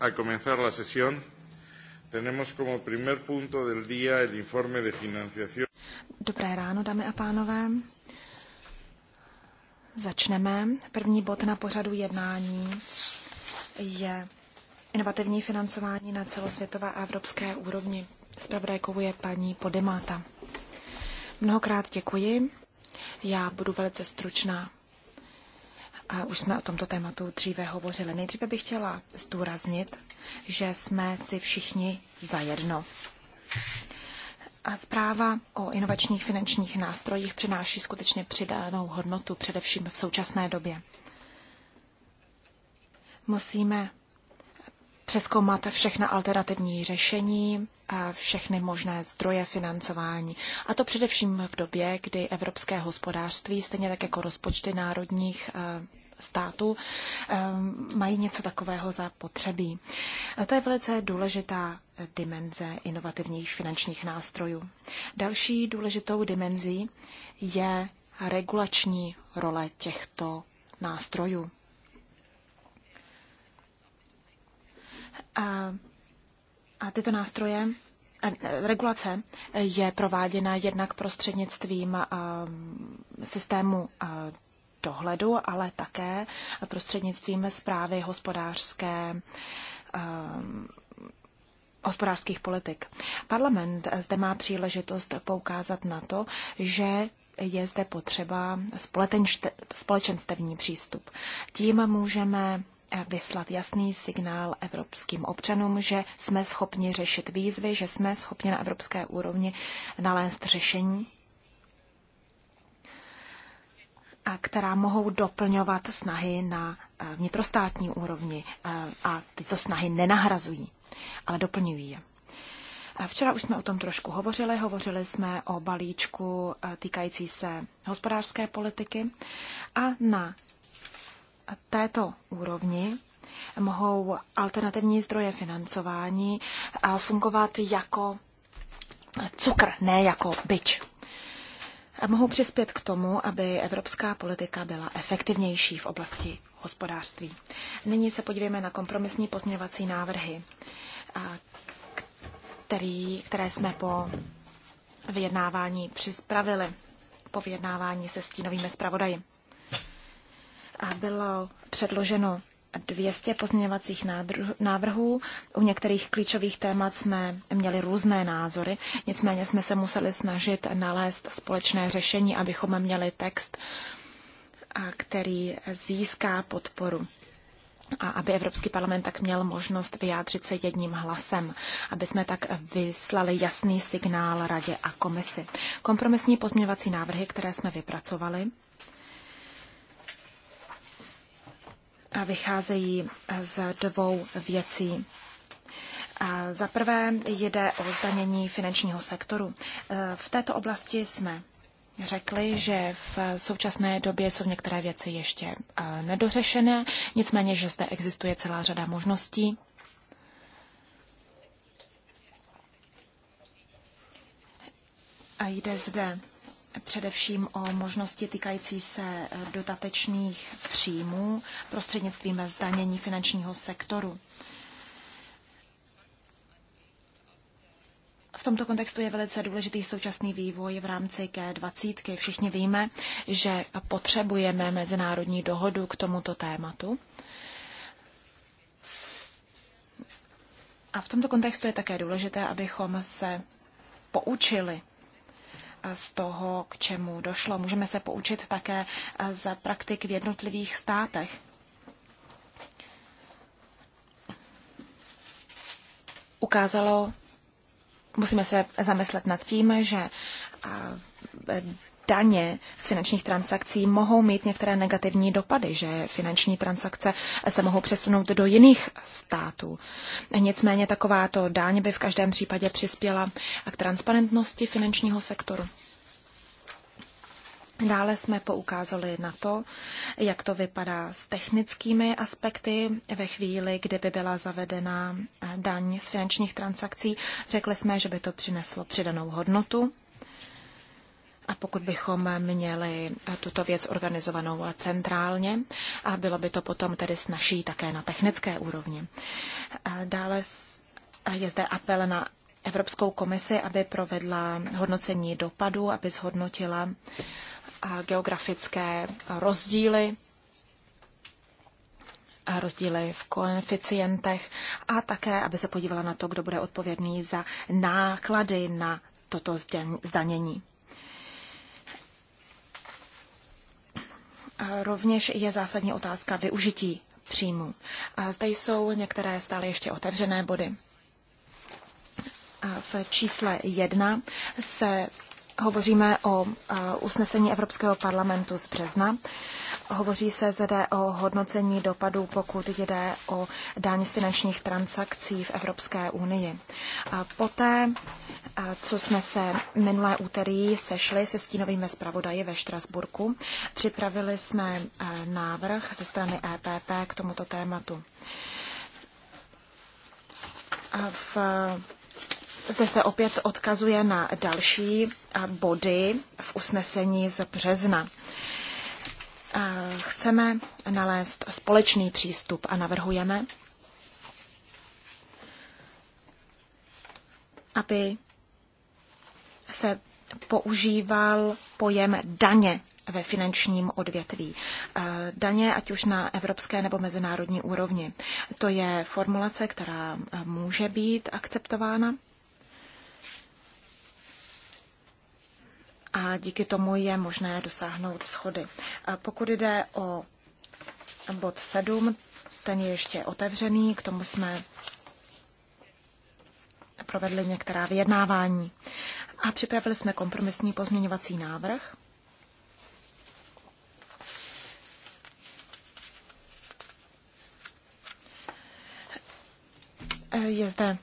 a comenzar la sesión. Tenemos como primer punto del día el informe de financiación. Dobré ráno, dámy a pánové. Začneme. První bod na pořadu jednání je inovativní financování na celosvětové a evropské úrovni. Spravodajkou je paní Podemáta. Mnohokrát děkuji. Já budu velice stručná. Už jsme o tomto tématu dříve hovořili. Nejdříve bych chtěla zdůraznit, že jsme si všichni zajedno. A zpráva o inovačních finančních nástrojích přináší skutečně přidanou hodnotu, především v současné době. Musíme přeskoumat všechna alternativní řešení, a všechny možné zdroje financování. A to především v době, kdy evropské hospodářství, stejně tak jako rozpočty národních eh, Státu eh, mají něco takového za potřebí. A to je velice důležitá dimenze inovativních finančních nástrojů. Další důležitou dimenzí je regulační role těchto nástrojů. A, a tyto nástroje regulace je prováděna jednak prostřednictvím eh, systému eh, dohledu, ale také prostřednictvím zprávy hospodářské ehm, hospodářských politik. Parlament zde má příležitost poukázat na to, že je zde potřeba společenstevní přístup. Tím můžeme vyslat jasný signál evropským občanům, že jsme schopni řešit výzvy, že jsme schopni na evropské úrovni nalézt řešení která mohou doplňovat snahy na eh, vnitrostátní úrovni eh, a tyto snahy nenahrazují, ale doplňují je. Eh, včera už jsme o tom trošku hovořili. Hovořili jsme o balíčku týkající se hospodářské politiky a na této úrovni mohou alternativní zdroje financování fungovat jako cukr, ne jako byč mohou přispět k tomu, aby evropská politika byla efektivnější v oblasti hospodářství. Nyní se podívejme na kompromisní pozměňovací návrhy, který, které jsme po vyjednávání připravili, po vyjednávání se stínovými zpravodaji. A bylo předloženo 200 pozměňovacích návrhů. U některých klíčových témat jsme měli různé názory, nicméně jsme se museli snažit nalézt společné řešení, abychom měli text, který získá podporu a aby Evropský parlament tak měl možnost vyjádřit se jedním hlasem, aby jsme tak vyslali jasný signál Radě a komisi. Kompromisní pozměňovací návrhy, které jsme vypracovali, vycházejí z dvou věcí. Za prvé jde o zdanění finančního sektoru. E, v této oblasti jsme řekli, že v současné době jsou některé věci ještě e, nedořešené, nicméně, že zde existuje celá řada možností. A jde zde především o možnosti týkající se eh, dodatečných příjmů prostřednictvím zdanění finančního sektoru. V tomto kontextu je velice důležitý současný vývoj v rámci G20. Všichni víme, že potřebujeme mezinárodní dohodu k tomuto tématu. A v tomto kontextu je také důležité, abychom se poučili z toho, k čemu došlo. Můžeme se poučit také eh, za praktik v jednotlivých státech. Ukázalo, musíme se zamyslet nad tím, že eh, daně z finančních transakcí mohou mít některé negativní dopady, že finanční transakce se mohou přesunout do jiných států. Nicméně takováto daň by v každém případě přispěla k transparentnosti finančního sektoru. Dále jsme poukázali na to, jak to vypadá s technickými aspekty. Ve chvíli, kdyby byla zavedena eh, daň z finančních transakcí, řekli jsme, že by to přineslo přidanou hodnotu a pokud bychom měli tuto věc organizovanou centrálně, a bylo by to potom tedy snaží také na technické úrovni. Dále je zde apel na Evropskou komisi, aby provedla hodnocení dopadu, aby zhodnotila geografické rozdíly a rozdíly v koeficientech a také, aby se podívala na to, kdo bude odpovědný za náklady na toto zdanění. rovněž je zásadní otázka využití příjmů. Zde jsou některé stále ještě otevřené body. V čísle 1 se hovoříme o usnesení Evropského parlamentu z března. Hovoří se zde o hodnocení dopadů, pokud jde o daň z finančních transakcí v Evropské unii. Poté co jsme se minulé úterý sešli se stínovými zpravodaji ve Štrasburku. Připravili jsme e, návrh ze strany EPP k tomuto tématu. V, zde se opět odkazuje na další e, body v usnesení z března. E, chceme nalézt společný přístup a navrhujeme, aby se používal pojem daně ve finančním odvětví. Eh, daně, ať už na evropské nebo mezinárodní úrovni. To je formulace, která eh, může být akceptována. A díky tomu je možné dosáhnout schody. Eh, pokud jde o bod 7, ten je ještě otevřený, k tomu jsme provedli některá vyjednávání a připravili jsme kompromisní pozměňovací návrh. Je zde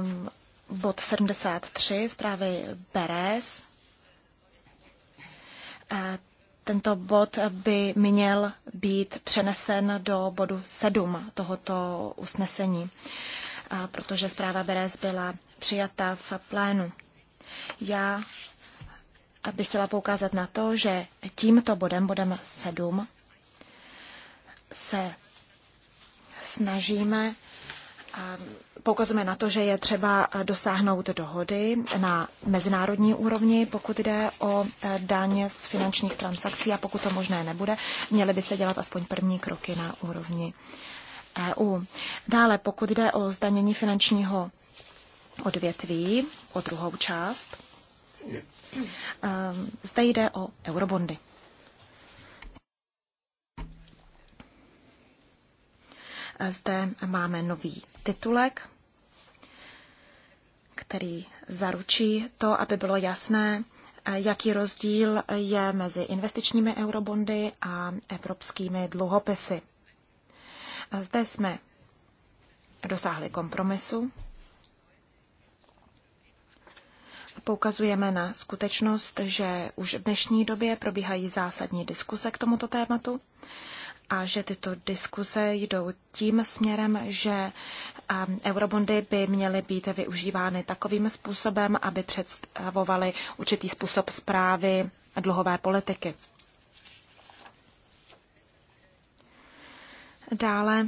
um, bod 73 zprávy Beres. Eh, tento bod by měl být přenesen do bodu 7 tohoto usnesení. A protože zpráva Beres byla přijata v plénu. Já bych chtěla poukázat na to, že tímto bodem, bodem 7, se snažíme Poukazujeme na to, že je třeba dosáhnout dohody na mezinárodní úrovni, pokud jde o e, daně z finančních transakcí a pokud to možné nebude, měly by se dělat aspoň první kroky na úrovni EU. Dále, pokud jde o zdanění finančního odvětví, o druhou část, ehm, zde jde o eurobondy. E, zde máme nový titulek, který zaručí to, aby bylo jasné, e, jaký rozdíl je mezi investičními eurobondy a evropskými dluhopisy. Zde jsme dosáhli kompromisu. Poukazujeme na skutečnost, že už v dnešní době probíhají zásadní diskuse k tomuto tématu a že tyto diskuse jdou tím směrem, že um, eurobondy by měly být využívány takovým způsobem, aby představovaly určitý způsob zprávy dluhové politiky. Dále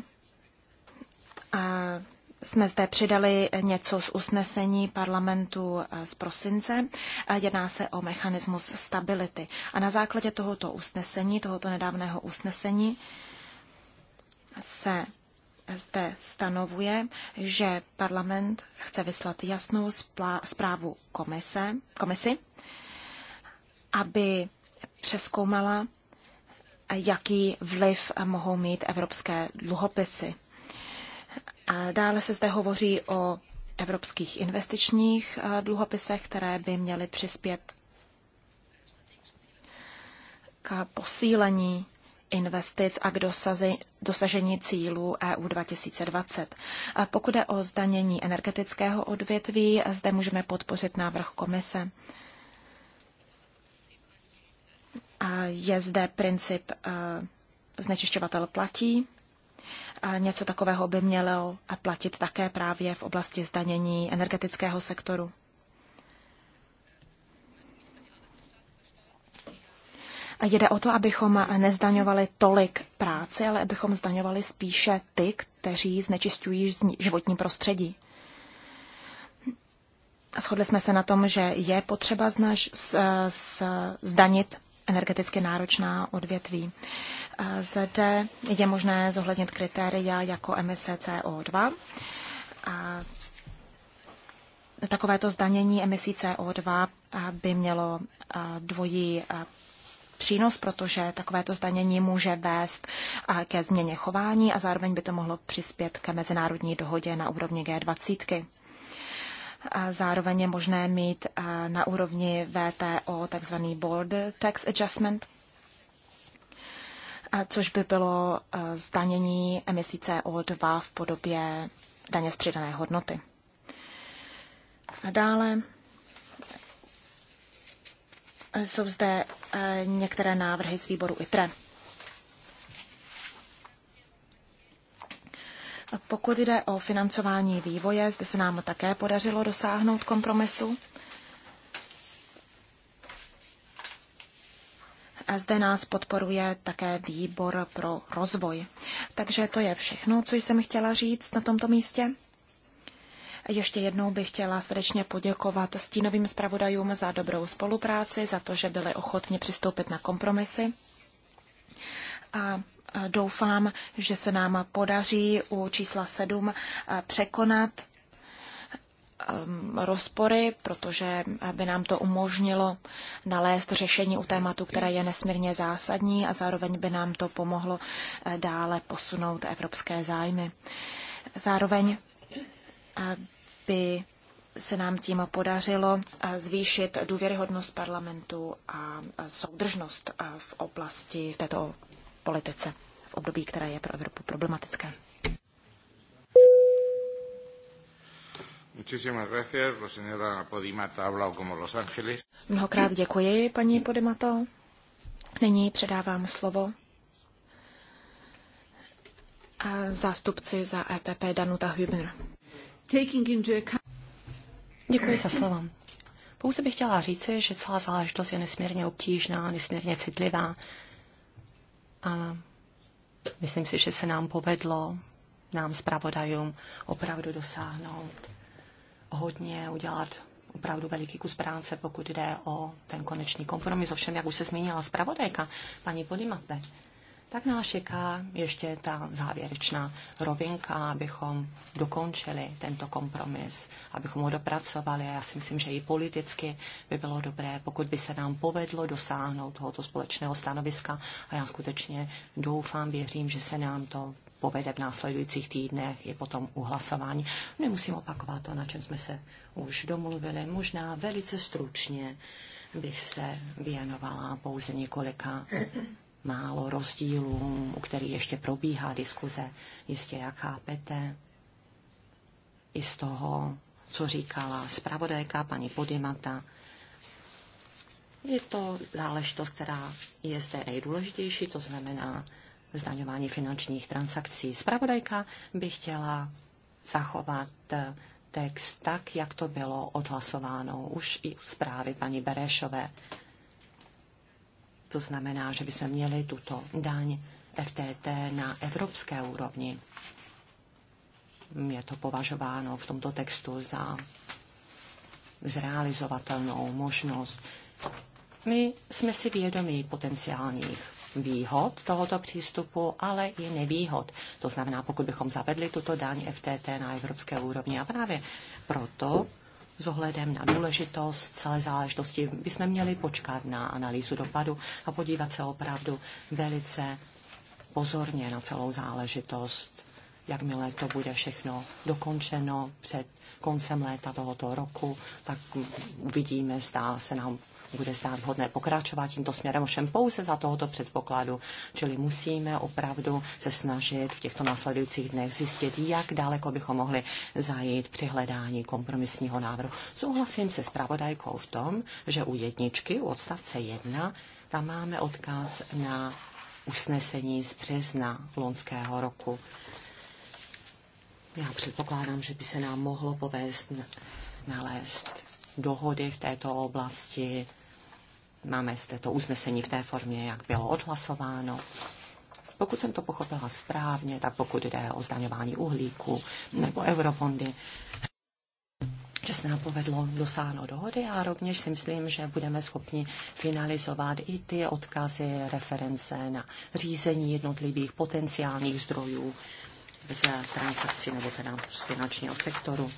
jsme zde přidali něco z usnesení parlamentu z prosince. Jedná se o mechanismus stability. A na základě tohoto usnesení, tohoto nedávného usnesení, se zde stanovuje, že parlament chce vyslat jasnou zprávu komise, komisi, aby přeskoumala jaký vliv mohou mít evropské dluhopisy. A dále se zde hovoří o evropských investičních eh, dluhopisech, které by měly přispět k posílení investic a k dosažení cílů EU 2020. A pokud je o zdanění energetického odvětví, zde můžeme podpořit návrh komise je zde princip eh, znečišťovatel platí. Něco takového by mělo platit také právě v oblasti zdanění energetického sektoru. A Jde o to, abychom nezdaňovali tolik práce, ale abychom zdaňovali spíše ty, kteří znečistují životní prostředí. Shodli jsme se na tom, že je potřeba znaž, s, s, zdanit energeticky náročná odvětví. Eh, zde je možné zohlednit kritéria jako emise CO2. A eh, takovéto zdanění emisí CO2 eh, by mělo dvojí přínos, protože takovéto zdanění může vést ke změně chování a zároveň by to mohlo přispět ke mezinárodní dohodě na úrovni G20. Zároveň je možné mít na úrovni VTO takzvaný Border Tax Adjustment, což by bylo zdanění emisí CO2 v podobě daně z přidané hodnoty. A dále jsou zde některé návrhy z výboru ITRE. Pokud jde o financování vývoje, zde se nám také podařilo dosáhnout kompromisu. A zde nás podporuje také výbor pro rozvoj. Takže to je všechno, co jsem chtěla říct na tomto místě. Ještě jednou bych chtěla srdečně poděkovat stínovým zpravodajům za dobrou spolupráci, za to, že byli ochotni přistoupit na kompromisy. A doufám, že se nám podaří u čísla 7 eh, překonat ehm, rozpory, protože eh, by nám to umožnilo nalézt řešení u tématu, které je nesmírně zásadní a zároveň by nám to pomohlo eh, dále posunout evropské zájmy. Zároveň by se nám tím podařilo zvýšit důvěryhodnost parlamentu a soudržnost v oblasti, této politice v období, které je pro Evropu problematické. Mnohokrát děkuji, paní Podimato. Nyní předávám slovo a eh, zástupci za EPP Danuta Hübner. Děkuji za slovo. Pouze bych chtěla říci, že celá záležitost je nesmírně obtížná, nesmírně citlivá a myslím si, že se nám povedlo, nám zpravodajům, opravdu dosáhnout hodně, udělat opravdu veliký kus práce, pokud jde o ten konečný kompromis. Ovšem, jak už se zmínila zpravodajka, paní Podimate, tak nás čeká ještě ta závěrečná rovinka, abychom dokončili tento kompromis, abychom ho dopracovali. Já si myslím, že i politicky by bylo dobré, pokud by se nám povedlo dosáhnout tohoto společného stanoviska. A já skutečně doufám, věřím, že se nám to povede v následujících týdnech i potom u hlasování. Nemusím opakovat to, na čem jsme se už domluvili. Možná velice stručně bych se věnovala pouze několika málo rozdílů, u kterých ještě probíhá diskuze, jistě jak chápete, i z toho, co říkala zpravodajka paní Podimata. Je to záležitost, která je zde nejdůležitější, to znamená zdaňování finančních transakcí. Zpravodajka by chtěla zachovat text tak, jak to bylo odhlasováno už i u zprávy paní Berešové. To znamená, že bychom měli tuto daň FTT na evropské úrovni. Je to považováno v tomto textu za zrealizovatelnou možnost. My jsme si vědomí potenciálních výhod tohoto přístupu, ale i nevýhod. To znamená, pokud bychom zavedli tuto daň FTT na evropské úrovni a právě proto s ohledem na důležitost celé záležitosti bychom měli počkat na analýzu dopadu a podívat se opravdu velice pozorně na celou záležitost, jakmile to bude všechno dokončeno před koncem léta tohoto roku, tak uvidíme, zdá se nám bude stát vhodné pokračovat tímto směrem, ovšem pouze za tohoto předpokladu, čili musíme opravdu se snažit v těchto následujících dnech zjistit, jak daleko bychom mohli zajít při hledání kompromisního návrhu. Souhlasím se zpravodajkou v tom, že u jedničky, u odstavce 1, tam máme odkaz na usnesení z března loňského roku. Já předpokládám, že by se nám mohlo povést nalézt dohody v této oblasti Máme zde to uznesení v té formě, jak bylo odhlasováno. Pokud jsem to pochopila správně, tak pokud jde o zdaňování uhlíku nebo eurobondy, že se nám povedlo dosáhnout dohody a rovněž si myslím, že budeme schopni finalizovat i ty odkazy, reference na řízení jednotlivých potenciálních zdrojů z transakcí nebo teda z finančního sektoru,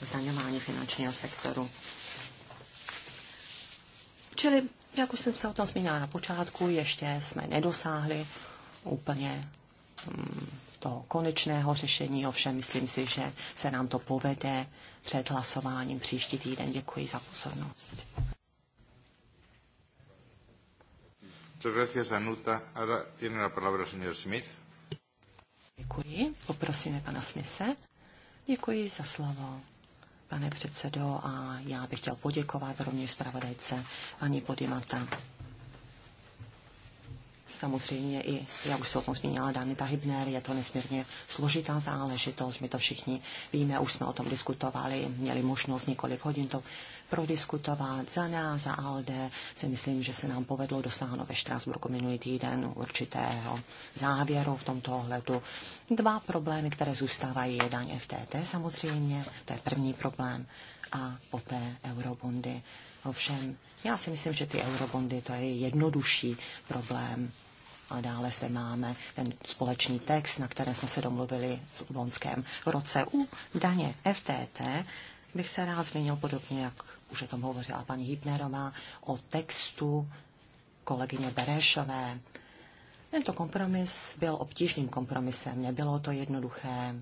zdaňování finančního sektoru. Čili, jak už jsem se o tom zmínila na počátku, ještě jsme nedosáhli úplně mm, toho konečného řešení, ovšem myslím si, že se nám to povede před hlasováním příští týden. Děkuji za pozornost. Děkuji. Poprosíme pana Smise. Děkuji za slovo pane předsedo, a já bych chtěl poděkovat rovněž zpravodajce paní Podimata. Samozřejmě i, já už se o tom zmínila Danita Hybner, je to nesmírně složitá záležitost, my to všichni víme, už jsme o tom diskutovali, měli možnost několik hodin to prodiskutovat za nás, za ALDE. Si myslím, že se nám povedlo dosáhnout ve Štrásburku minulý týden určitého závěru v tomto ohledu. Dva problémy, které zůstávají, je daň FTT samozřejmě, to je první problém, a poté eurobondy. Ovšem, já si myslím, že ty eurobondy to je jednodušší problém. A dále zde máme ten společný text, na kterém jsme se domluvili v loňském roce. U daně FTT bych se rád zmínil podobně jak už o tom hovořila paní Hypnerová, o textu kolegyně Berešové. Tento kompromis byl obtížným kompromisem, nebylo to jednoduché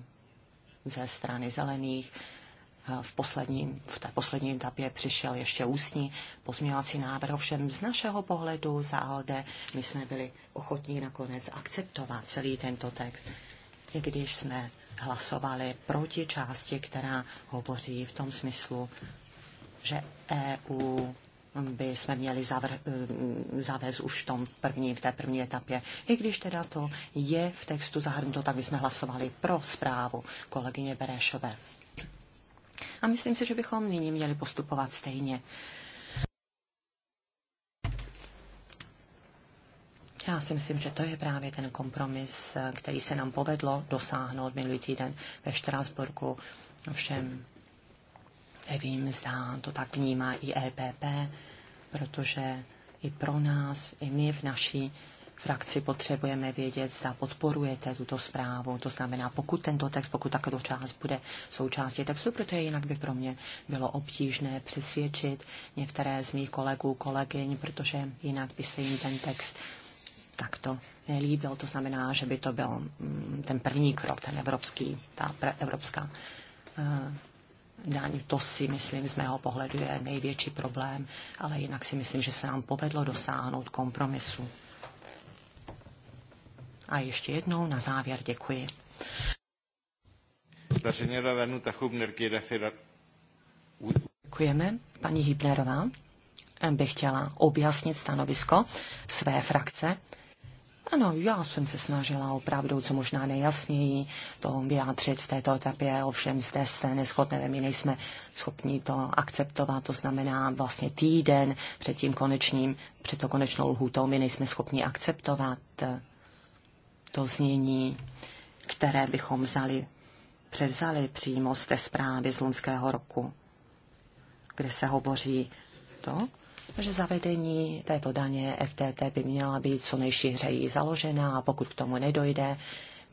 ze strany zelených. V, poslední, v té poslední etapě přišel ještě ústní pozměňovací návrh, ovšem z našeho pohledu za ALDE my jsme byli ochotní nakonec akceptovat celý tento text, i když jsme hlasovali proti části, která hovoří v tom smyslu, že EU by jsme měli zavr, eh, zavést už v, tom první, v té první etapě. I když teda to je v textu zahrnuto, tak bychom hlasovali pro zprávu kolegyně Berešové. A myslím si, že bychom nyní měli postupovat stejně. Já si myslím, že to je právě ten kompromis, eh, který se nám povedlo dosáhnout minulý týden ve Štrásburku. Všem Nevím, zda to tak vnímá i EPP, protože i pro nás, i my v naší frakci potřebujeme vědět, zda podporujete tuto zprávu. To znamená, pokud tento text, pokud takovou část bude součástí textu, protože jinak by pro mě bylo obtížné přesvědčit některé z mých kolegů, kolegyň, protože jinak by se jim ten text takto nelíbil. To znamená, že by to byl mm, ten první krok, ten evropský, ta evropská eh, daň, to si myslím z mého pohledu je největší problém, ale jinak si myslím, že se nám povedlo dosáhnout kompromisu. A ještě jednou na závěr děkuji. La Danuta Hubner Děkujeme. Paní Hybnerová bych chtěla objasnit stanovisko své frakce ano, já jsem se snažila opravdu, co možná nejasněji, to vyjádřit v této etapě, ovšem zde se neschodneme, my nejsme schopni to akceptovat, to znamená vlastně týden před tím konečným, před to konečnou lhůtou, my nejsme schopni akceptovat to znění, které bychom vzali, převzali přímo z té zprávy z loňského roku, kde se hovoří to, že zavedení této daně FTT by měla být co nejšířeji založena a pokud k tomu nedojde,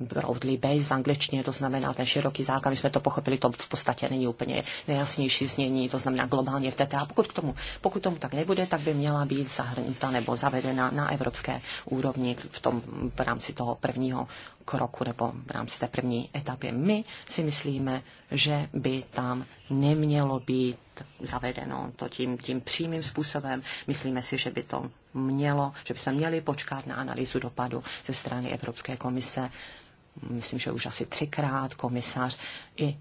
broadly base v angličtině, to znamená ten široký základ, my jsme to pochopili, to v podstatě není úplně nejasnější znění, to znamená globálně v TTA. Pokud, k tomu, pokud tomu tak nebude, tak by měla být zahrnuta nebo zavedena na evropské úrovni v, tom, v rámci toho prvního kroku nebo v rámci té první etapy. My si myslíme, že by tam nemělo být zavedeno to tím, tím přímým způsobem. Myslíme si, že by to mělo, že bychom měli počkat na analýzu dopadu ze strany Evropské komise. Myslím, že už asi třikrát komisař i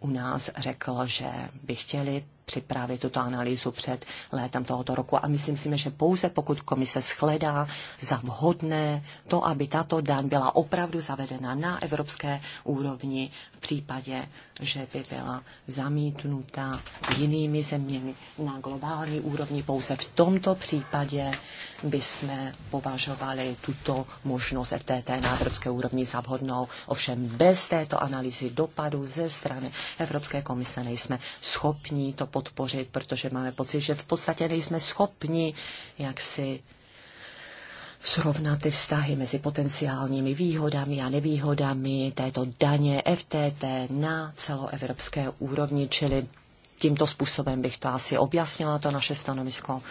u nás řekl, že by chtěli připravit tuto analýzu před létem tohoto roku. A myslím si že pouze pokud komise shledá za vhodné to, aby tato daň byla opravdu zavedena na evropské úrovni, případě, že by byla zamítnuta jinými zeměmi na globální úrovni. Pouze v tomto případě by jsme považovali tuto možnost FTT na evropské úrovni za vhodnou. Ovšem bez této analýzy dopadu ze strany Evropské komise nejsme schopni to podpořit, protože máme pocit, že v podstatě nejsme schopni jak si srovnat ty vztahy mezi potenciálními výhodami a nevýhodami této daně FTT na celoevropské úrovni, čili tímto způsobem bych to asi objasnila, to naše stanovisko.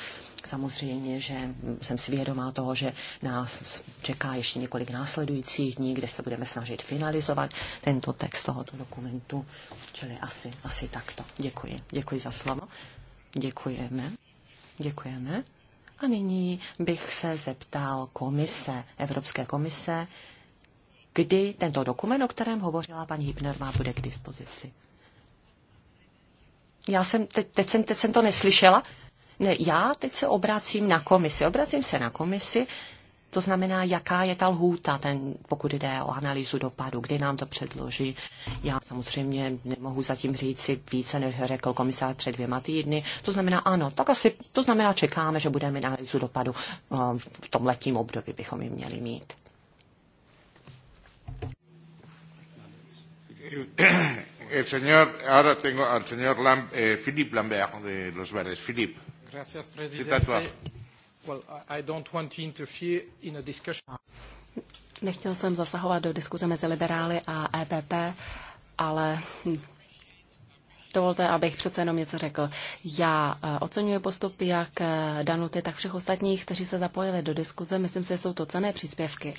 Samozřejmě, že jsem si vědomá toho, že nás čeká ještě několik následujících dní, kde se budeme snažit finalizovat tento text tohoto dokumentu, čili asi, asi takto. Děkuji. Děkuji za slovo. Děkujeme. Děkujeme. A nyní bych se zeptal komise, Evropské komise, kdy tento dokument, o kterém hovořila paní má bude k dispozici. Já jsem, teď, teď, jsem, teď jsem to neslyšela. Ne, já teď se obracím na komisi. Obracím se na komisi to znamená, jaká je ta lhůta, ten, pokud jde o analýzu dopadu, kdy nám to předloží. Já samozřejmě nemohu zatím říct si více, než řekl komisár před dvěma týdny. To znamená, ano, tak asi, to znamená, čekáme, že budeme analýzu dopadu eh, v tom letním období bychom ji měli mít. Eh, el señor, ahora tengo al señor Lam, eh, Philip Lambert de Los Verdes. Philip. Gracias, presidente. Nechtěl jsem zasahovat do diskuze mezi liberály a EPP, ale hm, Dovolte, abych přece jenom něco řekl. Já eh, oceňuji postup jak eh, Danuty, tak všech ostatních, kteří se zapojili do diskuze. Myslím si, že jsou to cené příspěvky.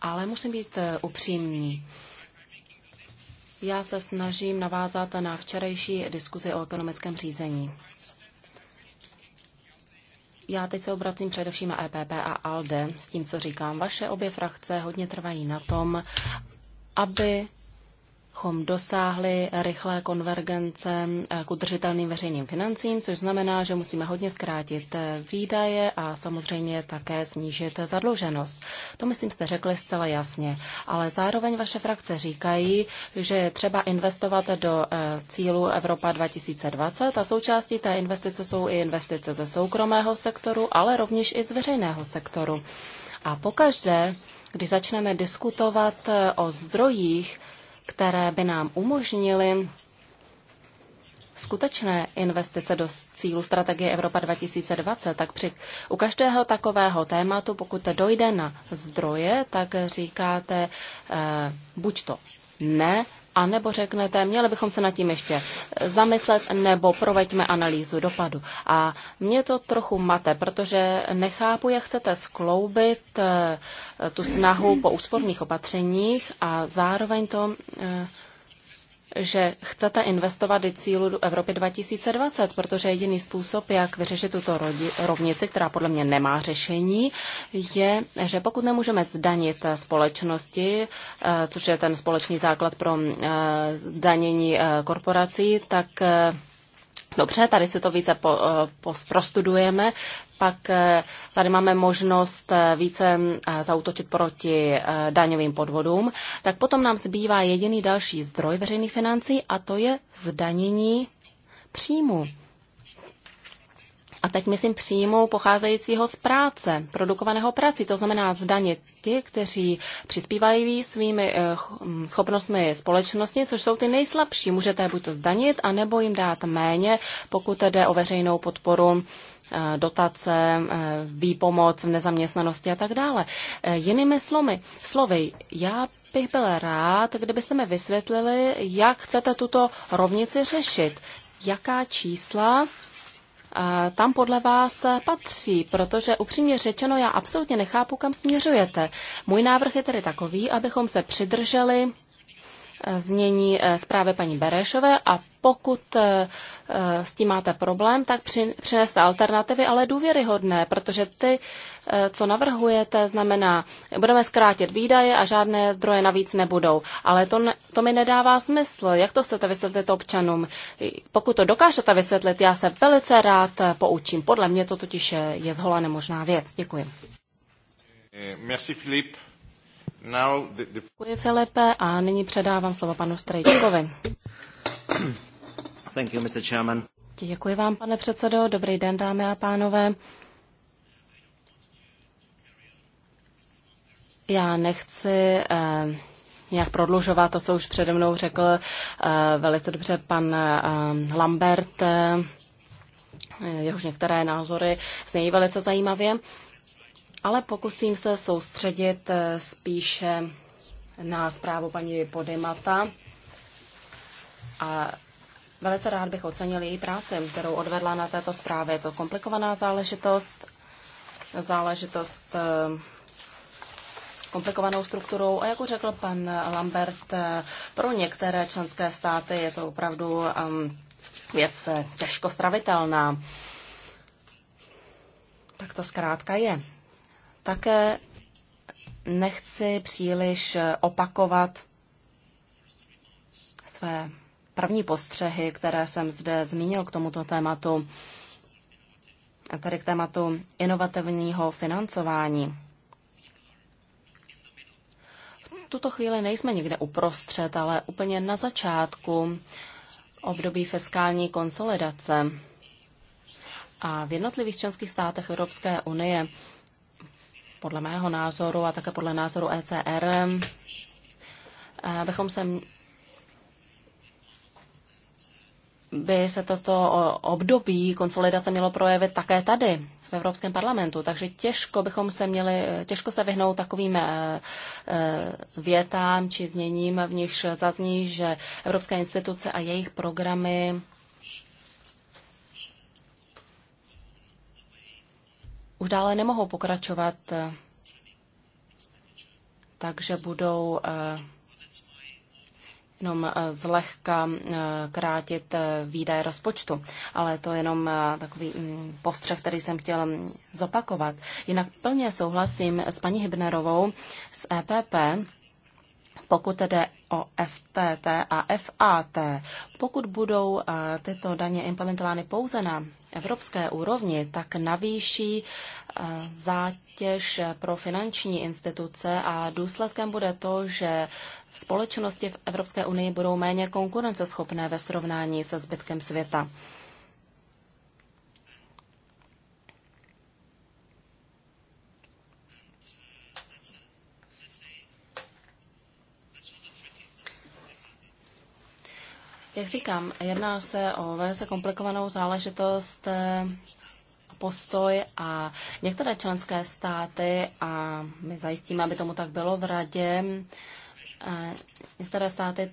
Ale musím být eh, upřímný. Já se snažím navázat na včerejší diskuzi o ekonomickém řízení. Já teď se obracím především na EPP a ALDE s tím, co říkám. Vaše obě frakce hodně trvají na tom, aby abychom dosáhli rychlé konvergence eh, k udržitelným veřejným financím, což znamená, že musíme hodně zkrátit eh, výdaje a samozřejmě také snížit zadluženost. To myslím jste řekli zcela jasně, ale zároveň vaše frakce říkají, že je třeba investovat do eh, cílu Evropa 2020 a součástí té investice jsou i investice ze soukromého sektoru, ale rovněž i z veřejného sektoru. A pokaždé, když začneme diskutovat o zdrojích, které by nám umožnily skutečné investice do cílu strategie Evropa 2020, tak při, u každého takového tématu, pokud dojde na zdroje, tak říkáte eh, buď to ne, a nebo řeknete, měli bychom se nad tím ještě eh, zamyslet, nebo proveďme analýzu dopadu. A mě to trochu mate, protože nechápu, jak chcete skloubit eh, tu snahu po úsporných opatřeních a zároveň to eh, že chcete investovat i cílu do Evropy 2020, protože jediný způsob, jak vyřešit tuto rovnici, která podle mě nemá řešení, je, že pokud nemůžeme zdanit společnosti, eh, což je ten společný základ pro eh, zdanění eh, korporací, tak Dobře, tady si to více po, po, prostudujeme pak eh, tady máme možnost eh, více eh, zautočit proti daňovým podvodům, tak potom nám zbývá jediný další zdroj veřejných financí a to je zdanění příjmu. A teď myslím příjmu pocházejícího z práce, produkovaného prací, to znamená zdanit ti, kteří přispívají svými hm, schopnostmi společnosti, což jsou ty nejslabší. Můžete buď to zdanit, anebo jim dát méně, pokud jde o veřejnou podporu Eh, dotace, eh, výpomoc v nezaměstnanosti a tak dále. Eh, jinými slovy, slovy já bych byl rád, kdybyste mi vysvětlili, jak chcete tuto rovnici řešit. Jaká čísla tam podle vás patří, protože upřímně řečeno já absolutně nechápu, kam směřujete. Můj návrh je tedy takový, abychom se přidrželi znění zprávy paní Berešové a pokud eh, eh, s tím máte problém, tak přineste alternativy, ale důvěryhodné, protože ty, eh, co navrhujete, znamená, budeme zkrátit výdaje a žádné zdroje navíc nebudou. Ale to, to mi nedává smysl. Jak to chcete vysvětlit občanům? Pokud to dokážete vysvětlit, já se velice rád poučím. Podle mě to totiž je zhola nemožná věc. Děkuji. Merci, Filip. Děkuji Filipe a nyní předávám slovo panu Strejčkovi. Thank you, Mr. Chairman. Děkuji vám, pane předsedo. Dobrý den, dámy a pánové. Já nechci eh, nějak prodlužovat to, co už přede mnou řekl eh, velice dobře pan eh, Lambert. Eh, jehož některé názory znějí velice zajímavě, ale pokusím se soustředit eh, spíše na zprávu paní Podimata a Velice rád bych ocenil její práci, kterou odvedla na této zprávě. Je to komplikovaná záležitost, záležitost eh, komplikovanou strukturou a jako řekl pan Lambert, eh, pro některé členské státy je to opravdu ehm, věc eh, těžko stravitelná. Tak to zkrátka je. Také nechci příliš opakovat své první postřehy, které jsem zde zmínil k tomuto tématu, a tady k tématu inovativního financování. V tuto chvíli nejsme nikde uprostřed, ale úplně na začátku období fiskální konsolidace. A v jednotlivých členských státech Evropské unie, podle mého názoru a také podle názoru ECR, eh, bychom se by se toto období konsolidace mělo projevit také tady, v Evropském parlamentu. Takže těžko bychom se měli, těžko se vyhnout takovým e, e, větám či zněním, v nichž zazní, že evropské instituce a jejich programy už dále nemohou pokračovat, e, takže budou jenom eh, zlehka eh, krátit eh, výdaje rozpočtu. Ale to je jenom takový mm, postřeh, který jsem chtěl mm, zopakovat. Jinak plně souhlasím s paní Hybnerovou z EPP, pokud jde o FTT a FAT, pokud budou tyto daně implementovány pouze na evropské úrovni, tak navýší zátěž pro finanční instituce a důsledkem bude to, že společnosti v Evropské unii budou méně konkurenceschopné ve srovnání se zbytkem světa. Jak říkám, jedná se o velice komplikovanou záležitost eh, postoj a některé členské státy, a my zajistíme, aby tomu tak bylo v radě, Eh, některé státy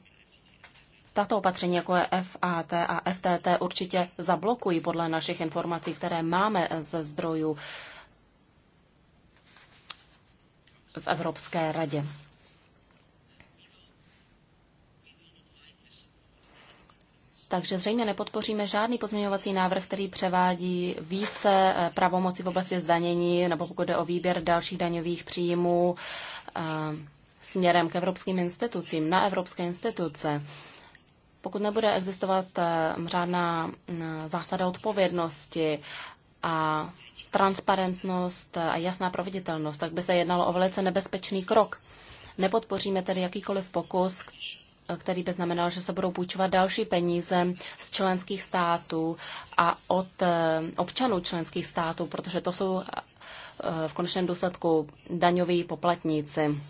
tato opatření, jako je FAT a FTT, určitě zablokují podle našich informací, které máme ze zdrojů v Evropské radě. Takže zřejmě nepodpoříme žádný pozměňovací návrh, který převádí více eh, pravomoci v oblasti zdanění nebo pokud jde o výběr dalších daňových příjmů eh, směrem k evropským institucím, na evropské instituce. Pokud nebude existovat eh, řádná mm, zásada odpovědnosti a transparentnost eh, a jasná proveditelnost, tak by se jednalo o velice nebezpečný krok. Nepodpoříme tedy jakýkoliv pokus, který by znamenal, že se budou půjčovat další peníze z členských států a od eh, občanů členských států, protože to jsou v konečném důsledku daňoví poplatníci.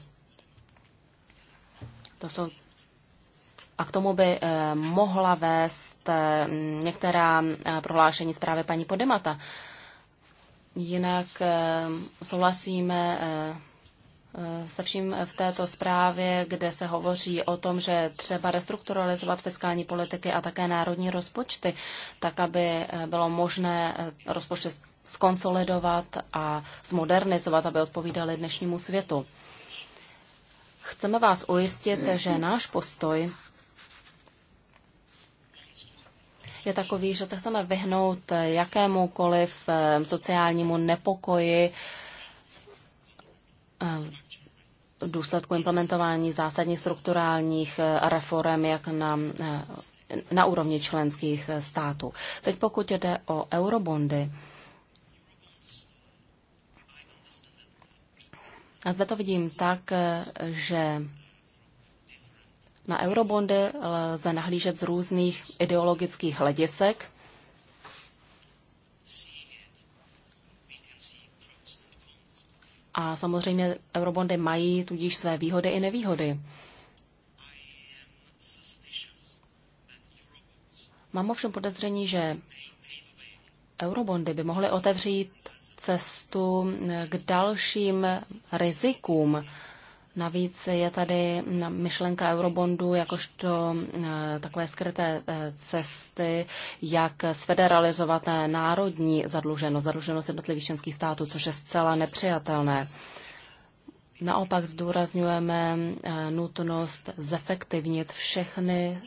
To jsou a k tomu by eh, mohla vést eh, některá eh, prohlášení zprávy paní Podemata. Jinak souhlasíme se vším v této zprávě, kde se hovoří o tom, že třeba restrukturalizovat fiskální politiky a také národní rozpočty, tak aby bylo možné rozpočty skonsolidovat a zmodernizovat, aby odpovídaly dnešnímu světu. Chceme vás ujistit, že náš postoj je takový, že se chceme vyhnout jakémukoliv eh, sociálnímu nepokoji eh, v důsledku implementování zásadních strukturálních eh, reform, jak na, na úrovni členských států. Teď pokud jde o eurobondy, A zde to vidím tak, eh, že na eurobondy lze nahlížet z různých ideologických hledisek. A samozřejmě eurobondy mají tudíž své výhody i nevýhody. Mám ovšem podezření, že eurobondy by mohly otevřít cestu eh, k dalším rizikům. Navíc je tady myšlenka eurobondu jakožto eh, takové skryté eh, cesty, jak sfederalizovat národní zadluženost, zadluženost jednotlivých členských států, což je zcela nepřijatelné. Naopak zdůrazňujeme nutnost zefektivnit všechny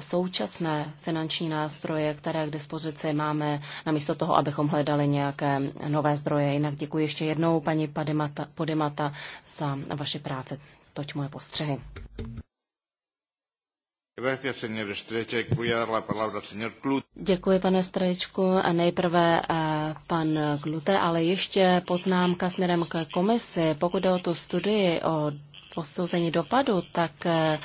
současné finanční nástroje, které k dispozici máme, namísto toho, abychom hledali nějaké nové zdroje. Jinak děkuji ještě jednou paní Podimata, Podimata za vaši práci. Toť moje postřehy. Děkuji, pane Strejčku. A nejprve eh, pan Klute, ale ještě poznámka směrem k komisi. Pokud jde o tu studii o posouzení dopadu, tak eh,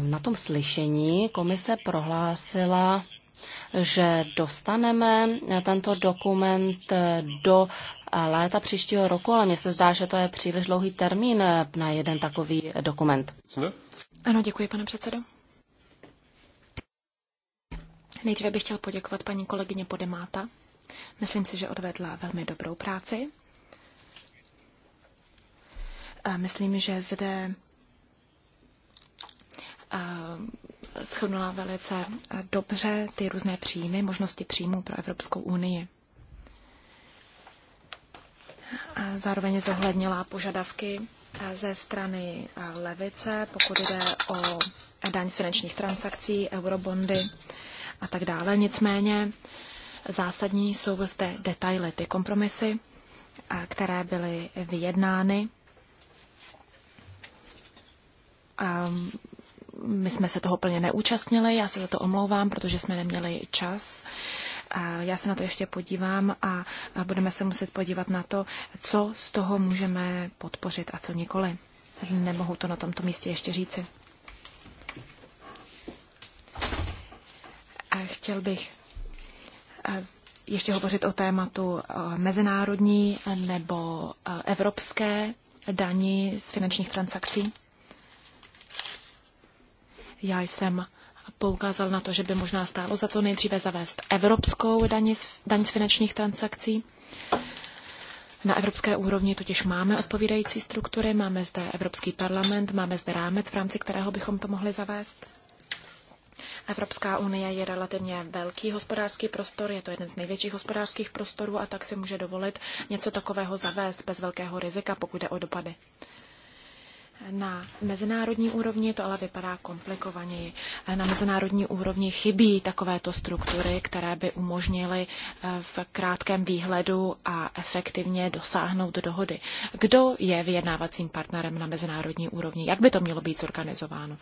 na tom slyšení komise prohlásila, že dostaneme tento dokument do léta příštího roku, ale mně se zdá, že to je příliš dlouhý termín na jeden takový dokument. Ano, děkuji, pane předsedo. Nejdříve bych chtěl poděkovat paní kolegyně Podemáta. Myslím si, že odvedla velmi dobrou práci. A myslím, že zde Eh, shrnula velice eh, dobře ty různé příjmy, možnosti příjmů pro Evropskou unii. A zároveň zohlednila požadavky eh, ze strany levice, pokud jde o daň z finančních transakcí, eurobondy a tak dále. Nicméně zásadní jsou zde detaily, ty kompromisy, které byly vyjednány. Ehm, my jsme se toho plně neúčastnili, já se za to omlouvám, protože jsme neměli čas. Já se na to ještě podívám a budeme se muset podívat na to, co z toho můžeme podpořit a co nikoli. Nemohu to na tomto místě ještě říci. A chtěl bych ještě hovořit o tématu e, mezinárodní nebo e, evropské daní z finančních transakcí. Já jsem poukázal na to, že by možná stálo za to nejdříve zavést evropskou daní z, daň z finančních transakcí. Na evropské úrovni totiž máme odpovídající struktury, máme zde Evropský parlament, máme zde rámec, v rámci kterého bychom to mohli zavést. Evropská unie je relativně velký hospodářský prostor, je to jeden z největších hospodářských prostorů a tak si může dovolit něco takového zavést bez velkého rizika, pokud jde o dopady. Na mezinárodní úrovni to ale vypadá komplikovaněji. Eh, na mezinárodní úrovni chybí takovéto struktury, které by umožnily eh, v krátkém výhledu a efektivně dosáhnout dohody. Kdo je vyjednávacím partnerem na mezinárodní úrovni? Jak by to mělo být zorganizováno?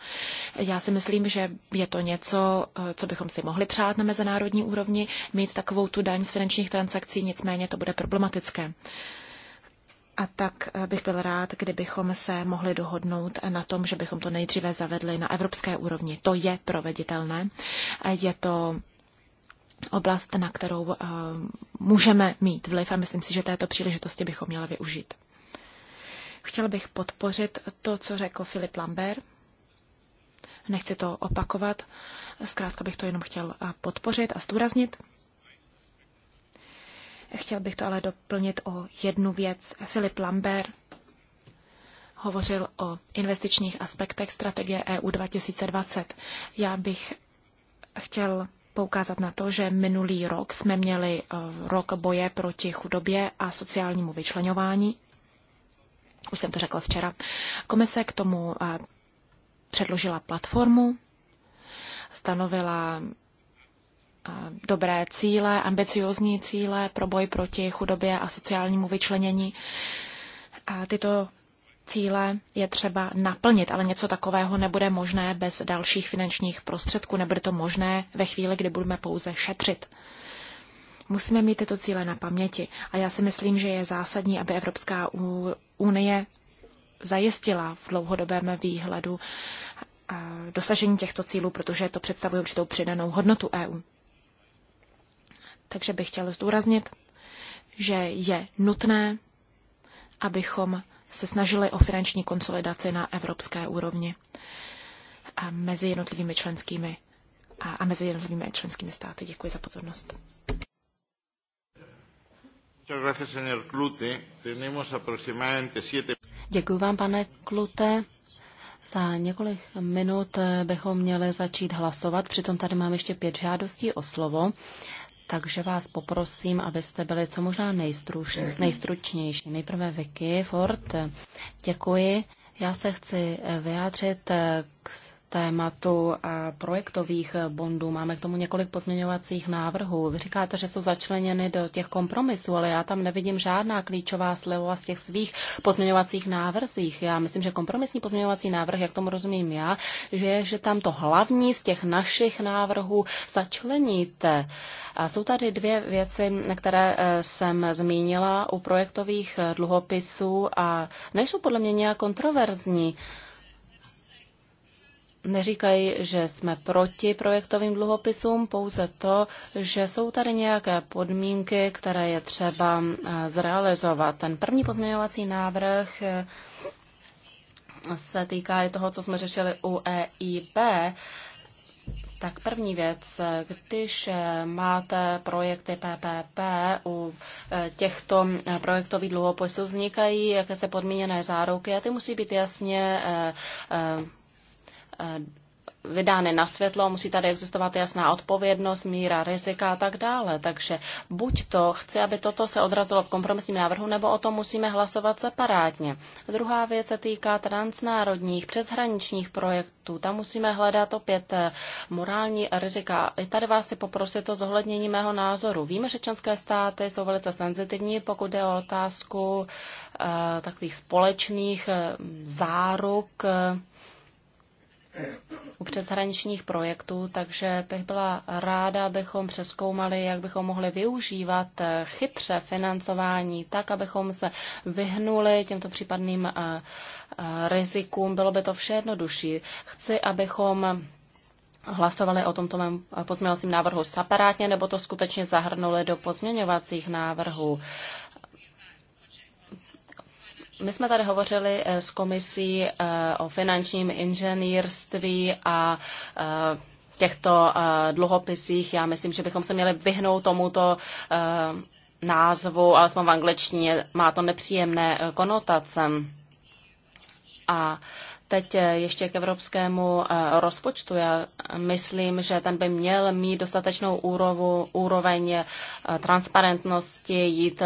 Já si myslím, že je to něco, eh, co bychom si mohli přát na mezinárodní úrovni, mít takovou tu daň z finančních transakcí, nicméně to bude problematické. A tak eh, bych byl rád, kdybychom se mohli dohodnout na tom, že bychom to nejdříve zavedli na evropské úrovni. To je proveditelné. Je to oblast, na kterou eh, můžeme mít vliv a myslím si, že této příležitosti bychom měli využít. Chtěl bych podpořit to, co řekl Filip Lambert. Nechci to opakovat, zkrátka bych to jenom chtěl eh, podpořit a zdůraznit. Chtěl bych to ale doplnit o jednu věc. Filip Lambert hovořil o investičních aspektech strategie EU 2020. Já bych chtěl poukázat na to, že minulý rok jsme měli eh, rok boje proti chudobě a sociálnímu vyčlenování. Už jsem to řekl včera. Komise k tomu eh, předložila platformu, stanovila dobré cíle, ambiciozní cíle pro boj proti chudobě a sociálnímu vyčlenění. A tyto cíle je třeba naplnit, ale něco takového nebude možné bez dalších finančních prostředků, nebude to možné ve chvíli, kdy budeme pouze šetřit. Musíme mít tyto cíle na paměti a já si myslím, že je zásadní, aby Evropská unie zajistila v dlouhodobém výhledu dosažení těchto cílů, protože to představuje určitou přidanou hodnotu EU. Takže bych chtěl zdůraznit, že je nutné, abychom se snažili o finanční konsolidaci na evropské úrovni a mezi jednotlivými členskými a, a mezi jednotlivými členskými státy. Děkuji za pozornost. Děkuji vám, pane Klute. Za několik minut bychom měli začít hlasovat, přitom tady mám ještě pět žádostí o slovo takže vás poprosím, abyste byli co možná nejstručnější. Nejprve Vicky Ford. Děkuji. Já se chci vyjádřit k tématu eh, projektových bondů. Máme k tomu několik pozměňovacích návrhů. Vy říkáte, že jsou začleněny do těch kompromisů, ale já tam nevidím žádná klíčová slova z těch svých pozměňovacích návrzích. Já myslím, že kompromisní pozměňovací návrh, jak tomu rozumím já, že je, že tam to hlavní z těch našich návrhů začleníte. A jsou tady dvě věci, které eh, jsem zmínila u projektových eh, dluhopisů a nejsou podle mě nějak kontroverzní neříkají, že jsme proti projektovým dluhopisům, pouze to, že jsou tady nějaké podmínky, které je třeba eh, zrealizovat. Ten první pozměňovací návrh eh, se týká i toho, co jsme řešili u EIB. Tak první věc, když eh, máte projekty PPP, u těchto projektových dluhopisů vznikají jakési podmíněné záruky a ty musí být jasně Eh, vydány na světlo, musí tady existovat jasná odpovědnost, míra rizika a tak dále. Takže buď to chci, aby toto se odrazilo v kompromisním návrhu, nebo o tom musíme hlasovat separátně. Druhá věc se týká transnárodních, přeshraničních projektů. Tam musíme hledat opět eh, morální rizika. I tady vás si poprosit to zohlednění mého názoru. Víme, že členské státy jsou velice senzitivní, pokud jde o otázku eh, takových společných záruk u přeshraničních projektů, takže bych byla ráda, abychom přeskoumali, jak bychom mohli využívat eh, chytře financování tak, abychom se vyhnuli těmto případným eh, eh, rizikům. Bylo by to vše jednodušší. Chci, abychom hlasovali o tomto mém pozměňovacím návrhu separátně, nebo to skutečně zahrnuli do pozměňovacích návrhů. My jsme tady hovořili eh, s komisí eh, o finančním inženýrství a eh, těchto dluhopisích. Já myslím, že bychom se měli vyhnout tomuto názvu, alespoň v angličtině má to nepříjemné konotace. A uh, Teď eh, ještě k evropskému eh, rozpočtu. Já myslím, že ten by měl mít dostatečnou úrovu, úroveň eh, transparentnosti, jít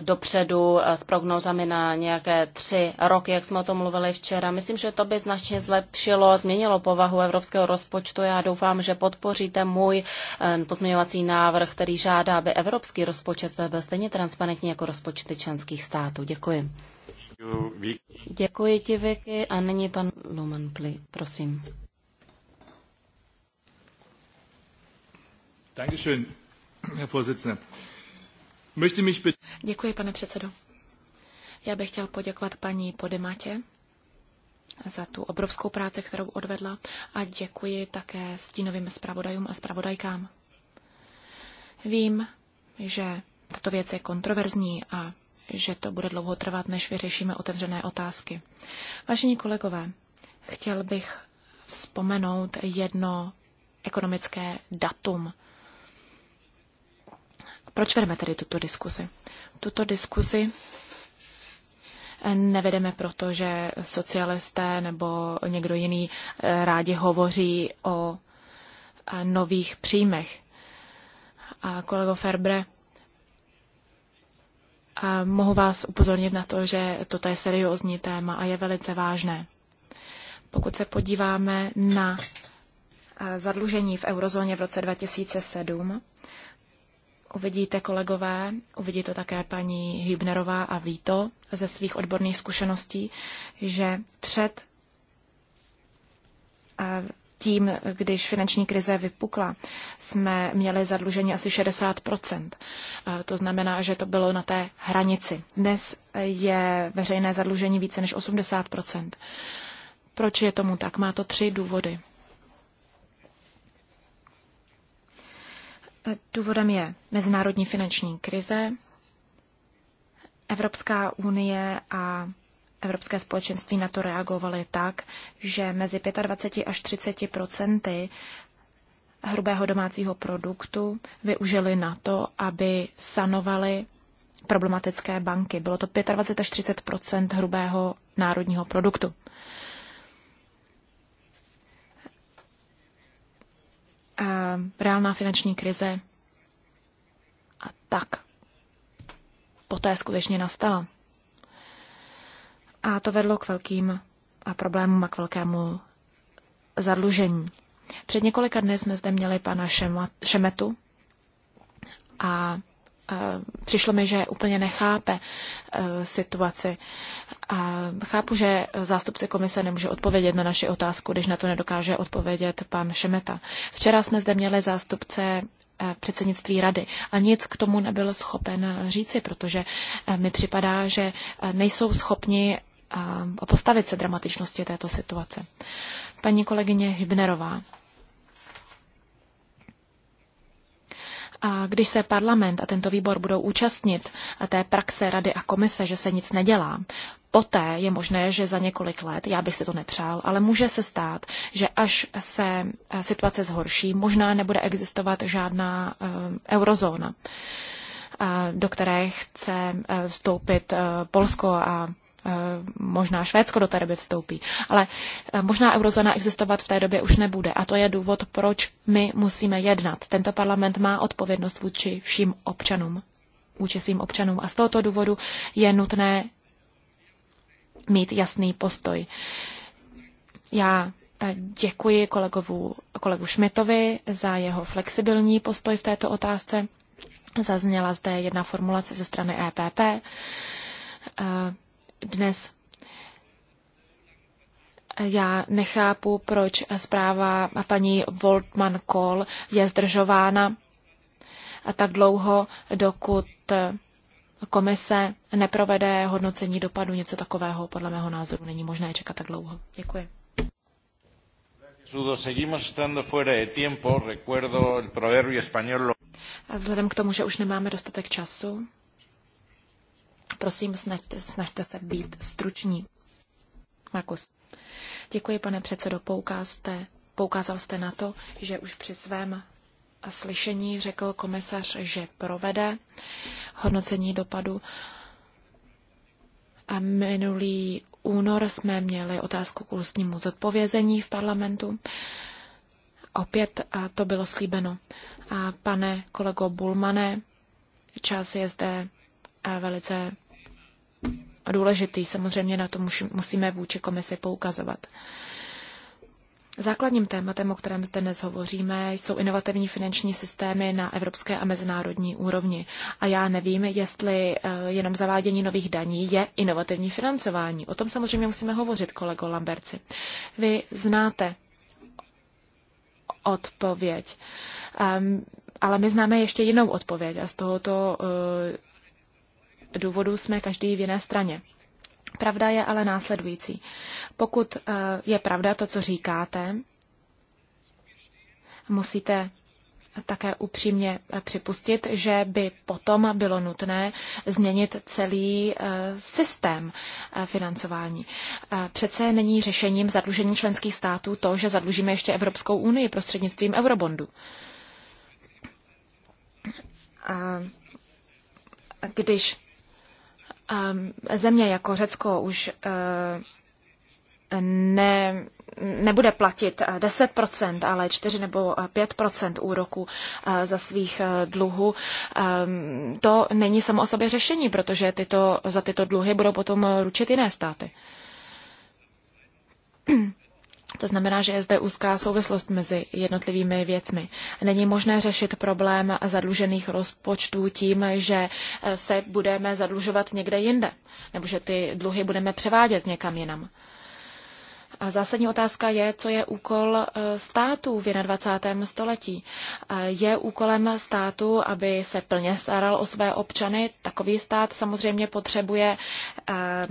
dopředu s prognozami na nějaké tři roky, jak jsme o tom mluvili včera. Myslím, že to by značně zlepšilo, změnilo povahu evropského rozpočtu. Já doufám, že podpoříte můj pozměňovací návrh, který žádá, aby evropský rozpočet byl stejně transparentní jako rozpočty členských států. Děkuji. Děkuji ti, Vicky. A nyní pan Luman, prosím. Dankeschön, Herr Möchte mich bitte... Děkuji, pane předsedo. Já bych chtěl poděkovat paní Podematě za tu obrovskou práci, kterou odvedla a děkuji také stínovým zpravodajům a zpravodajkám. Vím, že tato věc je kontroverzní a že to bude dlouho trvat, než vyřešíme otevřené otázky. Vážení kolegové, chtěl bych vzpomenout jedno ekonomické datum. Proč vedeme tedy tuto diskusi? Tuto diskusi nevedeme proto, že socialisté nebo někdo jiný rádi hovoří o nových příjmech. A kolego Ferbre, a mohu vás upozornit na to, že toto je seriózní téma a je velice vážné. Pokud se podíváme na eh, zadlužení v eurozóně v roce 2007, uvidíte kolegové, uvidí to také paní Hübnerová a Víto ze svých odborných zkušeností, že před eh, tím, když finanční krize vypukla, jsme měli zadlužení asi 60 To znamená, že to bylo na té hranici. Dnes je veřejné zadlužení více než 80 Proč je tomu tak? Má to tři důvody. Důvodem je mezinárodní finanční krize, Evropská unie a Evropské společenství na to reagovaly tak, že mezi 25 až 30 procenty hrubého domácího produktu využili na to, aby sanovali problematické banky. Bylo to 25 až 30 hrubého národního produktu. A reálná finanční krize a tak poté skutečně nastala. A to vedlo k velkým problémům a k velkému zadlužení. Před několika dny jsme zde měli pana Šemetu a e, přišlo mi, že úplně nechápe e, situaci. A chápu, že zástupce komise nemůže odpovědět na naši otázku, když na to nedokáže odpovědět pan Šemeta. Včera jsme zde měli zástupce e, předsednictví rady a nic k tomu nebyl schopen říci, protože mi připadá, že nejsou schopni a postavit se dramatičnosti této situace. Paní kolegyně Hybnerová. A když se parlament a tento výbor budou účastnit a té praxe rady a komise, že se nic nedělá, poté je možné, že za několik let, já bych si to nepřál, ale může se stát, že až se eh, situace zhorší, možná nebude existovat žádná uh, eurozóna, uh, do které chce uh, vstoupit Polsko a Eh, možná Švédsko do té doby vstoupí, ale eh, možná eurozona existovat v té době už nebude. A to je důvod, proč my musíme jednat. Tento parlament má odpovědnost vůči všem občanům, vůči svým občanům. A z tohoto důvodu je nutné mít jasný postoj. Já eh, děkuji kolegovu, kolegu Šmitovi za jeho flexibilní postoj v této otázce. Zazněla zde jedna formulace ze strany EPP dnes. Já nechápu, proč zpráva paní Voltman Kohl je zdržována a tak dlouho, dokud komise neprovede hodnocení dopadu něco takového, podle mého názoru není možné čekat tak dlouho. Děkuji. A vzhledem k tomu, že už nemáme dostatek času, Prosím, snažte, snažte se být struční. Markus. Děkuji, pane předsedo. Poukázte, poukázal jste na to, že už při svém slyšení řekl komisař, že provede hodnocení dopadu. A minulý únor jsme měli otázku k ústnímu zodpovězení v parlamentu. Opět a to bylo slíbeno. A pane kolego Bulmane, čas je zde velice důležitý. Samozřejmě na to musíme vůči komisi poukazovat. Základním tématem, o kterém zde dnes hovoříme, jsou inovativní finanční systémy na evropské a mezinárodní úrovni. A já nevím, jestli eh, jenom zavádění nových daní je inovativní financování. O tom samozřejmě musíme hovořit, kolego Lamberci. Vy znáte odpověď. Um, ale my známe ještě jinou odpověď a z tohoto uh, důvodů jsme každý v jiné straně. Pravda je ale následující. Pokud eh, je pravda to, co říkáte, musíte také upřímně eh, připustit, že by potom bylo nutné změnit celý eh, systém financování. Přece není řešením zadlužení členských států to, že zadlužíme ještě Evropskou unii prostřednictvím eurobondu. Když Ehm, země jako Řecko už eh, ne, nebude platit 10%, eh, ale 4 nebo 5% eh, úroku za svých dluhů, ehm, to není samo o sobě řešení, protože tyto, za tyto dluhy budou potom ručit jiné státy. To znamená, že je zde úzká souvislost mezi jednotlivými věcmi. Není možné řešit problém zadlužených rozpočtů tím, že eh, se budeme zadlužovat někde jinde, nebo že ty dluhy budeme převádět někam jinam. A zásadní otázka je, co je úkol eh, států v 21. století. Je úkolem státu, aby se plně staral o své občany. Takový stát samozřejmě potřebuje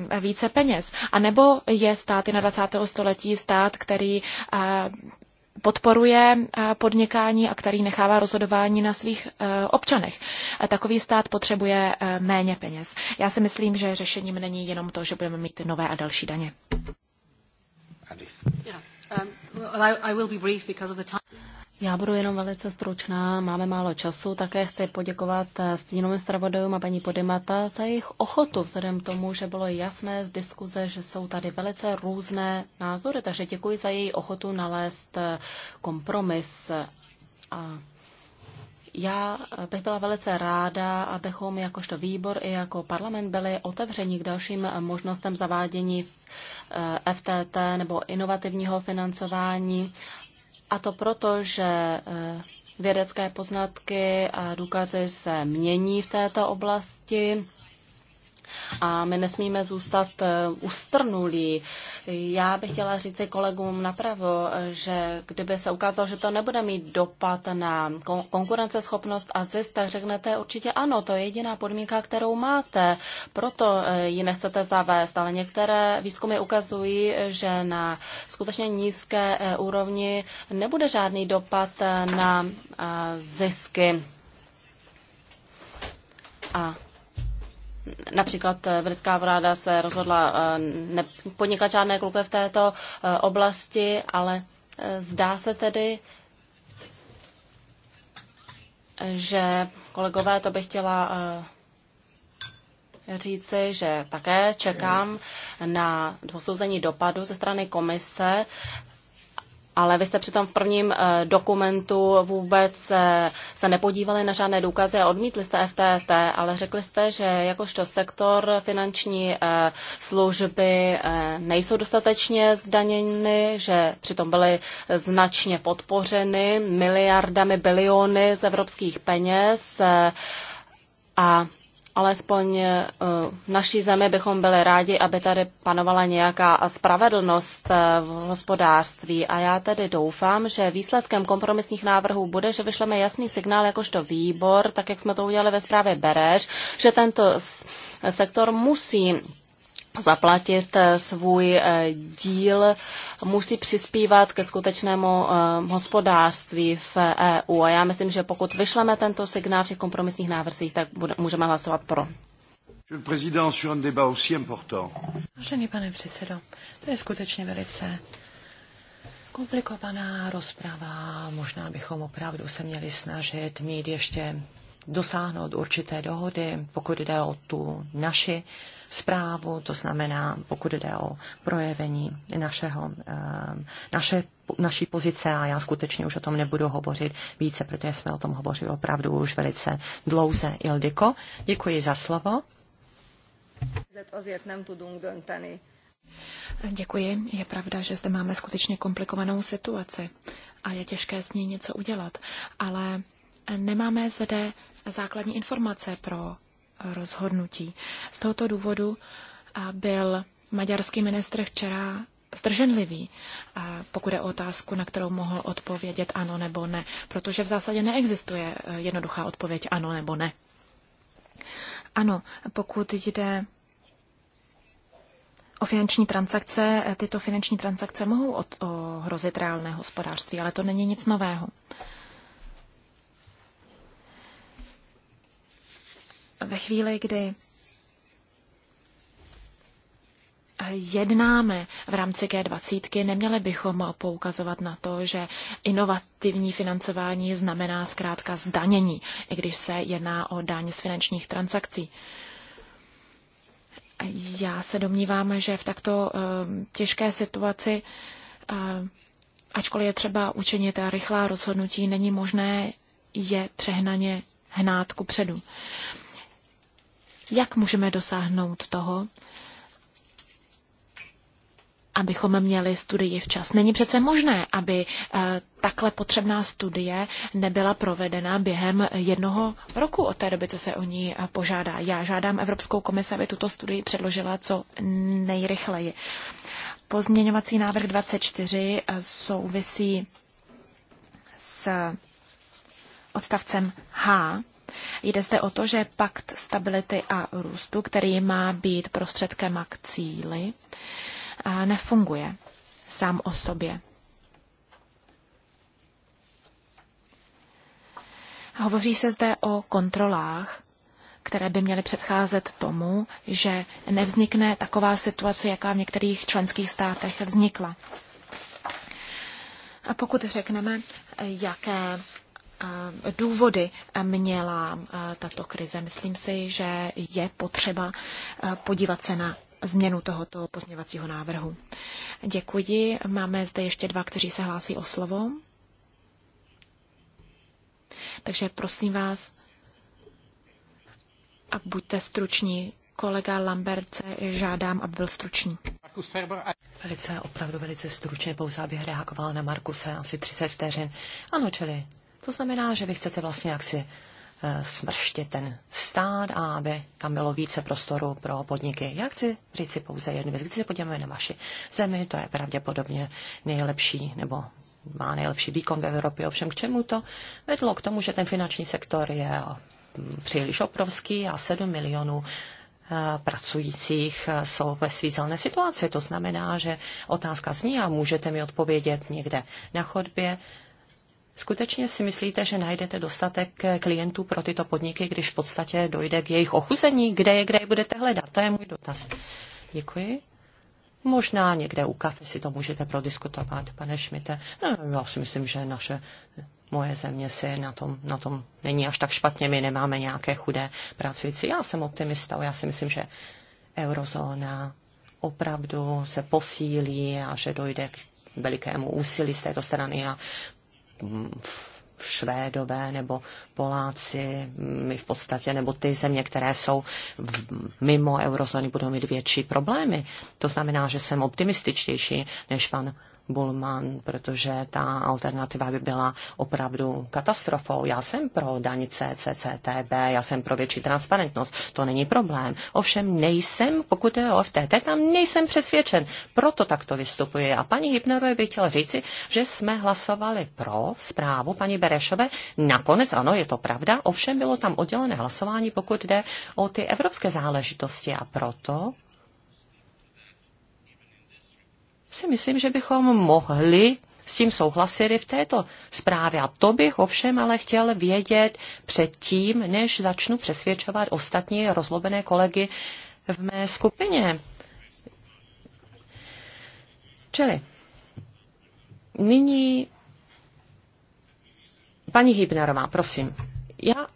eh, více peněz. A nebo je stát 21. století stát, který eh, podporuje podnikání a který nechává rozhodování na svých občanech. Takový stát potřebuje méně peněz. Já si myslím, že řešením není jenom to, že budeme mít nové a další daně. Já budu jenom velice stručná, máme málo času, také chci poděkovat eh, stínovým zpravodajům a paní Podimata za jejich ochotu, vzhledem k tomu, že bylo jasné z diskuze, že jsou tady velice různé názory, takže děkuji za její ochotu nalézt eh, kompromis a já bych byla velice ráda, abychom jakožto výbor i jako parlament byli otevřeni k dalším možnostem zavádění eh, FTT nebo inovativního financování. A to proto, že eh, vědecké poznatky a důkazy se mění v této oblasti a my nesmíme zůstat eh, ustrnulí. Já bych chtěla říct si kolegům napravo, eh, že kdyby se ukázalo, že to nebude mít dopad na konkurenceschopnost a zisk, tak řeknete určitě ano, to je jediná podmínka, kterou máte, proto eh, ji nechcete zavést, ale některé výzkumy ukazují, že na skutečně nízké úrovni nebude žádný dopad na zisky. A Například eh, britská vláda se rozhodla eh, nepodnikat žádné kluky v této eh, oblasti, ale zdá se tedy, že kolegové, to bych chtěla říci, že také čekám na posouzení dopadu ze strany komise ale vy jste přitom v prvním eh, dokumentu vůbec eh, se nepodívali na žádné důkazy a odmítli jste FTT, ale řekli jste, že jakožto sektor finanční eh, služby nejsou dostatečně zdaněny, že přitom byly značně podpořeny miliardami, biliony z evropských peněz a alespoň eh, v naší zemi bychom byli rádi, aby tady panovala nějaká spravedlnost eh, v hospodářství. A já tedy doufám, že výsledkem kompromisních návrhů bude, že vyšleme jasný signál jakožto výbor, tak jak jsme to udělali ve zprávě Bereš, že tento sektor musí zaplatit eh, svůj eh, díl, musí přispívat ke skutečnému eh, hospodářství v EU. A já myslím, že pokud vyšleme tento signál v těch kompromisních návrzích, tak bude, můžeme hlasovat pro. Vážený pane předsedo, to je skutečně velice komplikovaná rozprava. Možná bychom opravdu se měli snažit mít ještě dosáhnout určité dohody, pokud jde o tu naši zprávu, to znamená, pokud jde o projevení našeho, ehm, naše, naší pozice a já skutečně už o tom nebudu hovořit více, protože jsme o tom hovořili opravdu už velice dlouze. Ildiko, děkuji za slovo. Děkuji. Je pravda, že zde máme skutečně komplikovanou situaci a je těžké s ní něco udělat, ale nemáme zde základní informace pro rozhodnutí. Z tohoto důvodu byl maďarský ministr včera zdrženlivý, pokud je o otázku, na kterou mohl odpovědět ano nebo ne, protože v zásadě neexistuje e, jednoduchá odpověď ano nebo ne. Ano, pokud jde o finanční transakce, e, tyto finanční transakce mohou ohrozit reálné hospodářství, ale to není nic nového. ve chvíli, kdy jednáme v rámci G20, neměli bychom poukazovat na to, že inovativní financování znamená zkrátka zdanění, i když se jedná o daň z finančních transakcí. Já se domnívám, že v takto eh, těžké situaci, eh, ačkoliv je třeba učinit rychlá rozhodnutí, není možné je přehnaně hnát ku předu jak můžeme dosáhnout toho, abychom měli studii včas. Není přece možné, aby eh, takhle potřebná studie nebyla provedena během jednoho roku od té doby, co se o ní eh, požádá. Já žádám Evropskou komisi, aby tuto studii předložila co nejrychleji. Pozměňovací návrh 24 eh, souvisí s odstavcem H Jde zde o to, že pakt stability a růstu, který má být prostředkem a k cíli, nefunguje sám o sobě. Hovoří se zde o kontrolách, které by měly předcházet tomu, že nevznikne taková situace, jaká v některých členských státech vznikla. A pokud řekneme, jaké důvody měla tato krize. Myslím si, že je potřeba podívat se na změnu tohoto pozměvacího návrhu. Děkuji. Máme zde ještě dva, kteří se hlásí o slovo. Takže prosím vás, a buďte struční. Kolega Lambert žádám, aby byl stručný. Velice, opravdu velice stručně, pouze abych reagovala na Markuse asi 30 vteřin. Ano, čili to znamená, že vy chcete vlastně jaksi eh, smrště ten stát a aby tam bylo více prostoru pro podniky. Já chci říct si pouze jednu věc. Když se podíváme na vaši zemi, to je pravděpodobně nejlepší nebo má nejlepší výkon v Evropě. Ovšem k čemu to vedlo? K tomu, že ten finanční sektor je eh, příliš obrovský a 7 milionů eh, pracujících jsou ve svízelné situaci. To znamená, že otázka zní a můžete mi odpovědět někde na chodbě, Skutečně si myslíte, že najdete dostatek klientů pro tyto podniky, když v podstatě dojde k jejich ochuzení? Kde je, kde je budete hledat? To je můj dotaz. Děkuji. Možná někde u kafe si to můžete prodiskutovat, pane Šmite. No, já si myslím, že naše moje země si na tom, na tom není až tak špatně, my nemáme nějaké chudé pracující. Já jsem optimista, já si myslím, že eurozóna opravdu se posílí a že dojde k velikému úsilí z této strany a Švédové nebo Poláci, my v podstatě, nebo ty země, které jsou v, mimo eurozóny, budou mít větší problémy. To znamená, že jsem optimističtější než pan Bulman, protože ta alternativa by byla opravdu katastrofou. Já jsem pro daň CCCTB, já jsem pro větší transparentnost, to není problém. Ovšem nejsem, pokud je o FTT, tam nejsem přesvědčen. Proto takto vystupuji. A paní Hypnerové bych chtěla říci, že jsme hlasovali pro zprávu paní Berešové. Nakonec, ano, je to pravda, ovšem bylo tam oddělené hlasování, pokud jde o ty evropské záležitosti a proto si myslím, že bychom mohli s tím i v této zprávě. A to bych ovšem ale chtěl vědět předtím, než začnu přesvědčovat ostatní rozlobené kolegy v mé skupině. Čili nyní paní Hybnerová, prosím. Já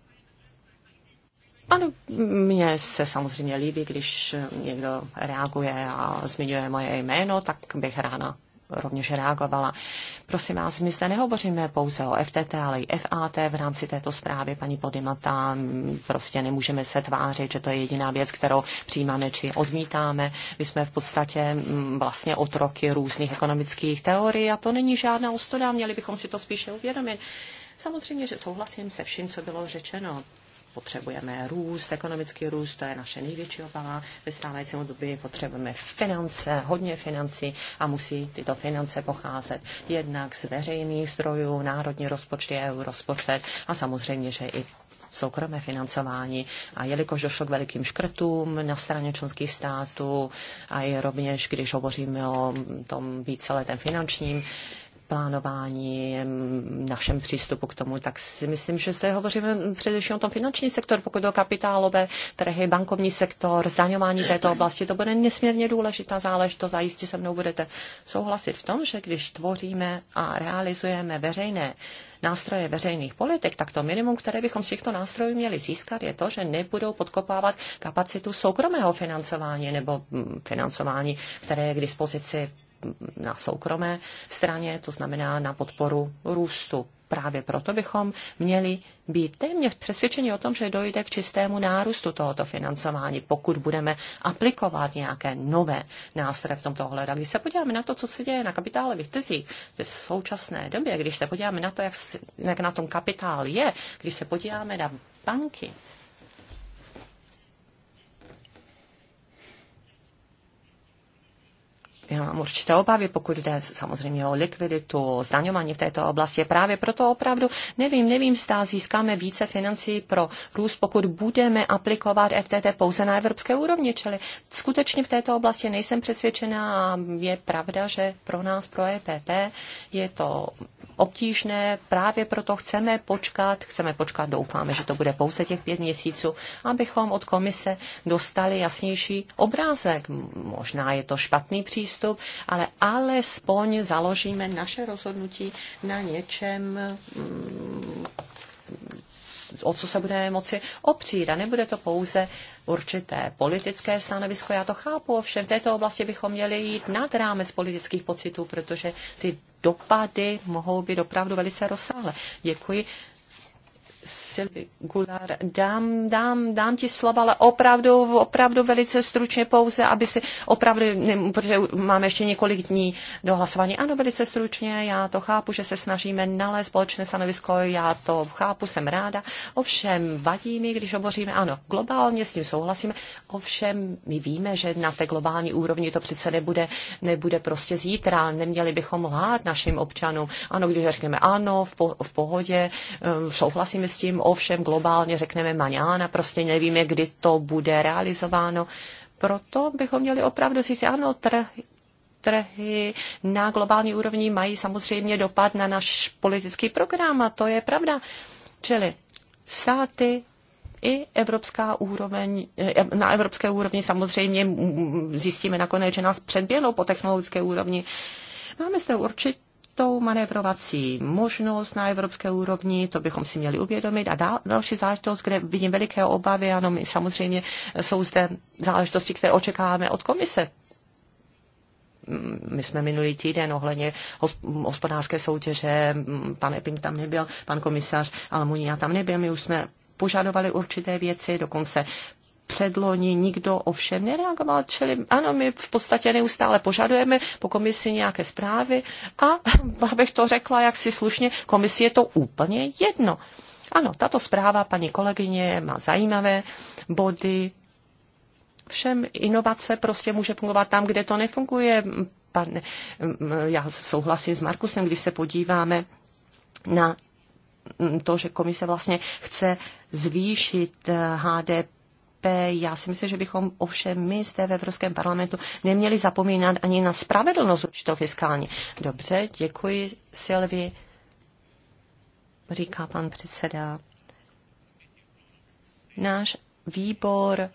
ano, mně se samozřejmě líbí, když někdo reaguje a zmiňuje moje jméno, tak bych ráda rovněž reagovala. Prosím vás, my zde nehovoříme pouze o FTT, ale i FAT v rámci této zprávy, paní Podimata. Prostě nemůžeme se tvářit, že to je jediná věc, kterou přijímáme či odmítáme. My jsme v podstatě mm, vlastně otroky různých ekonomických teorií a to není žádná ostuda, měli bychom si to spíše uvědomit. Samozřejmě, že souhlasím se vším, co bylo řečeno potřebujeme růst, ekonomický růst, to je naše největší obava. Ve stávajícím době potřebujeme finance, hodně financí a musí tyto finance pocházet jednak z veřejných zdrojů, národní rozpočty, EU rozpočet a samozřejmě, že i soukromé financování. A jelikož došlo k velikým škrtům na straně členských států a i rovněž, když hovoříme o tom víceletém finančním plánování, našem přístupu k tomu, tak si myslím, že zde hovoříme především o tom finanční sektor, pokud o kapitálové trhy, bankovní sektor, zdaňování této oblasti, to bude nesmírně důležitá záležitost a jistě se mnou budete souhlasit v tom, že když tvoříme a realizujeme veřejné nástroje veřejných politik, tak to minimum, které bychom z těchto nástrojů měli získat, je to, že nebudou podkopávat kapacitu soukromého financování nebo financování, které je k dispozici na soukromé straně, to znamená na podporu růstu. Právě proto bychom měli být téměř přesvědčeni o tom, že dojde k čistému nárůstu tohoto financování, pokud budeme aplikovat nějaké nové nástroje v tomto ohledu. Když se podíváme na to, co se děje na kapitálových trzích v současné době, když se podíváme na to, jak, jak na tom kapitál je, když se podíváme na banky, já mám určité obavy, pokud jde samozřejmě o likviditu, o zdaňování v této oblasti. Právě proto opravdu nevím, nevím, zda získáme více financí pro růst, pokud budeme aplikovat FTT pouze na evropské úrovni. Čili skutečně v této oblasti nejsem přesvědčená a je pravda, že pro nás, pro EPP, je to obtížné, právě proto chceme počkat, chceme počkat, doufáme, že to bude pouze těch pět měsíců, abychom od komise dostali jasnější obrázek. Možná je to špatný přístup, ale alespoň založíme naše rozhodnutí na něčem, o co se budeme moci opřít. A nebude to pouze určité politické stanovisko. Já to chápu, ovšem v této oblasti bychom měli jít nad rámec politických pocitů, protože ty dopady mohou být opravdu velice rozsáhlé. Děkuji Silvi dám, dám, dám ti slova, ale opravdu, opravdu velice stručně pouze, aby si opravdu, ne, protože máme ještě několik dní do hlasování. Ano, velice stručně, já to chápu, že se snažíme nalézt společné stanovisko, já to chápu, jsem ráda. Ovšem, vadí mi, když hovoříme, ano, globálně s tím souhlasíme, ovšem my víme, že na té globální úrovni to přece nebude, nebude prostě zítra, neměli bychom lhát našim občanům. Ano, když řekneme ano, v, po, v pohodě, um, souhlasíme s tím, ovšem, globálně řekneme maňána, prostě nevíme, kdy to bude realizováno. Proto bychom měli opravdu říct, ano, trh, trhy na globální úrovni mají samozřejmě dopad na náš politický program a to je pravda. Čili státy i evropská úroveň, eh, na evropské úrovni samozřejmě zjistíme nakonec, že nás předběhnou po technologické úrovni. Máme zde určitě určitou manévrovací možnost na evropské úrovni, to bychom si měli uvědomit. A dál, další záležitost, kde vidím veliké obavy, ano, my samozřejmě jsou zde záležitosti, které očekáváme od komise. My jsme minulý týden ohledně hospodářské soutěže, pan Epping tam nebyl, pan komisař Almunia tam nebyl, my už jsme požadovali určité věci, dokonce předloni nikdo ovšem nereagoval, čili ano, my v podstatě neustále požadujeme po komisi nějaké zprávy a abych to řekla, jak si slušně, komisi je to úplně jedno. Ano, tato zpráva paní kolegyně má zajímavé body, všem inovace prostě může fungovat tam, kde to nefunguje. Pane, já souhlasím s Markusem, když se podíváme na to, že komise vlastně chce zvýšit HDP já si myslím, že bychom ovšem my té v Evropském parlamentu neměli zapomínat ani na spravedlnost určitou fiskální. Dobře, děkuji Silvi, říká pan předseda. Náš výbor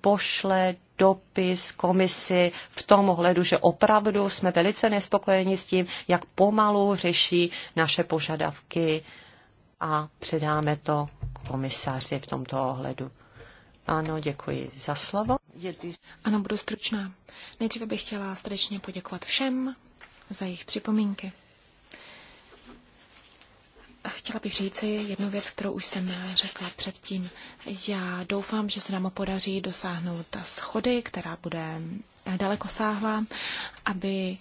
pošle dopis komisi v tom ohledu, že opravdu jsme velice nespokojeni s tím, jak pomalu řeší naše požadavky a předáme to komisaři v tomto ohledu. Ano, děkuji za slovo. Ano, budu stručná. Nejdříve bych chtěla srdečně poděkovat všem za jejich připomínky. Chtěla bych říci jednu věc, kterou už jsem řekla předtím. Já doufám, že se nám podaří dosáhnout schody, která bude daleko sáhla, aby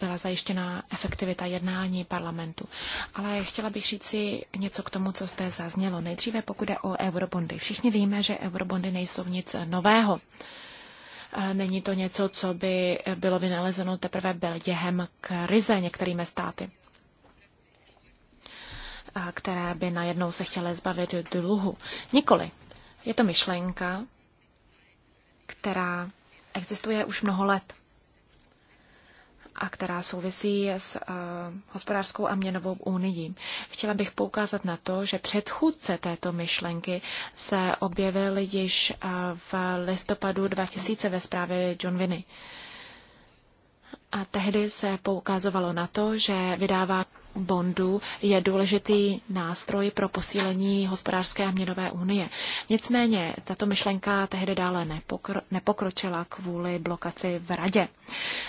byla zajištěna efektivita jednání parlamentu. Ale chtěla bych říct si něco k tomu, co zde zaznělo. Nejdříve pokud je o eurobondy. Všichni víme, že eurobondy nejsou nic nového. Není to něco, co by bylo vynalezeno teprve během krize některými státy, které by najednou se chtěly zbavit dluhu. Nikoli. Je to myšlenka, která existuje už mnoho let a která souvisí s eh, hospodářskou a měnovou unii. Chtěla bych poukázat na to, že předchůdce této myšlenky se objevil již eh, v listopadu 2000 ve zprávě John Vinny. A tehdy se poukazovalo na to, že vydává bondu je důležitý nástroj pro posílení hospodářské a měnové unie. Nicméně tato myšlenka tehdy dále nepokr- nepokročila kvůli blokaci v radě.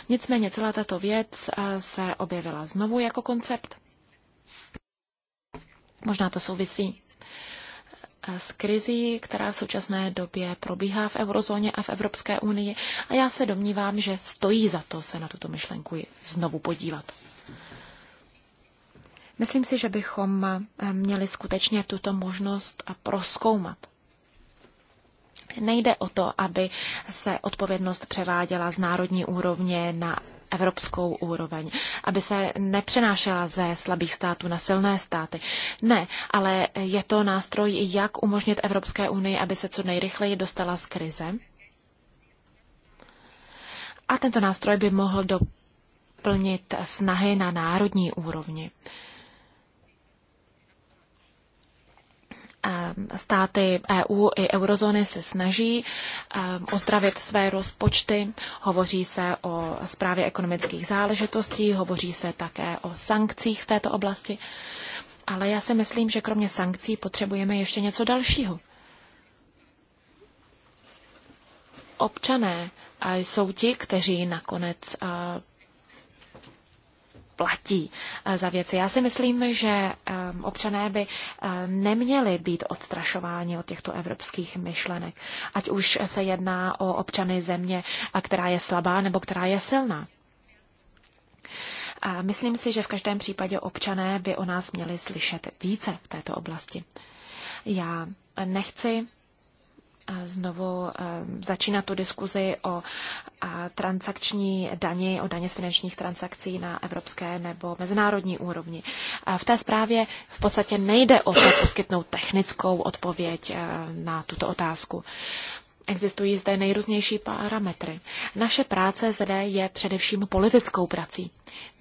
Nicméně celá tato věc eh, se objevila znovu jako koncept. Možná to souvisí eh, s krizí, která v současné době probíhá v eurozóně a v Evropské unii. A já se domnívám, že stojí za to se na tuto myšlenku znovu podívat. Myslím si, že bychom eh, měli skutečně tuto možnost eh, proskoumat. Nejde o to, aby se odpovědnost převáděla z národní úrovně na evropskou úroveň, aby se nepřenášela ze slabých států na silné státy. Ne, ale je to nástroj, jak umožnit Evropské unii, aby se co nejrychleji dostala z krize. A tento nástroj by mohl doplnit snahy na národní úrovni. Ehm, státy EU i eurozóny se snaží ehm, ozdravit své rozpočty. Hovoří se o zprávě ekonomických záležitostí, hovoří se také o sankcích v této oblasti. Ale já si myslím, že kromě sankcí potřebujeme ještě něco dalšího. Občané jsou ti, kteří nakonec ehm, platí eh, za věci. Já si myslím, že eh, občané by eh, neměli být odstrašováni od těchto evropských myšlenek, ať už se jedná o občany země, která je slabá nebo která je silná. A myslím si, že v každém případě občané by o nás měli slyšet více v této oblasti. Já nechci znovu eh, začínat tu diskuzi o eh, transakční dani, o daně z finančních transakcí na evropské nebo mezinárodní úrovni. V té zprávě v podstatě nejde o to poskytnout technickou odpověď eh, na tuto otázku. Existují zde nejrůznější parametry. Naše práce zde je především politickou prací.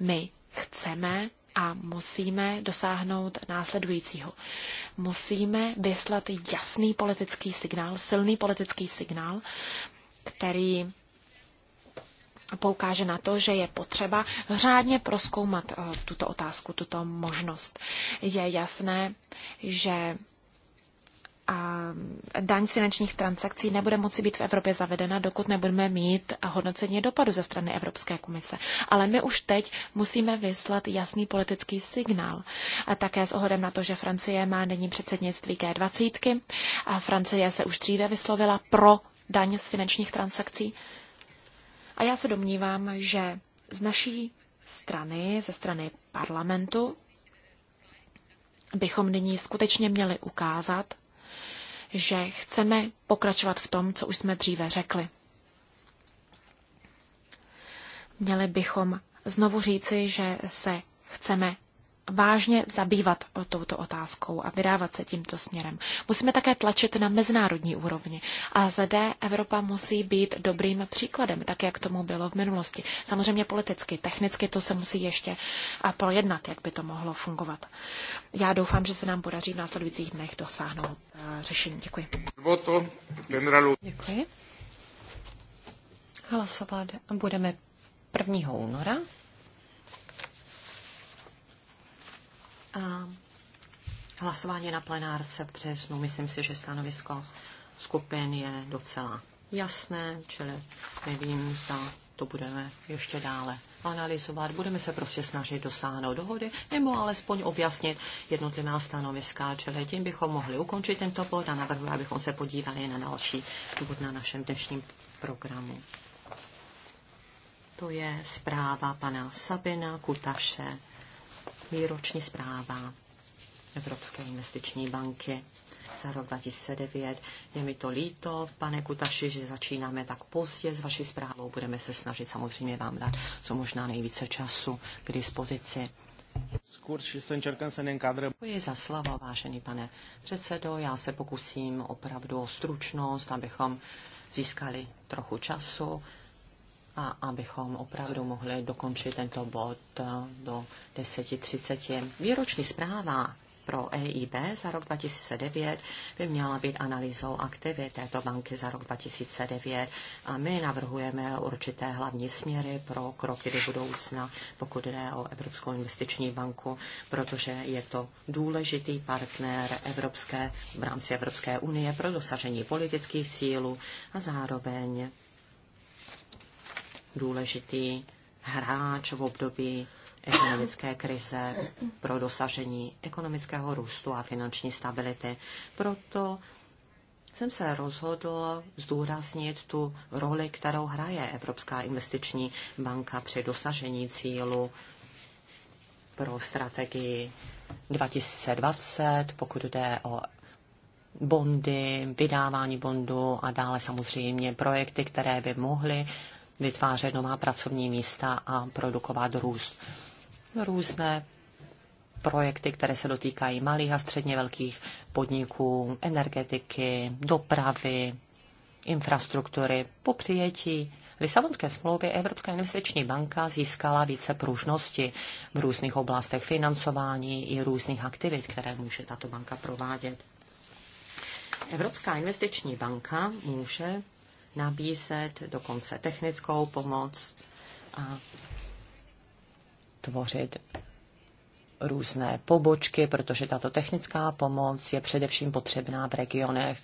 My chceme a musíme dosáhnout následujícího. Musíme vyslat jasný politický signál, silný politický signál, který poukáže na to, že je potřeba řádně proskoumat eh, tuto otázku, tuto možnost. Je jasné, že daň z finančních transakcí nebude moci být v Evropě zavedena, dokud nebudeme mít hodnocení dopadu ze strany Evropské komise. Ale my už teď musíme vyslat jasný politický signál. A také s ohledem na to, že Francie má nyní předsednictví G20, a Francie se už dříve vyslovila pro daň z finančních transakcí. A já se domnívám, že z naší strany, ze strany parlamentu, bychom nyní skutečně měli ukázat, že chceme pokračovat v tom, co už jsme dříve řekli. Měli bychom znovu říci, že se chceme vážně zabývat o touto otázkou a vydávat se tímto směrem. Musíme také tlačit na mezinárodní úrovni. A zde Evropa musí být dobrým příkladem, tak jak tomu bylo v minulosti. Samozřejmě politicky, technicky to se musí ještě projednat, jak by to mohlo fungovat. Já doufám, že se nám podaří v následujících dnech dosáhnout eh, řešení. Děkuji. Děkuji. Hlasovat budeme 1. února. A hlasování na plenárce v březnu, myslím si, že stanovisko skupin je docela jasné, čili nevím, zda to budeme ještě dále analyzovat. Budeme se prostě snažit dosáhnout dohody nebo alespoň objasnit jednotlivá stanoviska, čili tím bychom mohli ukončit tento bod a navrhuji, abychom se podívali na další bod na našem dnešním programu. To je zpráva pana Sabina Kutaše výroční zpráva Evropské investiční banky za rok 2009. Je mi to líto, pane Kutaši, že začínáme tak pozdě s vaší zprávou. Budeme se snažit samozřejmě vám dát co možná nejvíce času k dispozici. Děkuji za slovo, vážený pane předsedo. Já se pokusím opravdu o stručnost, abychom získali trochu času a abychom opravdu mohli dokončit tento bod eh, do 10.30. Výroční zpráva pro EIB za rok 2009 by měla být analýzou aktivy této banky za rok 2009 a my navrhujeme určité hlavní směry pro kroky do budoucna, pokud jde o Evropskou investiční banku, protože je to důležitý partner Evropské, v rámci Evropské unie pro dosažení politických cílů a zároveň důležitý hráč v období ekonomické krize pro dosažení ekonomického růstu a finanční stability. Proto jsem se rozhodl zdůraznit tu roli, kterou hraje Evropská investiční banka při dosažení cílu pro strategii 2020, pokud jde o bondy, vydávání bondů a dále samozřejmě projekty, které by mohly vytvářet nová pracovní místa a produkovat růst. Různé projekty, které se dotýkají malých a středně velkých podniků, energetiky, dopravy, infrastruktury. Po přijetí Lisabonské smlouvy Evropská investiční banka získala více pružnosti v různých oblastech financování i různých aktivit, které může tato banka provádět. Evropská investiční banka může nabízet dokonce technickou pomoc a tvořit různé pobočky, protože tato technická pomoc je především potřebná v regionech,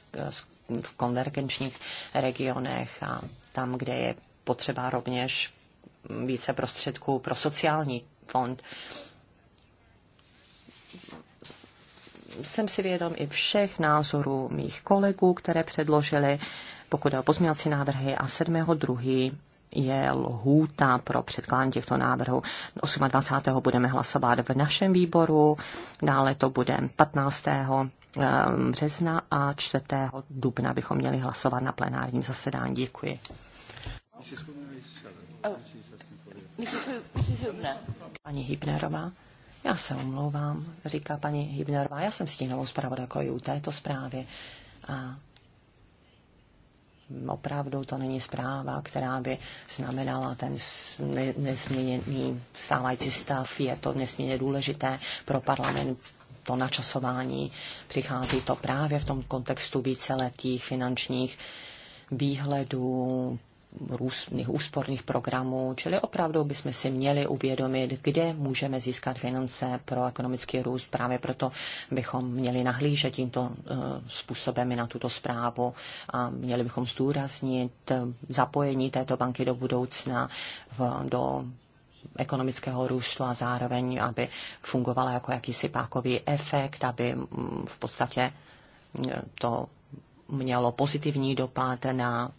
v konvergenčních regionech a tam, kde je potřeba rovněž více prostředků pro sociální fond. Jsem si vědom i všech názorů mých kolegů, které předložili pokud je o pozměňovací návrhy a druhý je lhůta pro předkládání těchto návrhů. 28. budeme hlasovat v našem výboru, dále to bude 15 ehm, března a 4. dubna bychom měli hlasovat na plenárním zasedání. Děkuji. Paní Hybnerová, já se omlouvám, říká paní Hybnerová, já jsem stínovou zpravodajkou i u této zprávy a opravdu to není zpráva, která by znamenala ten nezměněný stávající stav. Je to nesmírně důležité pro parlament, to načasování. Přichází to právě v tom kontextu víceletých finančních výhledů, různých úsporných programů, čili opravdu bychom si měli uvědomit, kde můžeme získat finance pro ekonomický růst. Právě proto bychom měli nahlížet tímto eh, způsobem i na tuto zprávu a měli bychom zdůraznit eh, zapojení této banky do budoucna, do ekonomického růstu a zároveň, aby fungovala jako jakýsi pákový efekt, aby mm, v podstatě eh, to mělo pozitivní dopad na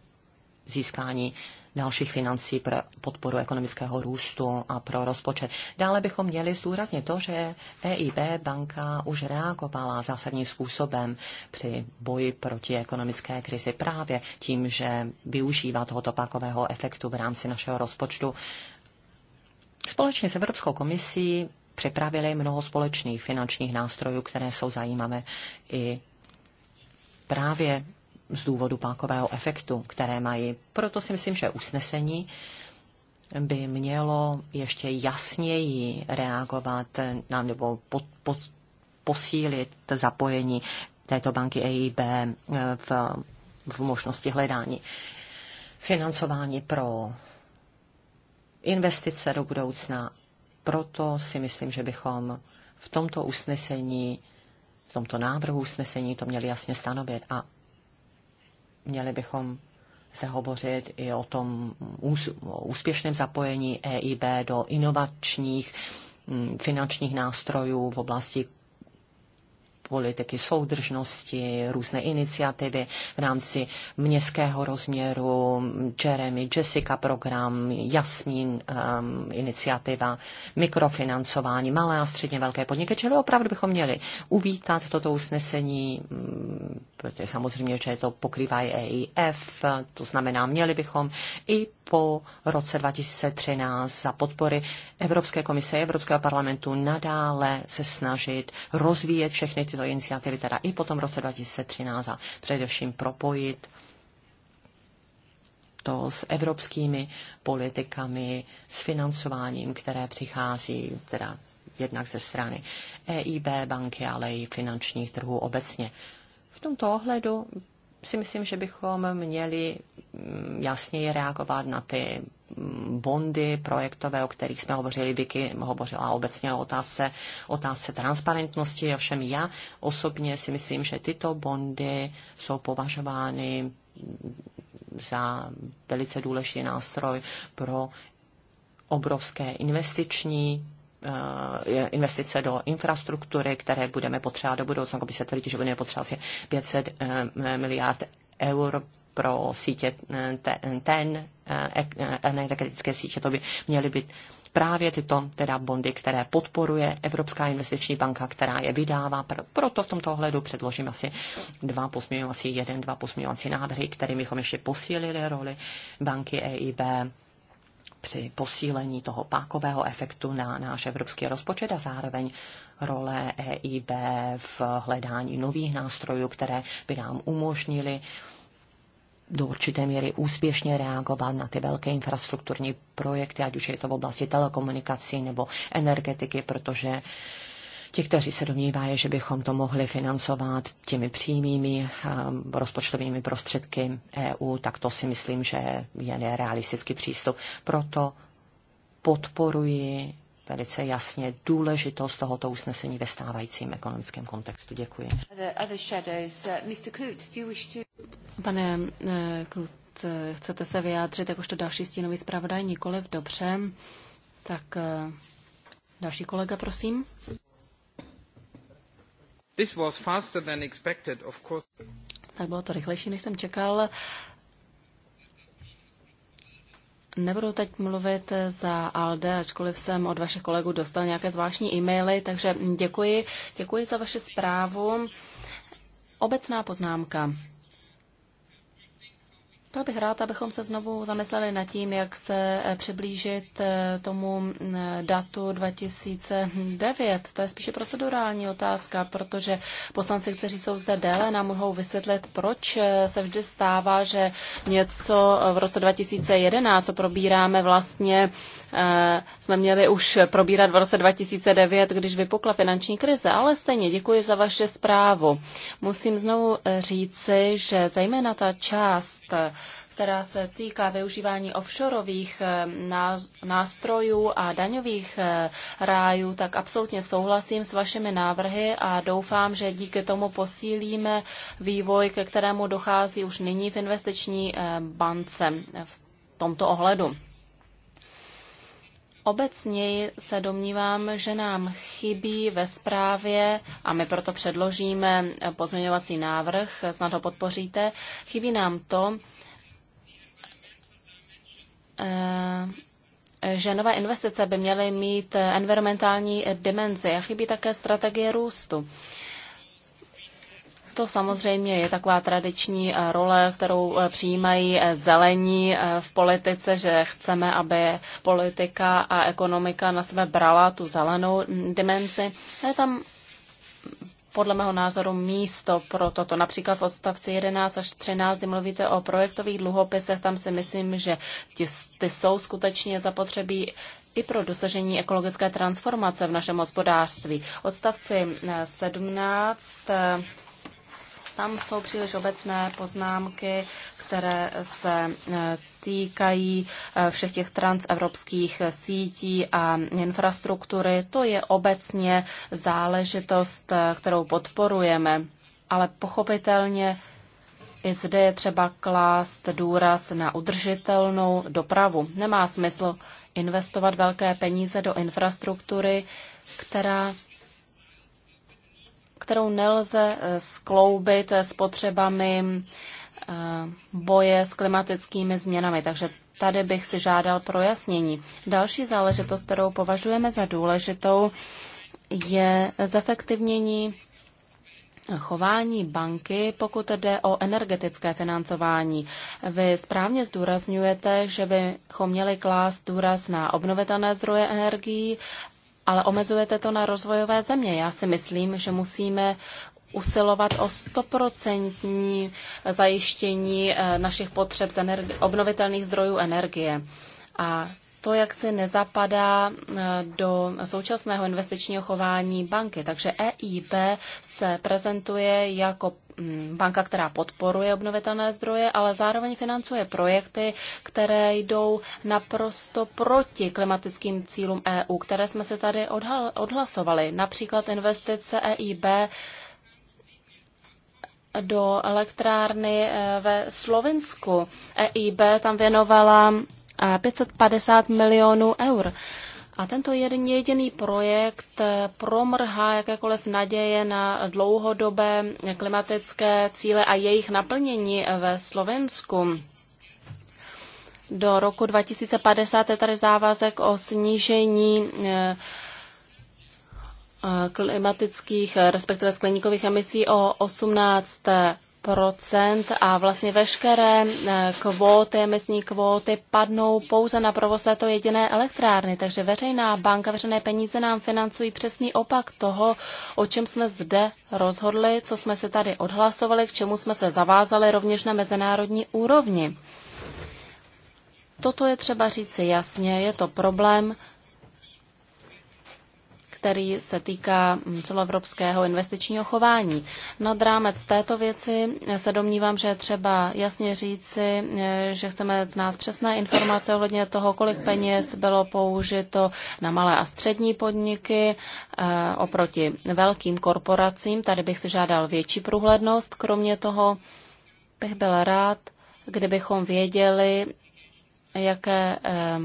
získání dalších financí pro podporu ekonomického růstu a pro rozpočet. Dále bychom měli zdůraznit to, že EIB banka už reagovala zásadním způsobem při boji proti ekonomické krizi právě tím, že využívá tohoto pakového efektu v rámci našeho rozpočtu. Společně s Evropskou komisí připravili mnoho společných finančních nástrojů, které jsou zajímavé i právě z důvodu pákového efektu, které mají. Proto si myslím, že usnesení by mělo ještě jasněji reagovat na, nebo po, po, posílit zapojení této banky EIB eh, v, v možnosti hledání financování pro investice do budoucna. Proto si myslím, že bychom v tomto usnesení, v tomto návrhu usnesení to měli jasně stanovit. A Měli bychom se hovořit i o tom o úspěšném zapojení EIB do inovačních mm, finančních nástrojů v oblasti politiky soudržnosti, různé iniciativy v rámci městského rozměru, Jeremy, Jessica program, Jasmín um, iniciativa, mikrofinancování, malé a středně velké podniky, čili opravdu bychom měli uvítat toto usnesení, mm, protože samozřejmě, že to pokrývá i EIF, to znamená, měli bychom i po roce 2013 za podpory Evropské komise Evropského parlamentu nadále se snažit rozvíjet všechny ty tyto iniciativy teda i potom v roce 2013 a především propojit to s evropskými politikami, s financováním, které přichází teda jednak ze strany EIB banky, ale i finančních trhů obecně. V tomto ohledu si myslím, že bychom měli mm, jasněji reagovat na ty mm, bondy projektové, o kterých jsme hovořili, Vicky hovořila obecně o otázce, otázce transparentnosti, ovšem já osobně si myslím, že tyto bondy jsou považovány mm, za velice důležitý nástroj pro obrovské investiční Eh, investice do infrastruktury, které budeme potřebovat do budoucna. se tvrdí, že budeme potřebovat asi 500 eh, miliard eur pro sítě eh, ten, energetické sítě, to by měly být právě tyto teda bondy, které podporuje Evropská investiční banka, která je vydává. Proto v tomto ohledu předložím asi dva posměňovací, jeden, dva posměňovací návrhy, kterými bychom ještě posílili roli banky EIB při posílení toho pákového efektu na náš evropský rozpočet a zároveň role EIB v hledání nových nástrojů, které by nám umožnili do určité míry úspěšně reagovat na ty velké infrastrukturní projekty, ať už je to v oblasti telekomunikací nebo energetiky, protože uh, Ti, kteří se domnívají, že bychom to mohli financovat těmi přímými ehm, rozpočtovými prostředky EU, tak to si myslím, že je nerealistický přístup. Proto podporuji velice jasně důležitost tohoto usnesení ve stávajícím ekonomickém kontextu. Děkuji. Uh, Pane Klut, eh, chcete se vyjádřit jakožto další stínový zpravodaj? Nikoliv, dobře. Tak eh, další kolega, prosím. This was faster than expected, of course. Tak bylo to rychlejší, než jsem čekal. Nebudu teď mluvit za ALDE, ačkoliv jsem od vašich kolegů dostal nějaké zvláštní e-maily, takže děkuji. Děkuji za vaši zprávu. Obecná poznámka. Byl bych rád, abychom se znovu zamysleli nad tím, jak se eh, přiblížit eh, tomu mm, datu 2009. To je spíše procedurální otázka, protože poslanci, kteří jsou zde déle, nám mohou vysvětlit, proč eh, se vždy stává, že něco v roce 2011, co probíráme, vlastně Eh, jsme měli už probírat v roce 2009, když vypukla finanční krize, ale stejně děkuji za vaše zprávu. Musím znovu eh, říci, že zejména ta část která se týká využívání offshoreových eh, nástrojů a daňových rájů, tak absolutně souhlasím s vašimi návrhy a doufám, že díky tomu posílíme vývoj, ke kterému dochází už nyní v investiční bance v tomto ohledu. Obecně se domnívám, že nám chybí ve zprávě, a my proto předložíme pozměňovací návrh, snad ho podpoříte, chybí nám to, eh, že nové investice by měly mít environmentální dimenzi a chybí také strategie růstu to samozřejmě je taková tradiční eh, role, kterou eh, přijímají eh, zelení v politice, že chceme, aby politika a ekonomika na sebe brala tu zelenou dimenzi. Je tam podle mého názoru místo pro toto. Například v odstavci 11 až 13, kdy mluvíte o projektových dluhopisech, tam si myslím, že ty, ty jsou skutečně zapotřebí i pro dosažení ekologické transformace v našem hospodářství. Odstavci 17 tam jsou příliš obecné poznámky, které se e, týkají e, všech těch transevropských sítí a infrastruktury. To je obecně záležitost, e, kterou podporujeme. Ale pochopitelně i zde je třeba klást důraz na udržitelnou dopravu. Nemá smysl investovat velké peníze do infrastruktury, která kterou nelze eh, skloubit eh, s potřebami eh, boje s klimatickými změnami. Takže tady bych si žádal projasnění. Další záležitost, kterou považujeme za důležitou, je zefektivnění chování banky, pokud jde o energetické financování. Vy správně zdůrazňujete, že bychom měli klást důraz na obnovitelné zdroje energií ale omezujete to na rozvojové země. Já si myslím, že musíme usilovat o stoprocentní zajištění eh, našich potřeb obnovitelných zdrojů energie. A to, jak se nezapadá eh, do současného investičního chování banky. Takže EIB se prezentuje jako mm, banka, která podporuje obnovitelné zdroje, ale zároveň financuje projekty, které jdou naprosto proti klimatickým cílům EU, které jsme se tady odhlasovali. Například investice EIB do elektrárny eh, ve Slovensku. EIB tam věnovala 550 milionů eur. A tento jeden jediný projekt promrhá jakékoliv naděje na dlouhodobé klimatické cíle a jejich naplnění ve Slovensku. Do roku 2050 je tady závazek o snížení eh, eh, klimatických, respektive skleníkových emisí o 18 procent a vlastně veškeré eh, kvóty, emisní kvóty padnou pouze na provoz této jediné elektrárny. Takže veřejná banka, veřejné peníze nám financují přesný opak toho, o čem jsme zde rozhodli, co jsme se tady odhlasovali, k čemu jsme se zavázali rovněž na mezinárodní úrovni. Toto je třeba říci jasně, je to problém, který se týká celoevropského investičního chování. Nad rámec této věci se domnívám, že je třeba jasně říci, že chceme znát přesné informace ohledně toho, kolik peněz bylo použito na malé a střední podniky eh, oproti velkým korporacím. Tady bych si žádal větší průhlednost. Kromě toho bych byl rád, kdybychom věděli, jaké eh,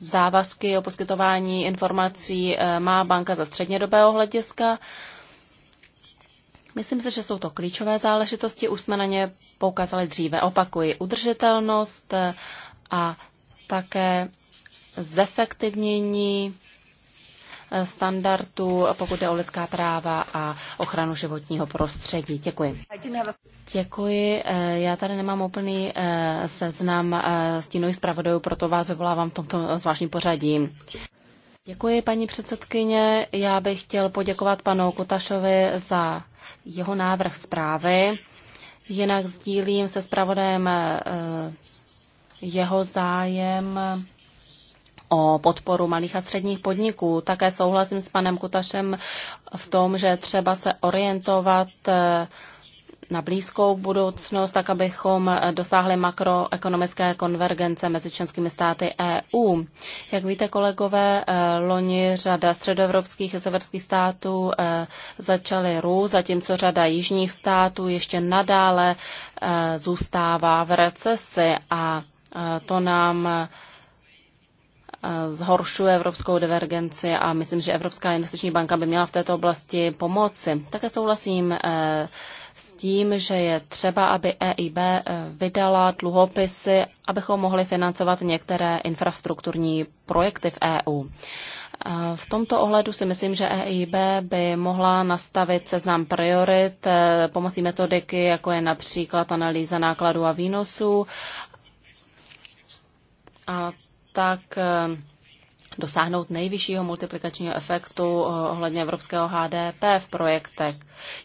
závazky o poskytování informací eh, má banka za střednědobého hlediska. Myslím si, že jsou to klíčové záležitosti, už jsme na ně poukázali dříve. Opakuji, udržitelnost eh, a také zefektivnění standardů, pokud je o lidská práva a ochranu životního prostředí. Děkuji. Děkuji. Eh, já tady nemám úplný eh, seznam eh, stínových zpravodajů, proto vás vyvolávám v tomto zvláštním pořadí. Děkuji, paní předsedkyně. Já bych chtěl poděkovat panu Kutašovi za jeho návrh zprávy. Jinak sdílím se zpravodajem jeho zájem o podporu malých a středních podniků. Také souhlasím s panem Kutašem v tom, že třeba se orientovat eh, na blízkou budoucnost, tak abychom eh, dosáhli makroekonomické konvergence mezi členskými státy EU. Jak víte, kolegové, eh, loni řada středoevropských a severských států začaly růst, zatímco řada jižních států ještě nadále zůstává v recesi a to nám zhoršuje evropskou divergenci a myslím, že Evropská investiční banka by měla v této oblasti pomoci. Také souhlasím eh, s tím, že je třeba, aby EIB eh, vydala dluhopisy, abychom mohli financovat některé infrastrukturní projekty v EU. Eh, v tomto ohledu si myslím, že EIB by mohla nastavit seznam priorit pomocí metodiky, jako je například analýza nákladů a výnosů. A tak eh, dosáhnout nejvyššího multiplikačního efektu eh, ohledně evropského HDP v projektech.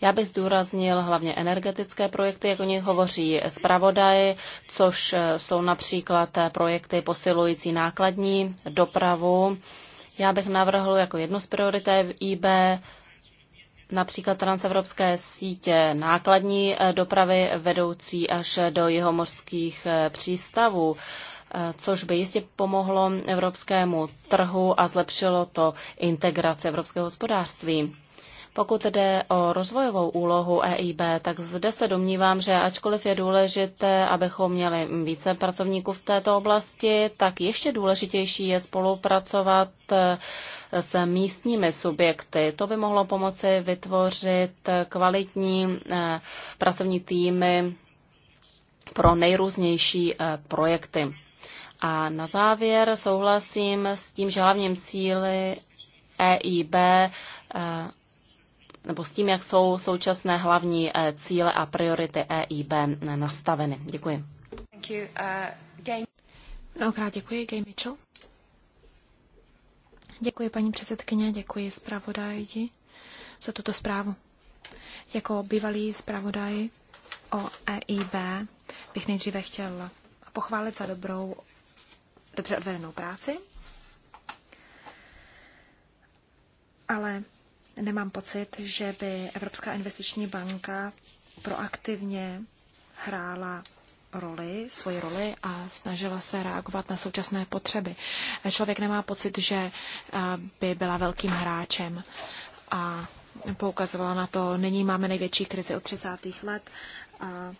Já bych zdůraznil hlavně energetické projekty, jak o nich hovoří zpravodaj, což eh, jsou například projekty posilující nákladní dopravu. Já bych navrhl jako jednu z v IB například transevropské sítě nákladní dopravy vedoucí až do jihomořských přístavů Eh, což by jistě pomohlo evropskému trhu a zlepšilo to integraci evropského hospodářství. Pokud jde o rozvojovou úlohu EIB, tak zde se domnívám, že ačkoliv je důležité, abychom měli více pracovníků v této oblasti, tak ještě důležitější je spolupracovat eh, s místními subjekty. To by mohlo pomoci vytvořit kvalitní eh, pracovní týmy pro nejrůznější projekty. A na závěr souhlasím s tím, že hlavním cíly EIB eh, nebo s tím, jak jsou současné hlavní eh, cíle a priority EIB nastaveny. Děkuji. Thank you. Uh, game... Mnohokrát děkuji, Gay Mitchell. Děkuji, paní předsedkyně, děkuji zpravodaji za tuto zprávu. Jako bývalý zpravodaj o EIB bych nejdříve chtěl pochválit za dobrou dobře odvedenou práci, ale nemám pocit, že by Evropská investiční banka proaktivně hrála roli, svoji roli a snažila se reagovat na současné potřeby. Člověk nemá pocit, že eh, by byla velkým hráčem a poukazovala na to, nyní máme největší krizi od 30. let a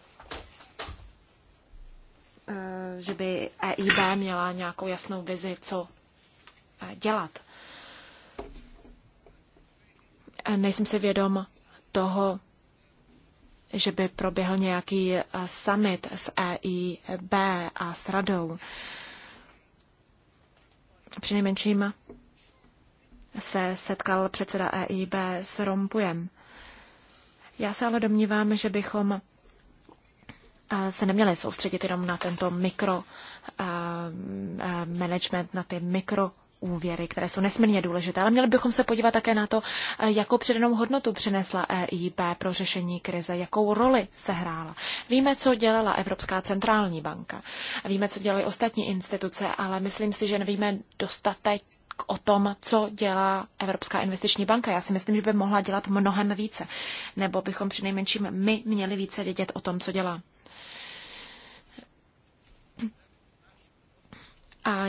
Eh, že by EIB měla nějakou jasnou vizi, co eh, dělat. Eh, nejsem si vědom toho, že by proběhl nějaký summit s EIB a s radou. nejmenším se setkal předseda EIB s Rompujem. Já se ale domnívám, že bychom se neměli soustředit jenom na tento mikro management, na ty mikro úvěry, které jsou nesmírně důležité, ale měli bychom se podívat také na to, jakou přidanou hodnotu přinesla EIB pro řešení krize, jakou roli se hrála. Víme, co dělala Evropská centrální banka, víme, co dělají ostatní instituce, ale myslím si, že nevíme dostatek o tom, co dělá Evropská investiční banka. Já si myslím, že by mohla dělat mnohem více, nebo bychom přinejmenším my měli více vědět o tom, co dělá. A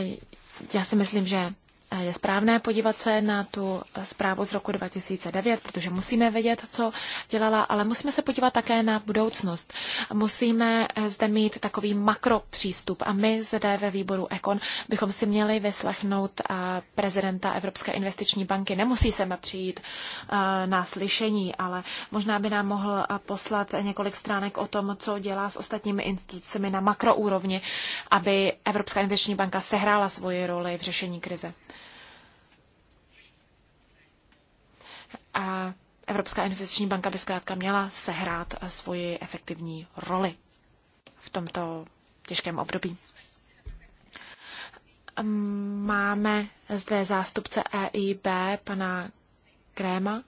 já si myslím, že je správné podívat se na tu zprávu z roku 2009, protože musíme vědět, co dělala, ale musíme se podívat také na budoucnost. Musíme zde mít takový makropřístup a my zde ve výboru Ekon bychom si měli vyslechnout prezidenta Evropské investiční banky. Nemusí se přijít na slyšení, ale možná by nám mohl poslat několik stránek o tom, co dělá s ostatními institucemi na makroúrovni, aby Evropská investiční banka sehrála svoji roli v řešení krize. Evropská investiční banka by zkrátka měla sehrát svoji efektivní roli v tomto těžkém období. Ehm, máme zde zástupce EIB, pana Kréma.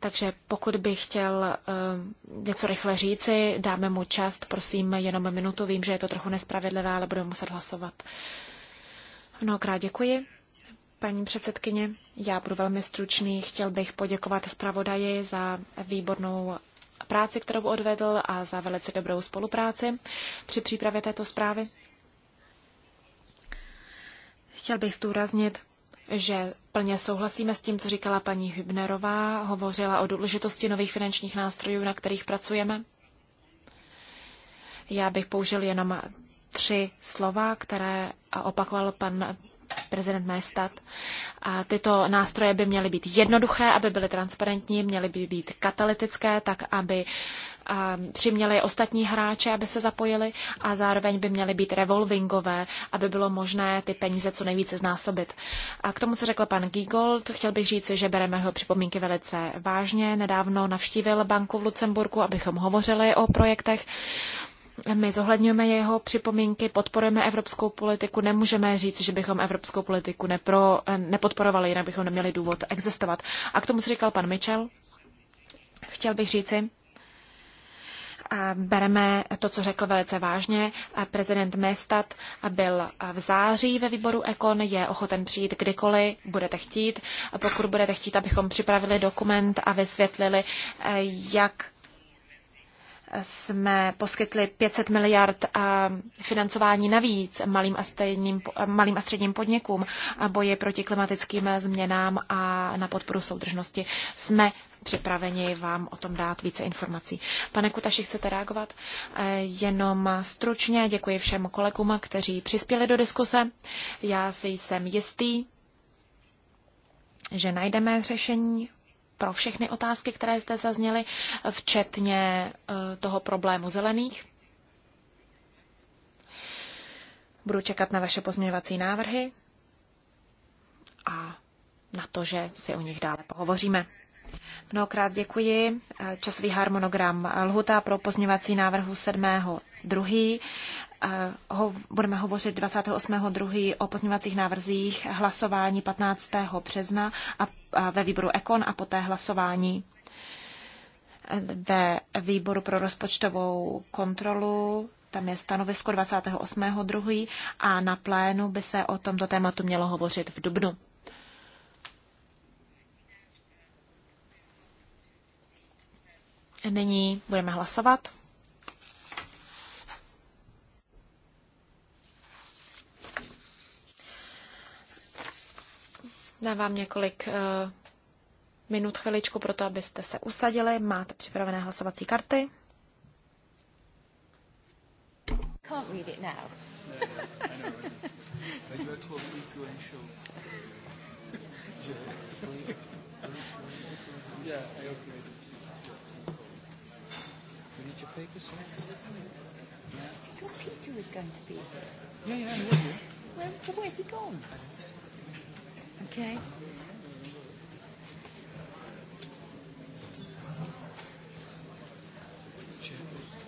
Takže pokud by chtěl ehm, něco rychle říci, dáme mu čas, prosím, jenom minutu. Vím, že je to trochu nespravedlivé, ale budeme muset hlasovat. Mnohokrát děkuji. Paní předsedkyně, já budu velmi stručný. Chtěl bych poděkovat zpravodaji za výbornou práci, kterou odvedl a za velice dobrou spolupráci při přípravě této zprávy. Chtěl bych zdůraznit, že plně souhlasíme s tím, co říkala paní Hübnerová, hovořila o důležitosti nových finančních nástrojů, na kterých pracujeme. Já bych použil jenom tři slova, které opakoval pan prezident Mestat. A tyto nástroje by měly být jednoduché, aby byly transparentní, měly by být katalytické, tak aby přiměli ostatní hráče, aby se zapojili a zároveň by měly být revolvingové, aby bylo možné ty peníze co nejvíce znásobit. A k tomu, co řekl pan Giegold, chtěl bych říct, že bereme jeho připomínky velice vážně. Nedávno navštívil banku v Lucemburku, abychom hovořili o projektech. My zohledňujeme jeho připomínky, podporujeme evropskou politiku, nemůžeme říct, že bychom evropskou politiku nepro, eh, nepodporovali, jinak bychom neměli důvod existovat. A k tomu, co říkal pan Mitchell, chtěl bych říci, Bereme to, co řekl velice vážně. Prezident Mestat byl v září ve výboru Ekon, je ochoten přijít kdykoliv budete chtít. Pokud budete chtít, abychom připravili dokument a vysvětlili, eh, jak jsme poskytli 500 miliard financování navíc malým a, stejným, malým a středním podnikům a boji proti klimatickým změnám a na podporu soudržnosti. Jsme připraveni vám o tom dát více informací. Pane Kutaši, chcete reagovat? E, jenom stručně děkuji všem kolegům, kteří přispěli do diskuse. Já si jsem jistý, že najdeme řešení pro všechny otázky, které zde zazněly, včetně eh, toho problému zelených. Budu čekat na vaše pozměňovací návrhy a na to, že si o nich dále pohovoříme. Mnohokrát děkuji. Eh, časový harmonogram eh, lhuta pro pozměňovací návrhu 7. 2. Eh, ho, budeme hovořit 28.2. o pozměňovacích návrzích, hlasování 15. března a, a ve výboru Ekon a poté hlasování eh, ve výboru pro rozpočtovou kontrolu, tam je stanovisko 28.2. a na plénu by se o tomto tématu mělo hovořit v dubnu. Nyní budeme hlasovat. Dávám několik několik eh, minut, chviličku pro to, abyste se usadili. Máte připravené hlasovací karty? Can't read it now. yeah, I agree. You need Yeah. Your Peter was going to be here. Yeah, yeah, Where, where's he gone? Okay.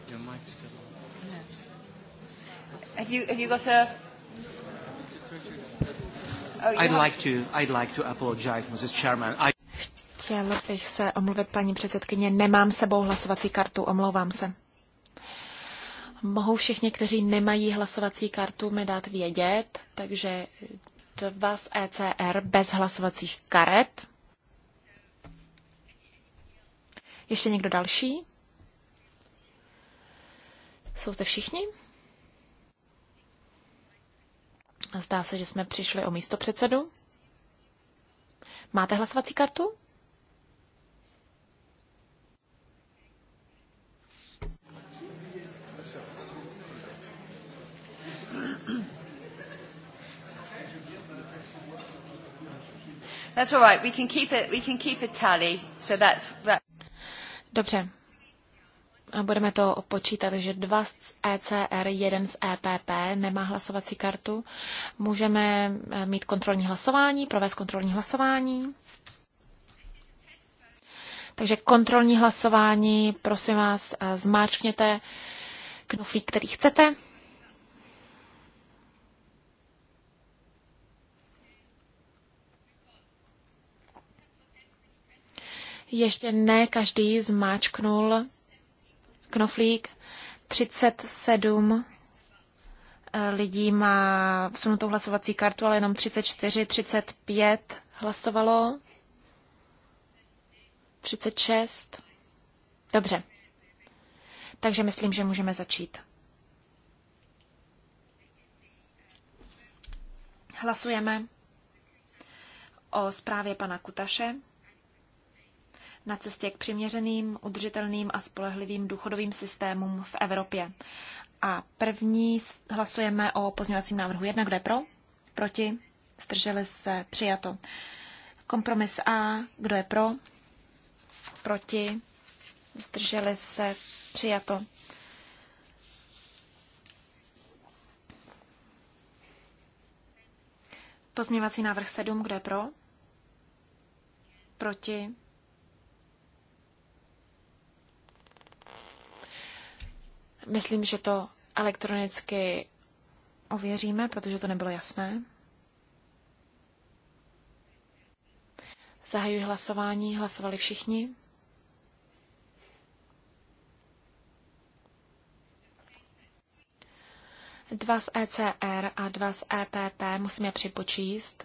Your mic still on. Have you have you got a? Oh, I'd like to I'd like to apologize, Mrs. Chairman. I... Chtěl bych se omluvit, paní předsedkyně. Nemám sebou hlasovací kartu, omlouvám se. Mohou všichni, kteří nemají hlasovací kartu, mi dát vědět, takže Vás z e ECR bez hlasovacích karet. Ještě někdo další? Jsou zde všichni? Zdá se, že jsme přišli o místo předsedu. Máte hlasovací kartu? That's all right. We can keep it, we can keep tally. So that's, that... Dobře. A budeme to počítat, že dva z ECR, jeden z EPP nemá hlasovací kartu. Můžeme eh, mít kontrolní hlasování, provést kontrolní hlasování. Takže kontrolní hlasování, prosím vás, eh, zmáčkněte knoflík, který chcete. Ještě ne každý zmáčknul knoflík. 37 eh, lidí má vsunutou hlasovací kartu, ale jenom 34, 35 hlasovalo. 36. Dobře. Takže myslím, že můžeme začít. Hlasujeme o zprávě pana Kutaše na cestě k přiměřeným, udržitelným a spolehlivým důchodovým systémům v Evropě. A první hlasujeme o pozměňovacím návrhu Jedna, Kdo je pro? Proti? Zdrželi se? Přijato. Kompromis A. Kdo je pro? Proti? Zdrželi se? Přijato. Pozměňovací návrh 7. Kdo je pro? Proti? Myslím, že to elektronicky ověříme, protože to nebylo jasné. Zahajuji hlasování. Hlasovali všichni. Dva z ECR a dva z EPP musíme připočíst.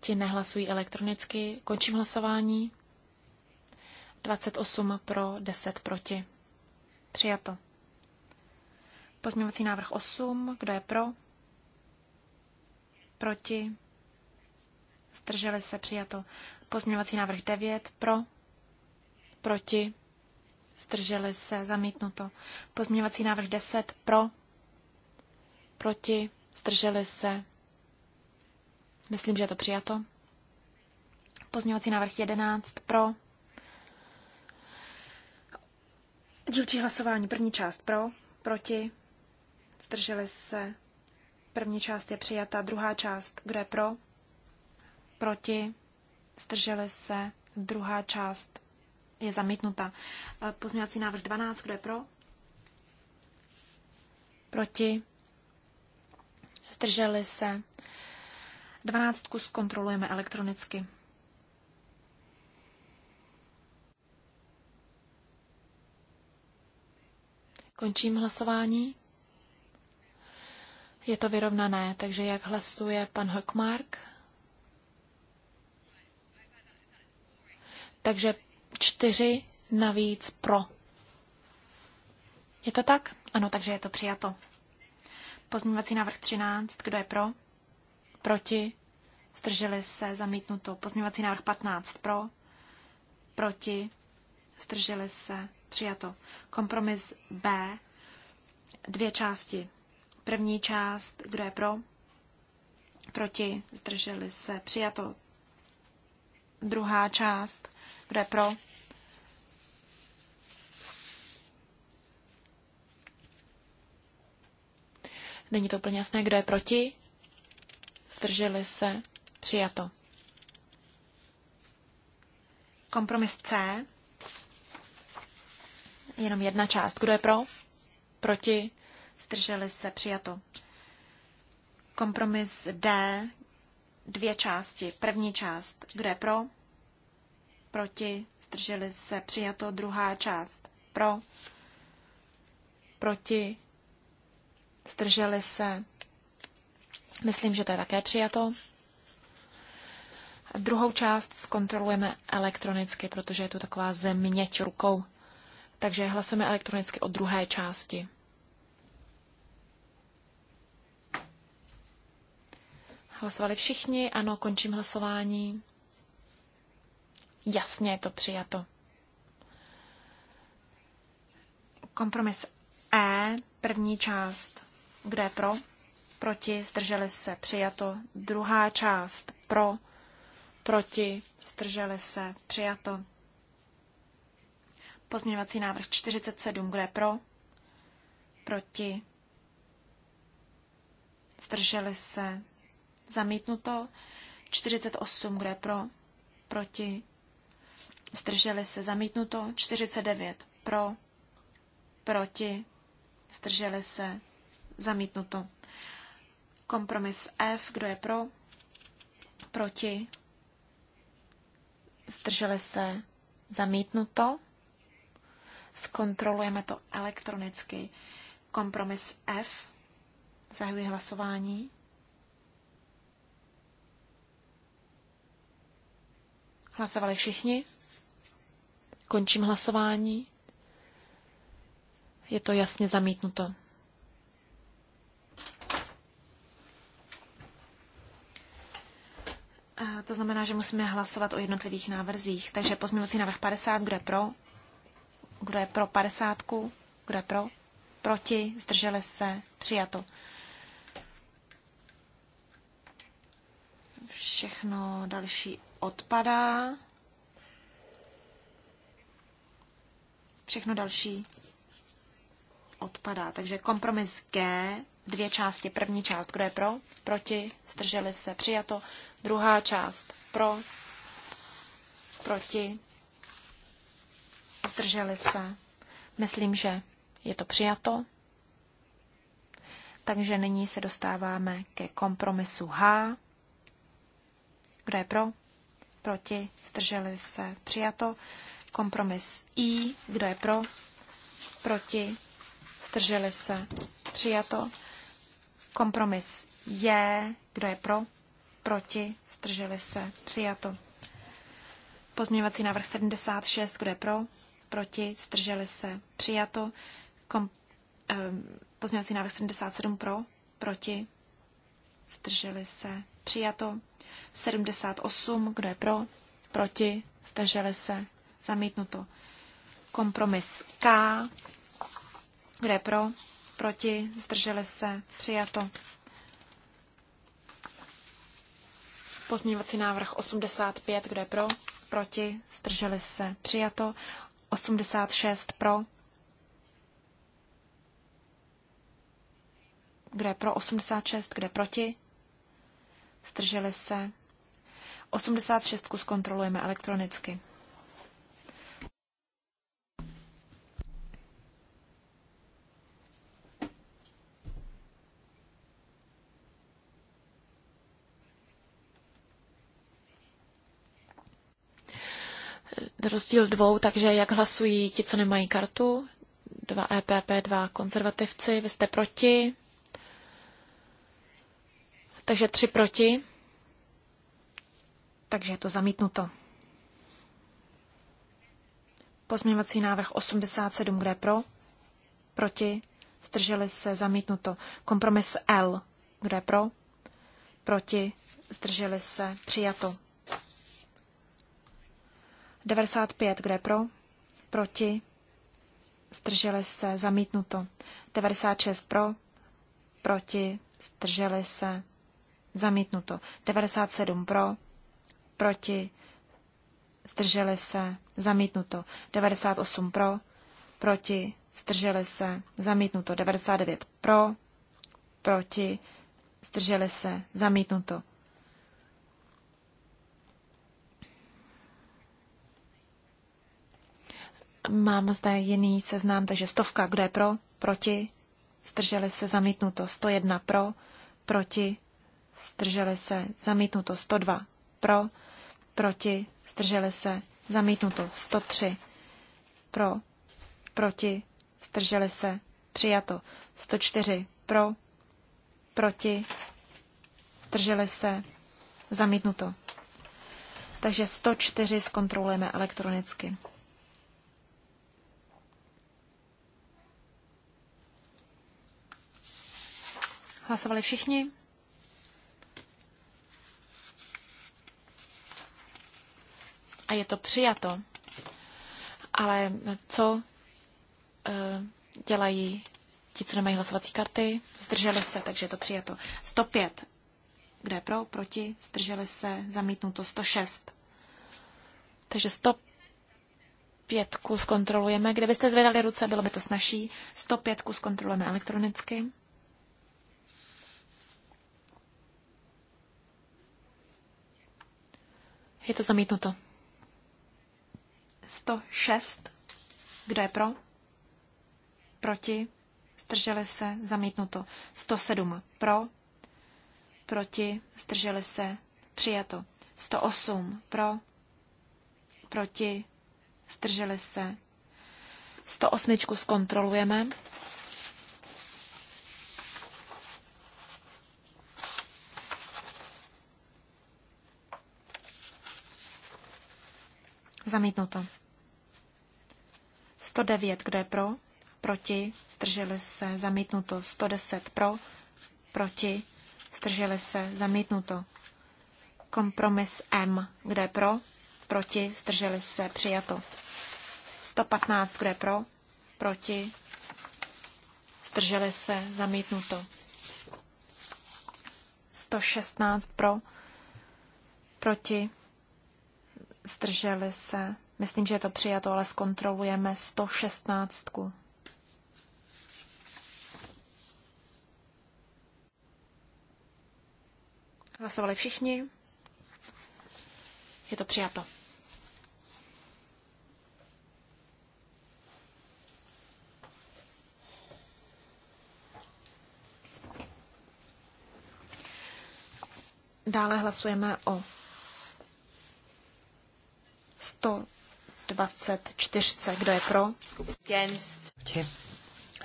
Ti nehlasují elektronicky. Končím hlasování. 28 pro, 10 proti. Přijato. Pozměňovací návrh 8. Kdo je pro? Proti? Zdrželi se? Přijato. Pozměňovací návrh 9. Pro? Proti? Zdrželi se? Zamítnuto. Pozměňovací návrh 10. Pro? Proti? Zdrželi se? Myslím, že je to přijato. Pozměňovací návrh 11. Pro? Dílčí hlasování. První část pro, proti, zdrželi se. První část je přijata, druhá část, kde pro, proti, zdrželi se. Druhá část je zamítnuta. Pozměňovací návrh 12, kdo je pro? Proti? Zdrželi se? 12 zkontrolujeme elektronicky. Končím hlasování. Je to vyrovnané, takže jak hlasuje pan Hockmark? Takže čtyři navíc pro. Je to tak? Ano, takže je to přijato. Pozměňovací návrh 13. Kdo je pro? Proti? Zdrželi se zamítnuto. Pozměňovací návrh 15. Pro? Proti? Zdrželi se Přijato. Kompromis B. Dvě části. První část, kdo je pro? Proti. Zdrželi se. Přijato. Druhá část, kdo je pro? Není to úplně jasné, kdo je proti. Zdrželi se. Přijato. Kompromis C. Jenom jedna část. Kdo je pro? Proti? Zdrželi se? Přijato. Kompromis D. Dvě části. První část. Kdo je pro? Proti? Zdrželi se? Přijato. Druhá část. Pro? Proti? Zdrželi se? Myslím, že to je také přijato. A druhou část zkontrolujeme elektronicky, protože je tu taková zeměť rukou. Takže hlasujeme elektronicky o druhé části. Hlasovali všichni, ano, končím hlasování. Jasně je to přijato. Kompromis E, první část. Kdo je pro? Proti, zdrželi se, přijato. Druhá část, pro, proti, zdrželi se, přijato. Pozměňovací návrh 47, kdo je pro? Proti? Zdrželi se? Zamítnuto. 48, kdo je pro? Proti? Zdrželi se? Zamítnuto. 49, pro? Proti? Zdrželi se? Zamítnuto. Kompromis F, kdo je pro? Proti? Zdrželi se? Zamítnuto. Zkontrolujeme to elektronicky. Kompromis F. Zahajuji hlasování. Hlasovali všichni? Končím hlasování. Je to jasně zamítnuto. to znamená, že musíme hlasovat o jednotlivých návrzích. Takže pozměňovací návrh 50, kdo je pro, kdo je pro padesátku? Kdo je pro? Proti? Zdrželi se? Přijato. Všechno další odpadá. Všechno další odpadá. Takže kompromis G, dvě části. První část, kdo je pro? Proti? Zdrželi se? Přijato. Druhá část, pro? Proti? zdrželi se. Myslím, že je to přijato. Takže nyní se dostáváme ke kompromisu H. Kdo je pro? Proti? Zdrželi se? Přijato. Kompromis I. Kdo je pro? Proti? Zdrželi se? Přijato. Kompromis J. Kdo je pro? Proti? Zdrželi se? Přijato. Pozměňovací návrh 76. Kdo je pro? proti, zdrželi se, přijato. Kom, eh, pozměňovací návrh 77 pro, proti, zdrželi se, přijato. 78, kdo je pro, proti, zdrželi se, zamítnuto. Kompromis K, kdo je pro, proti, zdrželi se, přijato. Pozměňovací návrh 85, kdo je pro, proti, zdrželi se, přijato. 86 pro. Kdo je pro 86, kde proti? Strželi se. 86 zkontrolujeme elektronicky. rozdíl dvou, takže jak hlasují ti, co nemají kartu? Dva EPP, dva konzervativci, vy jste proti. Takže tři proti. Takže je to zamítnuto. Pozměňovací návrh 87, kde pro? Proti. Zdrželi se zamítnuto. Kompromis L, kde pro? Proti. Zdrželi se přijato. 95, je pro, proti, zdrželi se, zamítnuto. 96 pro, proti, zdrželi se, zamítnuto. 97 pro, proti, zdrželi se, zamítnuto. 98 pro, proti, zdrželi se, zamítnuto. 99 pro, proti, zdrželi se, zamítnuto. Mám zde jiný seznám, takže stovka, kdo je pro, proti, zdrželi se zamítnuto 101 pro, proti, zdrželi se zamítnuto 102 pro, proti, zdrželi se zamítnuto 103 pro, proti, zdrželi se přijato 104 pro, proti, zdrželi se zamítnuto. Takže 104 zkontrolujeme elektronicky. Hlasovali všichni? A je to přijato. Ale co eh, dělají ti, co nemají hlasovací karty? Zdrželi se, takže je to přijato. 105. Kde je pro, proti? Zdrželi se, zamítnuto 106. Takže 105 zkontrolujeme. Kdybyste zvedali ruce, bylo by to snažší. 105 zkontrolujeme elektronicky. Je to zamítnuto. 106. Kdo je pro? Proti? Zdrželi se? Zamítnuto. 107. Pro? Proti? Zdrželi se? Přijato. 108. Pro? Proti? Zdrželi se? 108. Zkontrolujeme. Zamítnuto. 109, kdo je pro? Proti. Strželi se. Zamítnuto. 110 pro. Proti. Strželi se. Zamítnuto. Kompromis M, kde je pro? Proti. Strželi se. Přijato. 115, kde je pro? Proti. Strželi se. Zamítnuto. 116 pro. Proti zdrželi se, myslím, že je to přijato, ale zkontrolujeme 116. Hlasovali všichni. Je to přijato. Dále hlasujeme o 124. Kdo je pro? Against.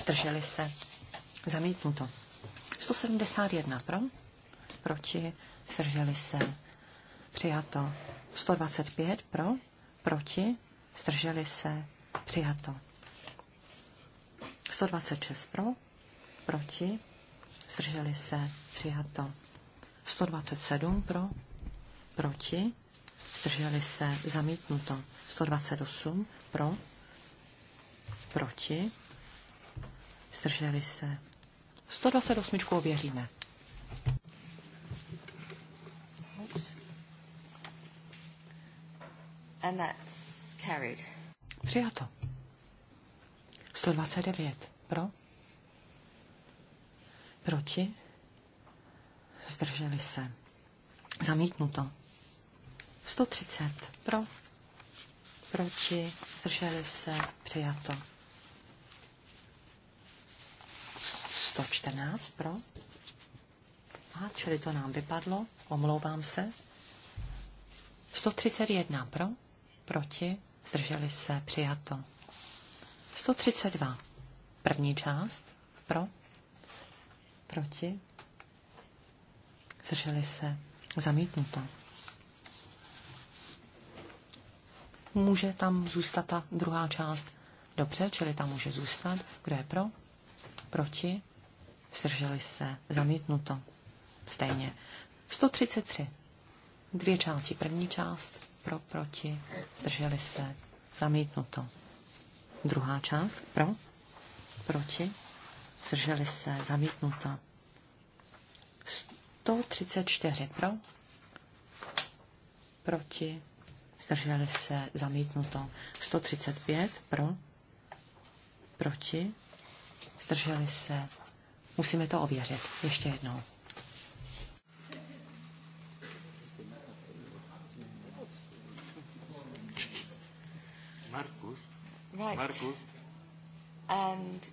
Zdrželi se. Zamítnuto. 171 pro. Proti. Zdrželi se. Přijato. 125 pro. Proti. Zdrželi se. Přijato. 126 pro. Proti. Zdrželi se. Přijato. 127 pro. Proti zdrželi se, zamítnuto. 128 pro, proti, zdrželi se. 128 ověříme. And that's carried. Přijato. 129 pro, proti, zdrželi se. Zamítnuto. 130 pro, proti, zdrželi se, přijato. 114 pro. A čili to nám vypadlo, omlouvám se. 131 pro, proti, zdrželi se, přijato. 132, první část, pro, proti, zdrželi se, zamítnuto. může tam zůstat ta druhá část. Dobře, čili tam může zůstat. Kdo je pro? Proti? Zdrželi se. Zamítnuto. Stejně. 133. Dvě části. První část pro, proti, zdrželi se, zamítnuto. Druhá část pro, proti, zdrželi se, zamítnuto. 134 pro, proti, zdrželi se, zamítnuto. 135 pro, proti, zdrželi se. Musíme to ověřit. Ještě jednou. Markus. Right. Markus. And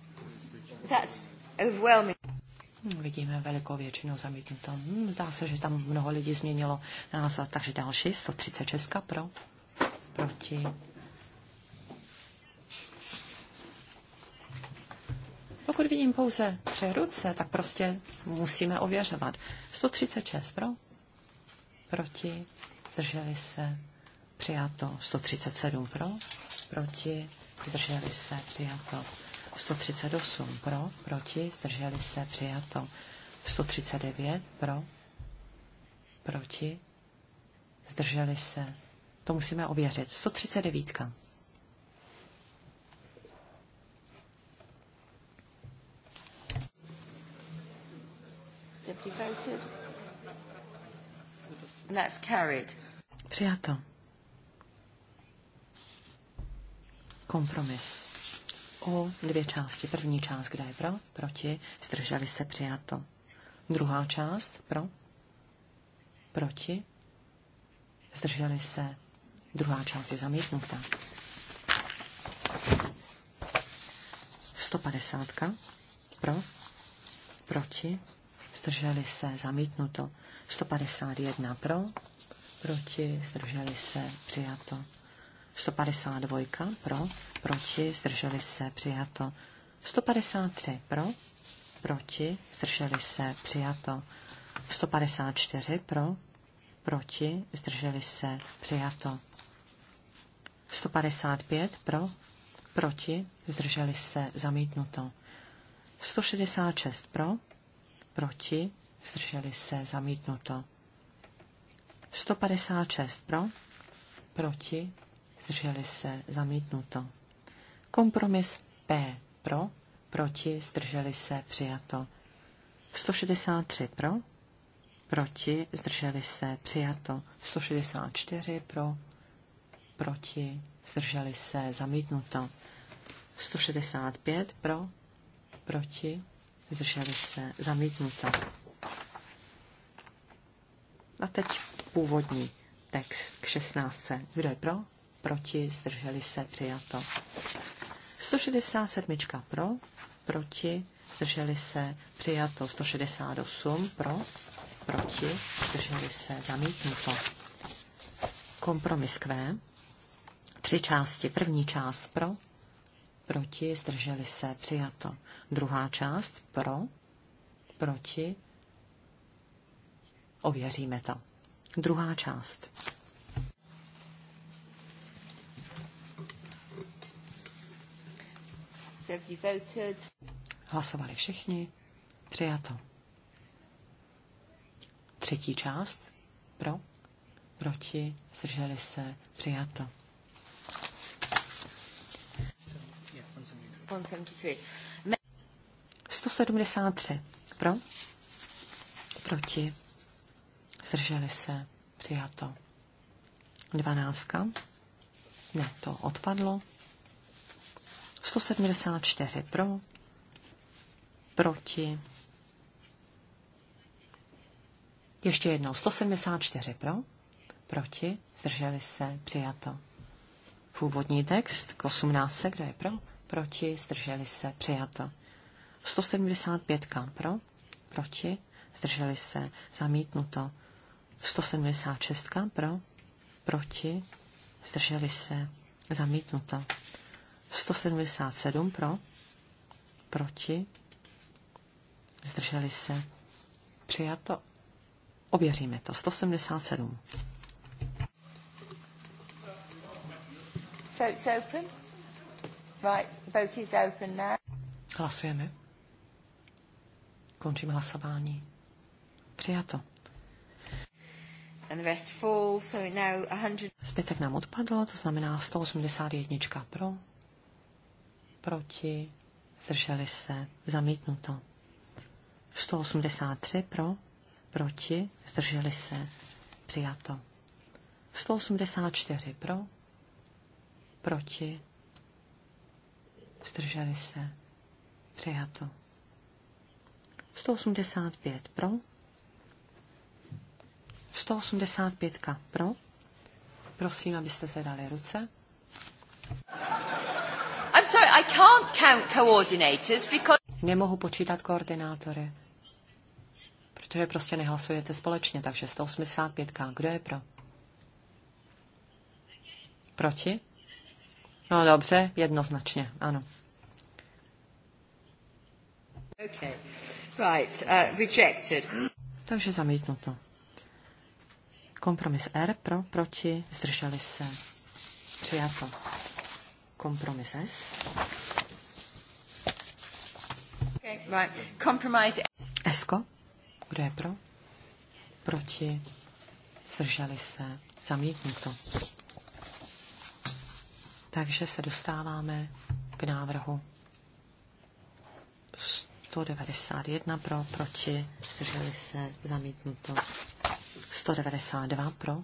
that's overwhelming. Vidíme velikou většinu zamítnutou. Hmm, zdá se, že tam mnoho lidí změnilo názor. Takže další, 136 pro, proti. Pokud vidím pouze tři ruce, tak prostě musíme ověřovat. 136 pro, proti, zdrželi se, přijato. 137 pro, proti, zdrželi se, přijato. 138 pro, proti, zdrželi se, přijato. 139 pro, proti, zdrželi se. To musíme ověřit. 139. That's carried. Přijato. Kompromis o dvě části. První část, kde je pro, proti, zdrželi se přijato. Druhá část, pro, proti, zdrželi se. Druhá část je zamítnutá. 150. Pro, proti, zdrželi se, zamítnuto. 151 pro, proti, zdrželi se, přijato. 152 pro, proti, zdrželi se, přijato. 153 pro, proti, zdrželi se, přijato. 154 pro, proti, zdrželi se, přijato. 155 pro, proti, zdrželi se, zamítnuto. 166 pro, proti, zdrželi se, zamítnuto. 156 pro, proti, zdrželi se, zamítnuto. Kompromis P pro, proti, zdrželi se, přijato. 163 pro, proti, zdrželi se, přijato. 164 pro, proti, zdrželi se, zamítnuto. 165 pro, proti, zdrželi se, zamítnuto. A teď původní text k 16. Kdo je pro? proti, zdrželi se, přijato. 167 pro, proti, zdrželi se, přijato. 168 pro, proti, zdrželi se, zamítnuto. Kompromis Q. Tři části. První část pro, proti, zdrželi se, přijato. Druhá část pro, proti, ověříme to. Druhá část. Hlasovali všichni. Přijato. Třetí část. Pro. Proti. Zdrželi se. Přijato. 173. Pro. Proti. Zdrželi se. Přijato. Dvanáctka. Ne, to odpadlo. 174 pro, proti. Ještě jednou 174 pro, proti, zdrželi se, přijato. Původní text k 18, kdo je pro, proti, zdrželi se, přijato. 175 pro, proti, zdrželi se, zamítnuto. 176 pro, proti, zdrželi se, zamítnuto. 177 pro, proti, zdrželi se, přijato. Ověříme to. 177. Vote's open. Right, vote is open now. Hlasujeme. Končím hlasování. Přijato. And the rest fall, so now 100... Zbytek nám odpadl, to znamená 181 pro, proti, zdrželi se, zamítnuto. 183 pro, proti, zdrželi se, přijato. 184 pro, proti, zdrželi se, přijato. 185 pro, 185 pro, prosím, abyste zvedali ruce. I'm sorry, I can't count coordinators because... Nemohu počítat koordinátory, protože prostě nehlasujete společně, takže 185. Kdo je pro? Proti? No dobře, jednoznačně, ano. Okay. Right, uh, rejected. Takže zamítnuto. Kompromis R pro, proti, zdrželi se. Přijato. Kompromis Okay, right. Compromise. Esko. Kdo je pro? Proti. Zdrželi se. Zamítnuto. Takže se dostáváme k návrhu 191 pro, proti, zdrželi se, zamítnuto. 192 pro,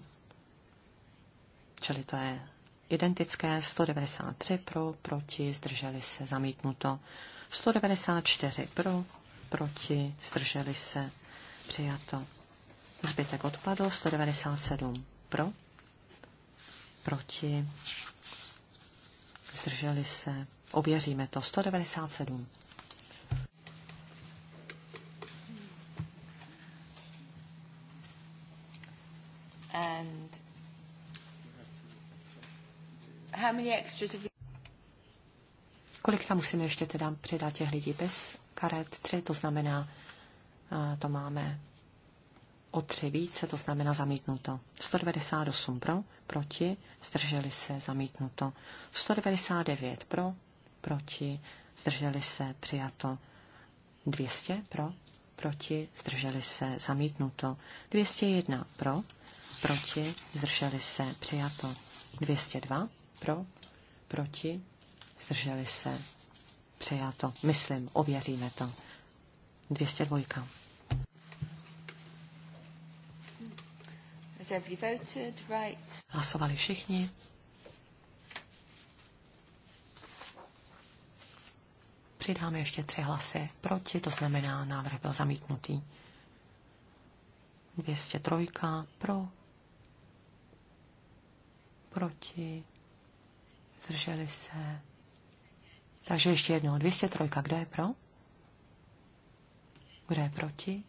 čili to je identické 193 pro, proti, zdrželi se, zamítnuto. 194 pro, proti, zdrželi se, přijato. Zbytek odpadl, 197 pro, proti, zdrželi se, ověříme to, 197. And Kolik tam musíme ještě teda přidat těch lidí bez karet? Tři, to znamená, to máme o tři více, to znamená zamítnuto. 198 pro, proti, zdrželi se, zamítnuto. 199 pro, proti, zdrželi se, přijato. 200 pro, proti, zdrželi se, zamítnuto. 201 pro, proti, zdrželi se, přijato. 202 pro? Proti? Zdrželi se? Přijato. Myslím, ověříme to. 202. Hlasovali všichni. Přidáme ještě tři hlasy proti, to znamená, návrh byl zamítnutý. 203 pro, proti, zdrželi se. Takže ještě jednou, 203, kdo je pro? Kdo je proti?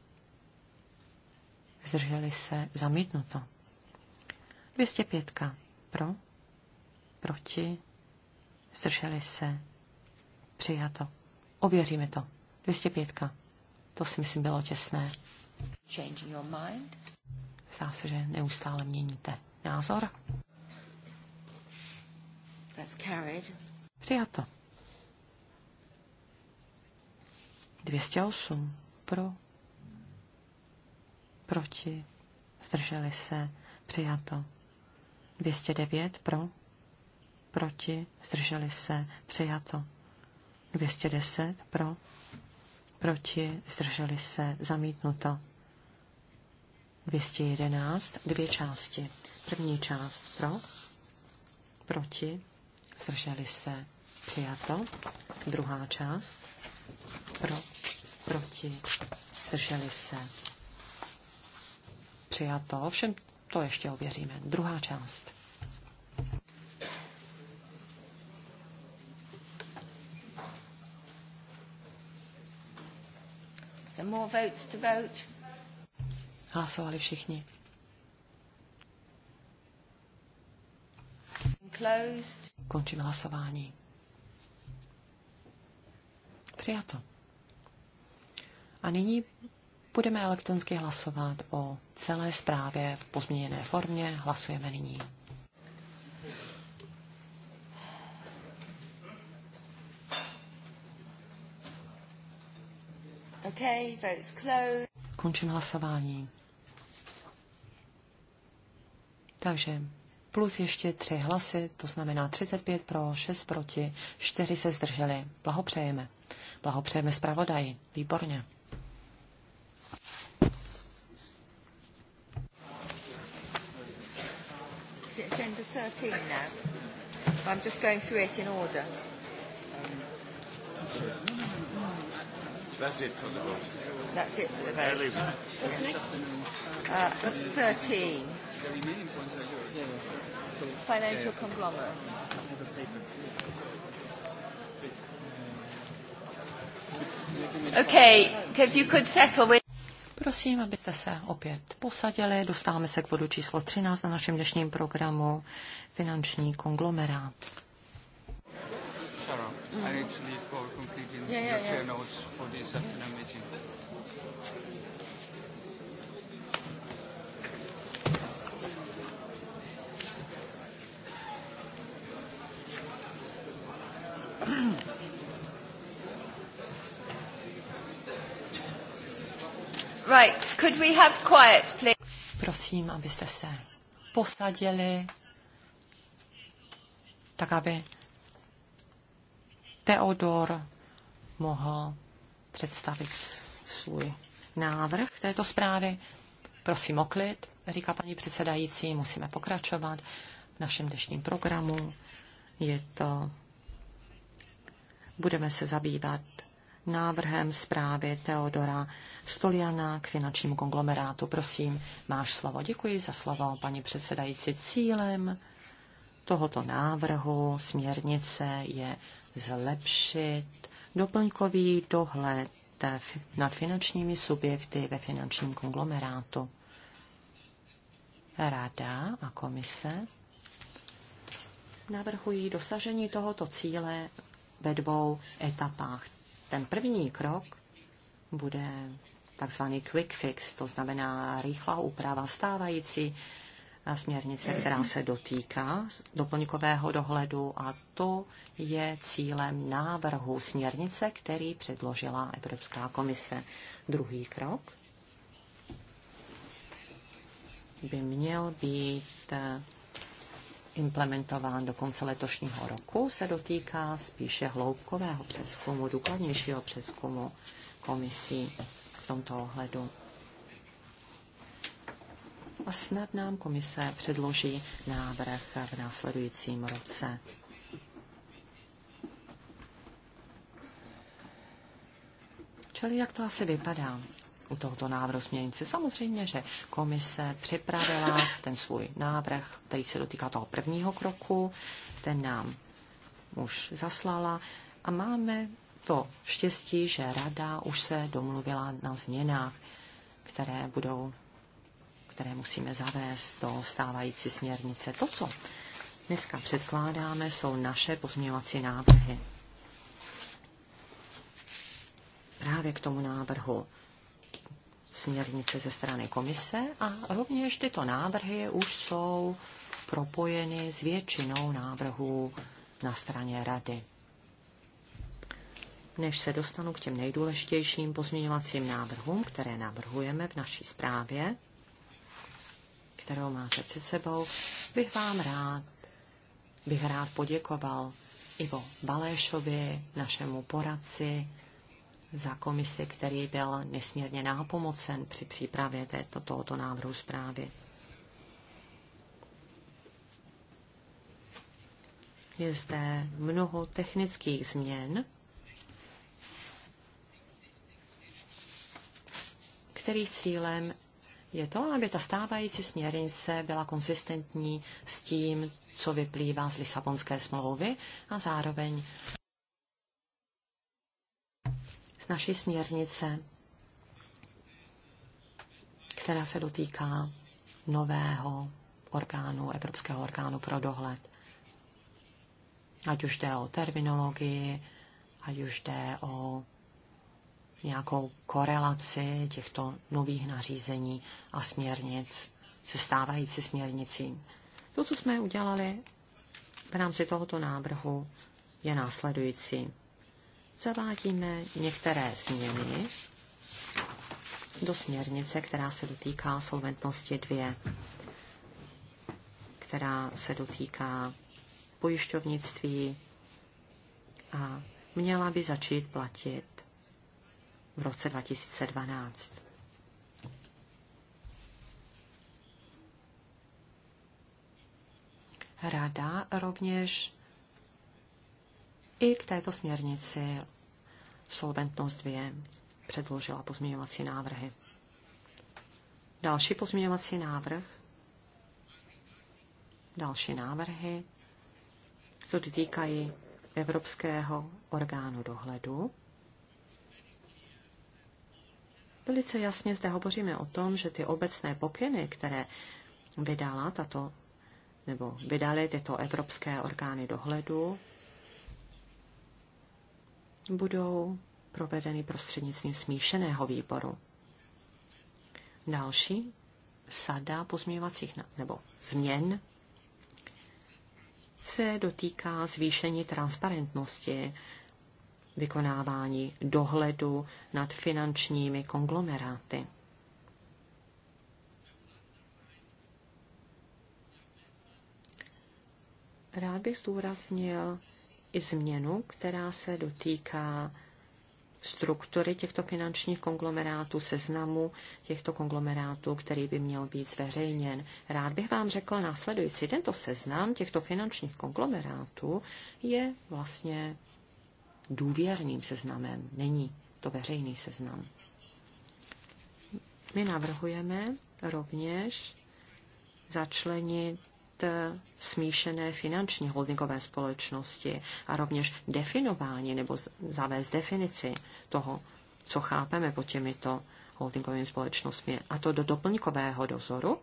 Zdrželi se, zamítnuto. 205, pro? Proti? Zdrželi se, přijato. Ověříme to. 205. To si myslím bylo těsné. Zdá se, že neustále měníte názor. That's carried. Přijato. 208 pro, proti, zdrželi se, přijato. 209 pro, proti, zdrželi se, přijato. 210 pro, proti, zdrželi se, zamítnuto. 211, dvě části. První část pro, proti, zdrželi se, přijato. Druhá část, pro, proti, zdrželi se, přijato. Ovšem to ještě ověříme. Druhá část. more votes to vote. Hlasovali všichni. Closed. Končím hlasování. Přijato. A nyní budeme elektronicky hlasovat o celé zprávě v pozměněné formě. Hlasujeme nyní. Okay, votes closed. Končím hlasování. Takže plus ještě tři hlasy, to znamená 35 pro, 6 proti, 4 se zdrželi. Blahopřejeme. Blahopřejeme zpravodaji. Výborně. That's it for the vote. That's it for the vote. What's next? Uh, 13. Financial conglomerate. Okay, if you could settle with... Prosím, abyste se opět posadili. Dostáváme se k bodu číslo 13 na našem dnešním programu Finanční konglomerát. Sharon, mm. I need to leave for completing yeah, yeah, your yeah. notes for this afternoon meeting. Right, could we have quiet, please? Prosím, abyste se posadili, tak aby Teodor mohl představit svůj návrh této zprávy. Prosím o klid, říká paní předsedající, musíme pokračovat v našem dnešním programu. Je to budeme se zabývat návrhem zprávy Teodora Stoliana k finančnímu konglomerátu. Prosím, máš slovo. Děkuji za slovo, paní předsedající. Cílem tohoto návrhu směrnice je zlepšit doplňkový dohled nad finančními subjekty ve finančním konglomerátu. Rada a komise navrhují dosažení tohoto cíle ve dvou etapách. Ten první krok bude takzvaný quick fix, to znamená rychlá úprava stávající směrnice, která se dotýká doplňkového dohledu a to je cílem návrhu směrnice, který předložila Evropská komise. Druhý krok by měl být implementován do konce letošního roku, se dotýká spíše hloubkového přeskumu, důkladnějšího přeskumu komisí v tomto ohledu. A snad nám komise předloží návrh v následujícím roce. Čili jak to asi vypadá? u tohoto návrhu směrnice. Samozřejmě, že komise připravila ten svůj návrh, který se dotýká toho prvního kroku, ten nám už zaslala a máme to štěstí, že rada už se domluvila na změnách, které budou, které musíme zavést do stávající směrnice. To, co dneska předkládáme, jsou naše pozměňovací návrhy. Právě k tomu návrhu směrnice ze strany komise a rovněž tyto návrhy už jsou propojeny s většinou návrhů na straně rady. Než se dostanu k těm nejdůležitějším pozměňovacím návrhům, které navrhujeme v naší zprávě, kterou máte před sebou, bych vám rád, bych rád poděkoval Ivo Balešovi našemu poradci, za komisi, který byl nesmírně nápomocen při přípravě této, tohoto návrhu zprávy. Je zde mnoho technických změn, kterých cílem je to, aby ta stávající směrnice byla konsistentní s tím, co vyplývá z Lisabonské smlouvy a zároveň, naší směrnice, která se dotýká nového orgánu, Evropského orgánu pro dohled. Ať už jde o terminologii, ať už jde o nějakou korelaci těchto nových nařízení a směrnic se stávající směrnicí. To, co jsme udělali v rámci tohoto návrhu, je následující zavádíme některé změny do směrnice, která se dotýká solventnosti 2, která se dotýká pojišťovnictví a měla by začít platit v roce 2012. Rada rovněž i k této směrnici Solventnost 2 předložila pozměňovací návrhy. Další pozměňovací návrh, další návrhy, co týkají Evropského orgánu dohledu. Velice jasně zde hovoříme o tom, že ty obecné pokyny, které vydala tato, nebo vydaly tyto evropské orgány dohledu, budou provedeny prostřednictvím smíšeného výboru. Další sada pozměňovacích nebo změn se dotýká zvýšení transparentnosti vykonávání dohledu nad finančními konglomeráty. Rád bych zdůraznil i změnu, která se dotýká struktury těchto finančních konglomerátů, seznamu těchto konglomerátů, který by měl být zveřejněn. Rád bych vám řekl následující. Tento seznam těchto finančních konglomerátů je vlastně důvěrným seznamem. Není to veřejný seznam. My navrhujeme rovněž začlenit E, smíšené finanční holdingové společnosti a rovněž definování nebo zavést definici toho, co chápeme pod těmito holdingovými společnostmi, a to do doplňkového dozoru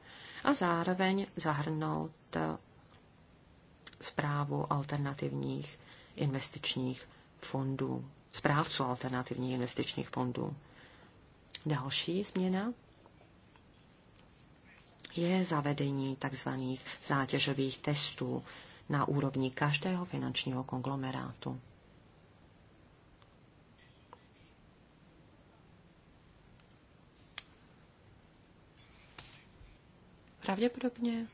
a zároveň zahrnout e, zprávu alternativních investičních fondů, zprávců alternativních investičních fondů. Další změna je zavedení tzv. zátěžových testů na úrovni každého finančního konglomerátu. Pravděpodobně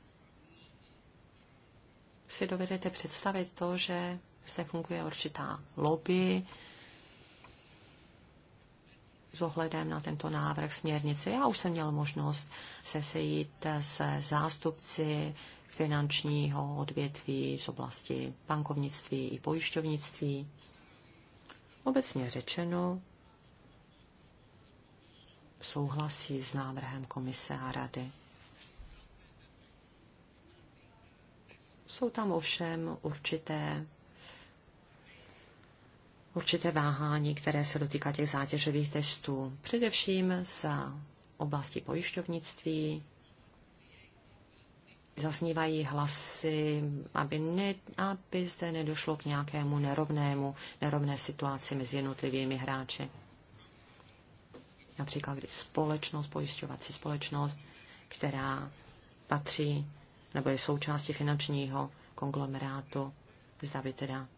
si dovedete představit to, že zde funguje určitá lobby, s ohledem na tento návrh směrnice. Já už jsem měl možnost se sejít se zástupci finančního odvětví z oblasti bankovnictví i pojišťovnictví. Obecně řečeno, souhlasí s návrhem komise a rady. Jsou tam ovšem určité určité váhání, které se dotýká těch zátěžových testů, především z oblasti pojišťovnictví. Zasnívají hlasy, aby, ne, aby zde nedošlo k nějakému nerovnému, nerovné situaci mezi jednotlivými hráči. Například, když společnost, pojišťovací společnost, která patří nebo je součástí finančního konglomerátu, zda by teda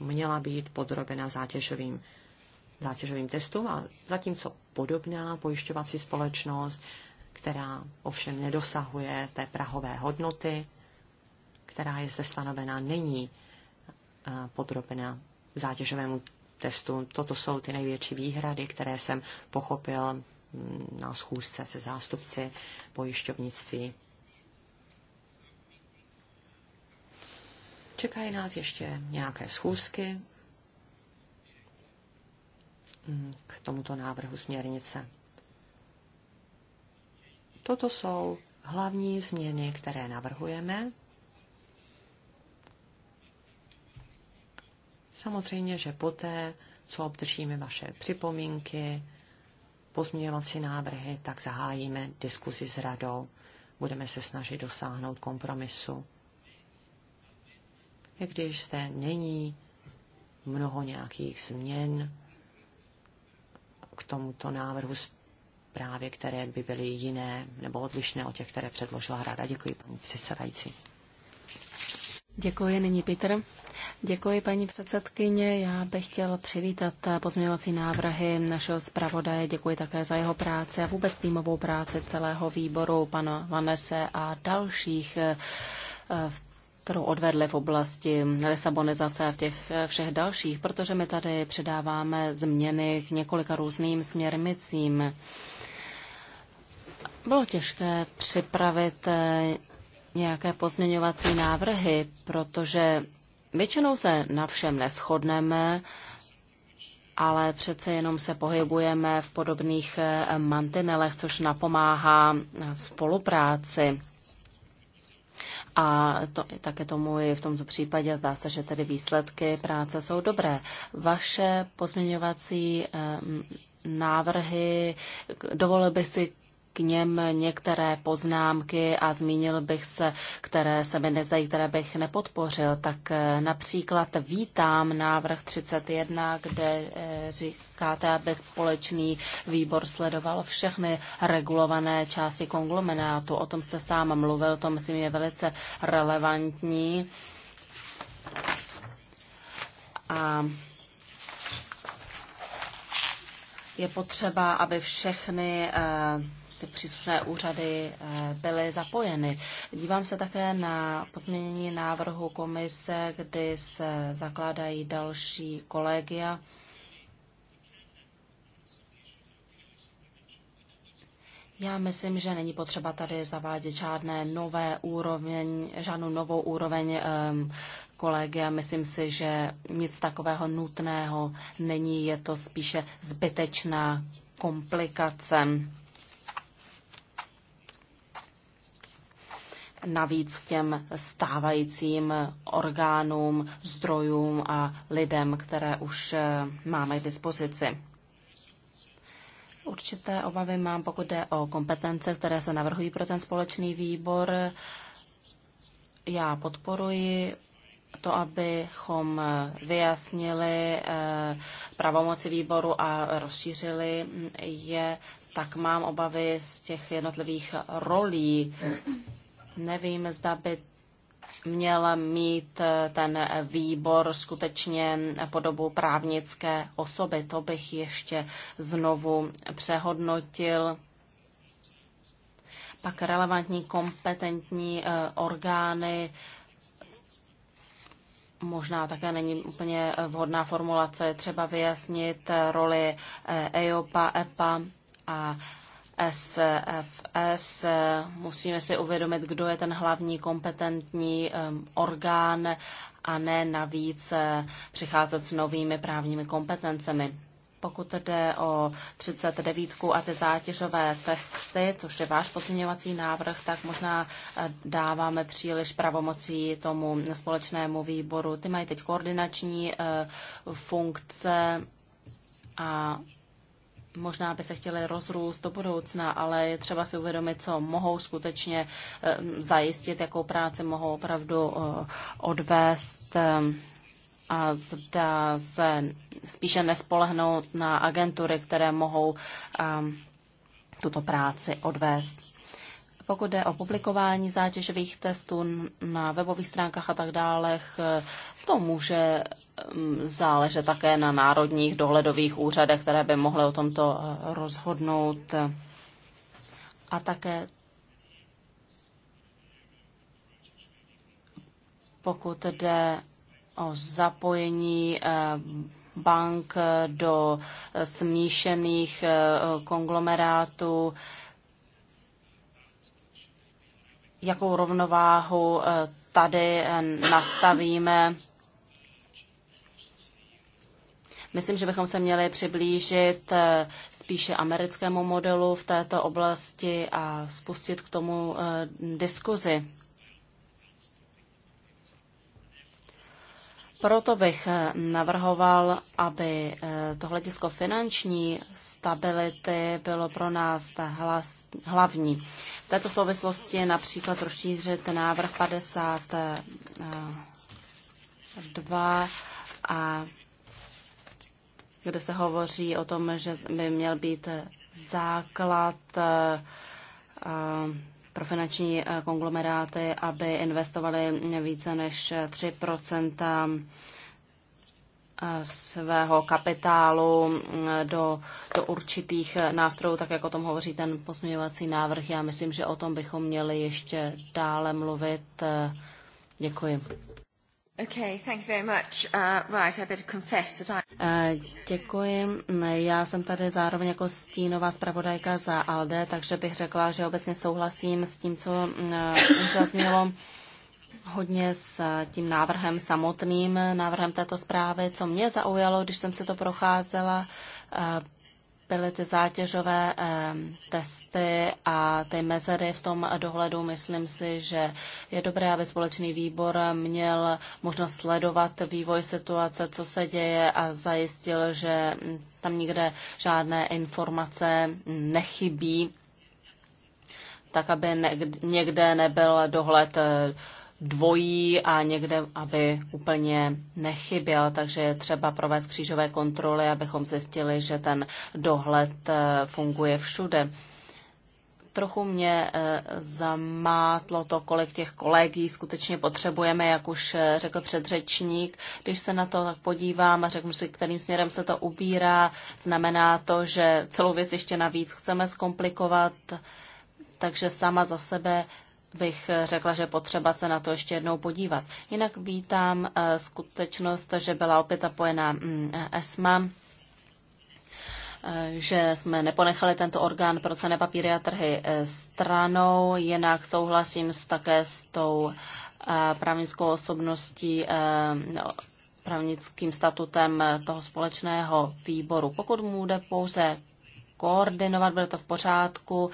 měla být podrobena zátěžovým, zátěžovým testům a zatímco podobná pojišťovací společnost, která ovšem nedosahuje té prahové hodnoty, která je zde stanovená, není eh, podrobena zátěžovému testu. Toto jsou ty největší výhrady, které jsem pochopil mm, na schůzce se zástupci pojišťovnictví. Čekají nás ještě nějaké schůzky mm, k tomuto návrhu směrnice. Toto jsou hlavní změny, které navrhujeme. Samozřejmě, že poté, co obdržíme vaše připomínky, pozměňovací návrhy, tak zahájíme diskuzi s radou. Budeme se snažit dosáhnout kompromisu i když zde není mnoho nějakých změn k tomuto návrhu právě, které by byly jiné nebo odlišné od těch, které předložila rada. Děkuji, paní předsedající. Děkuji, nyní Petr. Děkuji, paní předsedkyně. Já bych chtěl přivítat pozměňovací návrhy našeho zpravodaje. Děkuji také za jeho práci a vůbec týmovou práci celého výboru, pana Vanese a dalších eh, v kterou odvedli v oblasti lisabonizace a v těch všech dalších, protože my tady předáváme změny k několika různým směrnicím. Bylo těžké připravit eh, nějaké pozměňovací návrhy, protože většinou se na všem neschodneme, ale přece jenom se pohybujeme v podobných eh, mantinelech, což napomáhá spolupráci. A to, také tomu i v tomto případě zdá se, že tedy výsledky práce jsou dobré. Vaše pozměňovací eh, návrhy, dovolil bych si k něm některé poznámky a zmínil bych se, které se mi nezdají, které bych nepodpořil. Tak eh, například vítám návrh 31, kde eh, říkáte, aby společný výbor sledoval všechny regulované části konglomerátu. O tom jste sám mluvil, to myslím je velice relevantní. A je potřeba, aby všechny eh, ty příslušné úřady eh, byly zapojeny. Dívám se také na pozměnění návrhu komise, kdy se zakládají další kolegia. Já myslím, že není potřeba tady zavádět žádné nové úroveň, žádnou novou úroveň um, kolegia. Myslím si, že nic takového nutného není, je to spíše zbytečná komplikace. navíc k těm stávajícím orgánům, zdrojům a lidem, které už eh, máme k dispozici. Určité obavy mám, pokud jde o kompetence, které se navrhují pro ten společný výbor. Já podporuji to, abychom vyjasnili eh, pravomoci výboru a rozšířili je, tak mám obavy z těch jednotlivých rolí Nevím, zda by měl mít eh, ten výbor skutečně podobu právnické osoby. To bych ještě znovu přehodnotil. Pak relevantní kompetentní eh, orgány. Možná také není úplně eh, vhodná formulace třeba vyjasnit roli EOPA, EPA a SFS. Musíme si uvědomit, kdo je ten hlavní kompetentní um, orgán a ne navíc uh, přicházet s novými právními kompetencemi. Pokud jde o 39 a ty zátěžové testy, což je váš pozměňovací návrh, tak možná uh, dáváme příliš pravomocí tomu společnému výboru. Ty mají teď koordinační uh, funkce a možná by se chtěli rozrůst do budoucna, ale je třeba si uvědomit, co mohou skutečně eh, zajistit, jakou práci mohou opravdu eh, odvést eh, a zda se spíše nespolehnout na agentury, které mohou tuto práci odvést. Pokud jde o publikování zátěžových testů na webových stránkách a tak dále, to může mm, záležet také na národních dohledových úřadech, které by mohly o tomto eh, rozhodnout. A také pokud jde o zapojení eh, bank do eh, smíšených konglomerátů, jakou rovnováhu eh, tady eh, nastavíme. Myslím, že bychom se měli přiblížit eh, spíše americkému modelu v této oblasti a spustit k tomu diskuzi. Proto bych eh, navrhoval, aby eh, to hledisko finanční stability bylo pro nás hlas, hlavní. V této souvislosti například rozšířit návrh 52 a kde se hovoří o tom, že by měl být základ eh, pro finanční eh, konglomeráty, aby investovali více než 3 eh, svého kapitálu mm, do, do určitých eh, nástrojů, tak jak o tom hovoří ten posměňovací návrh. Já myslím, že o tom bychom měli ještě dále mluvit. Děkuji. Okay, thank you very much. Uh, right, I better confess that I... Uh, děkuji. Já jsem tady zároveň jako stínová zpravodajka za ALDE, takže bych řekla, že obecně souhlasím s tím, co uh, už zaznělo hodně s eh, tím návrhem samotným, návrhem této zprávy. Co mě zaujalo, když jsem se to procházela, byly ty zátěžové testy a ty mezery v tom dohledu. Myslím si, že je dobré, aby společný výbor měl možnost sledovat vývoj situace, co se děje a zajistil, že tam nikde žádné informace nechybí tak aby někde nebyl dohled dvojí a někde, aby úplně nechyběl, takže je třeba provést křížové kontroly, abychom zjistili, že ten dohled eh, funguje všude. Trochu mě eh, zamátlo to, kolik těch kolegí skutečně potřebujeme, jak už eh, řekl předřečník. Když se na to tak podívám a řeknu si, kterým směrem se to ubírá, znamená to, že celou věc ještě navíc chceme zkomplikovat, takže sama za sebe bych eh, řekla, že potřeba se na to ještě jednou podívat. Jinak vítám eh, skutečnost, že byla opět zapojena mm, ESMA, eh, že jsme neponechali tento orgán pro cené papíry a trhy stranou, jinak souhlasím s, také s tou právnickou osobností no, právnickým statutem toho společného výboru. Pokud mu jde pouze koordinovat, bude to v pořádku.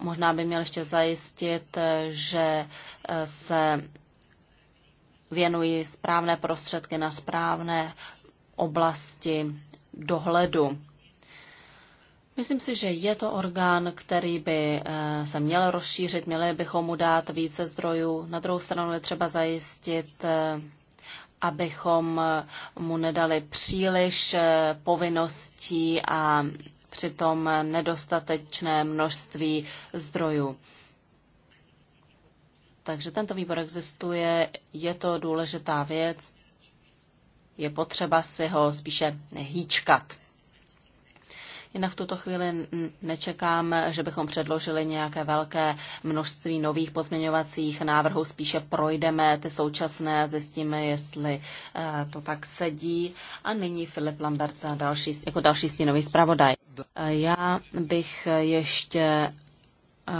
Možná by měl ještě zajistit, že eh, se věnují správné prostředky na správné oblasti dohledu. Myslím si, že je to orgán, který by eh, se měl rozšířit, měli bychom mu dát více zdrojů. Na druhou stranu je třeba zajistit, eh, abychom mu nedali příliš povinností a při tom nedostatečné množství zdrojů. Takže tento výbor existuje, je to důležitá věc, je potřeba si ho spíše hýčkat. Jinak v tuto chvíli nečekám, že bychom předložili nějaké velké množství nových pozměňovacích návrhů. Spíše projdeme ty současné, zjistíme, jestli eh, to tak sedí. A nyní Filip Lambert za další, jako další stínový zpravodaj. Já bych ještě eh,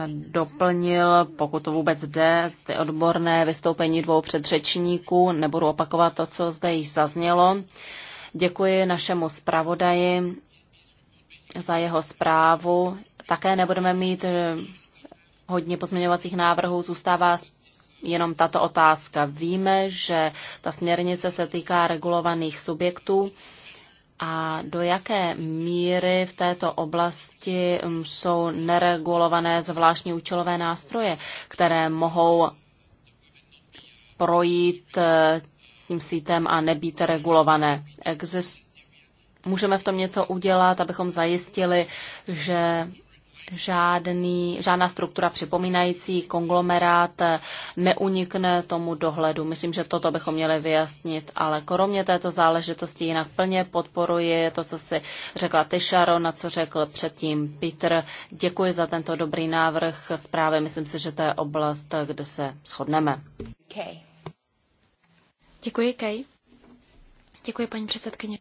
doplnil, pokud to vůbec jde, ty odborné vystoupení dvou předřečníků. Nebudu opakovat to, co zde již zaznělo. Děkuji našemu zpravodaji za jeho zprávu. Také nebudeme mít eh, hodně pozměňovacích návrhů, zůstává jenom tato otázka. Víme, že ta směrnice se týká regulovaných subjektů a do jaké míry v této oblasti mm, jsou neregulované zvláštní účelové nástroje, které mohou projít eh, tím sítem a nebýt regulované. Exist, můžeme v tom něco udělat, abychom zajistili, že žádný, žádná struktura připomínající konglomerát eh, neunikne tomu dohledu. Myslím, že toto bychom měli vyjasnit, ale kromě této záležitosti jinak plně podporuji to, co si řekla ty, na co řekl předtím Peter. Děkuji za tento dobrý návrh zprávy. Myslím si, že to je oblast, kde se shodneme. Okay. Děkuji, Kej. Děkuji, paní předsedkyně.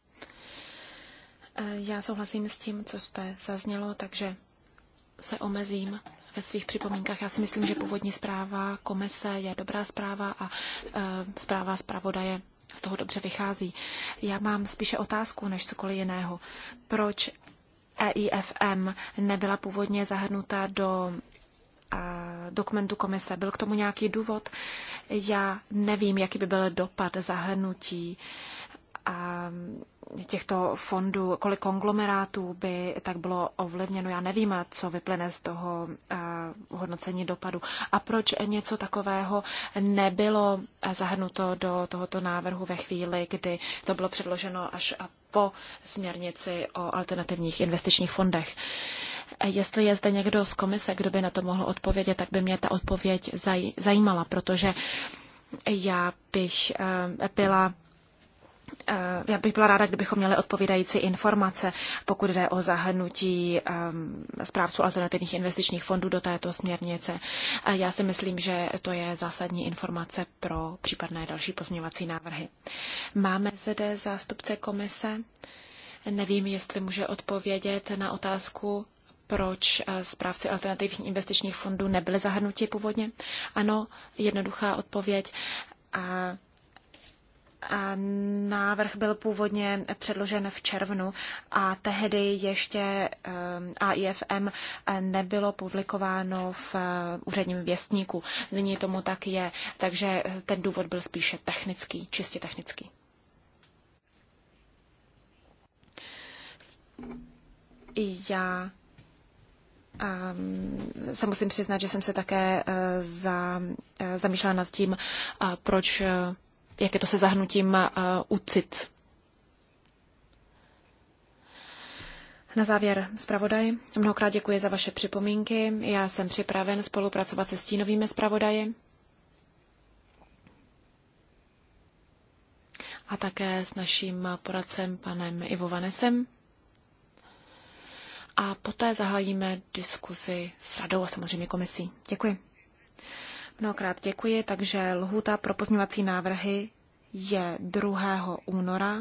Eh, já souhlasím s tím, co jste zaznělo, takže se omezím ve svých připomínkách. Já si myslím, že původní zpráva komise je dobrá zpráva a eh, zpráva zpravodaje z toho dobře vychází. Já mám spíše otázku než cokoliv jiného. Proč EIFM nebyla původně zahrnuta do eh, dokumentu komise. Byl k tomu nějaký důvod? Já nevím, jaký by byl dopad zahrnutí těchto fondů, kolik konglomerátů by tak bylo ovlivněno. Já nevím, co vyplyne z toho eh, hodnocení dopadu. A proč něco takového nebylo eh, zahrnuto do tohoto návrhu ve chvíli, kdy to bylo předloženo až po směrnici o alternativních investičních fondech. Eh, jestli je zde někdo z komise, kdo by na to mohl odpovědět, tak by mě ta odpověď zajímala, protože já bych byla Eh, já bych byla ráda, kdybychom měli odpovídající informace, pokud jde o zahrnutí zprávců ehm, alternativních investičních fondů do této směrnice. Eh, já si myslím, že to je zásadní informace pro případné další pozměňovací návrhy. Máme zde zástupce komise. Nevím, jestli může odpovědět na otázku, proč zprávci eh, alternativních investičních fondů nebyly zahrnuti původně. Ano, jednoduchá odpověď. A Návrh byl původně předložen v červnu a tehdy ještě AIFM ehm, nebylo publikováno v eh, úředním věstníku. Nyní tomu tak je, takže eh, ten důvod byl spíše technický, čistě technický. Já ehm, se musím přiznat, že jsem se také eh, za, zamýšlela nad tím, proč jak je to se zahnutím eh, UCIT. Na závěr, zpravodaj, mnohokrát děkuji za vaše připomínky. Já jsem připraven spolupracovat se stínovými zpravodaji a také s naším poradcem panem Ivo Vanesem. A poté zahájíme diskuzi s radou a samozřejmě komisí. Děkuji. Mnohokrát děkuji, takže lhůta pro pozměňovací návrhy je 2. února.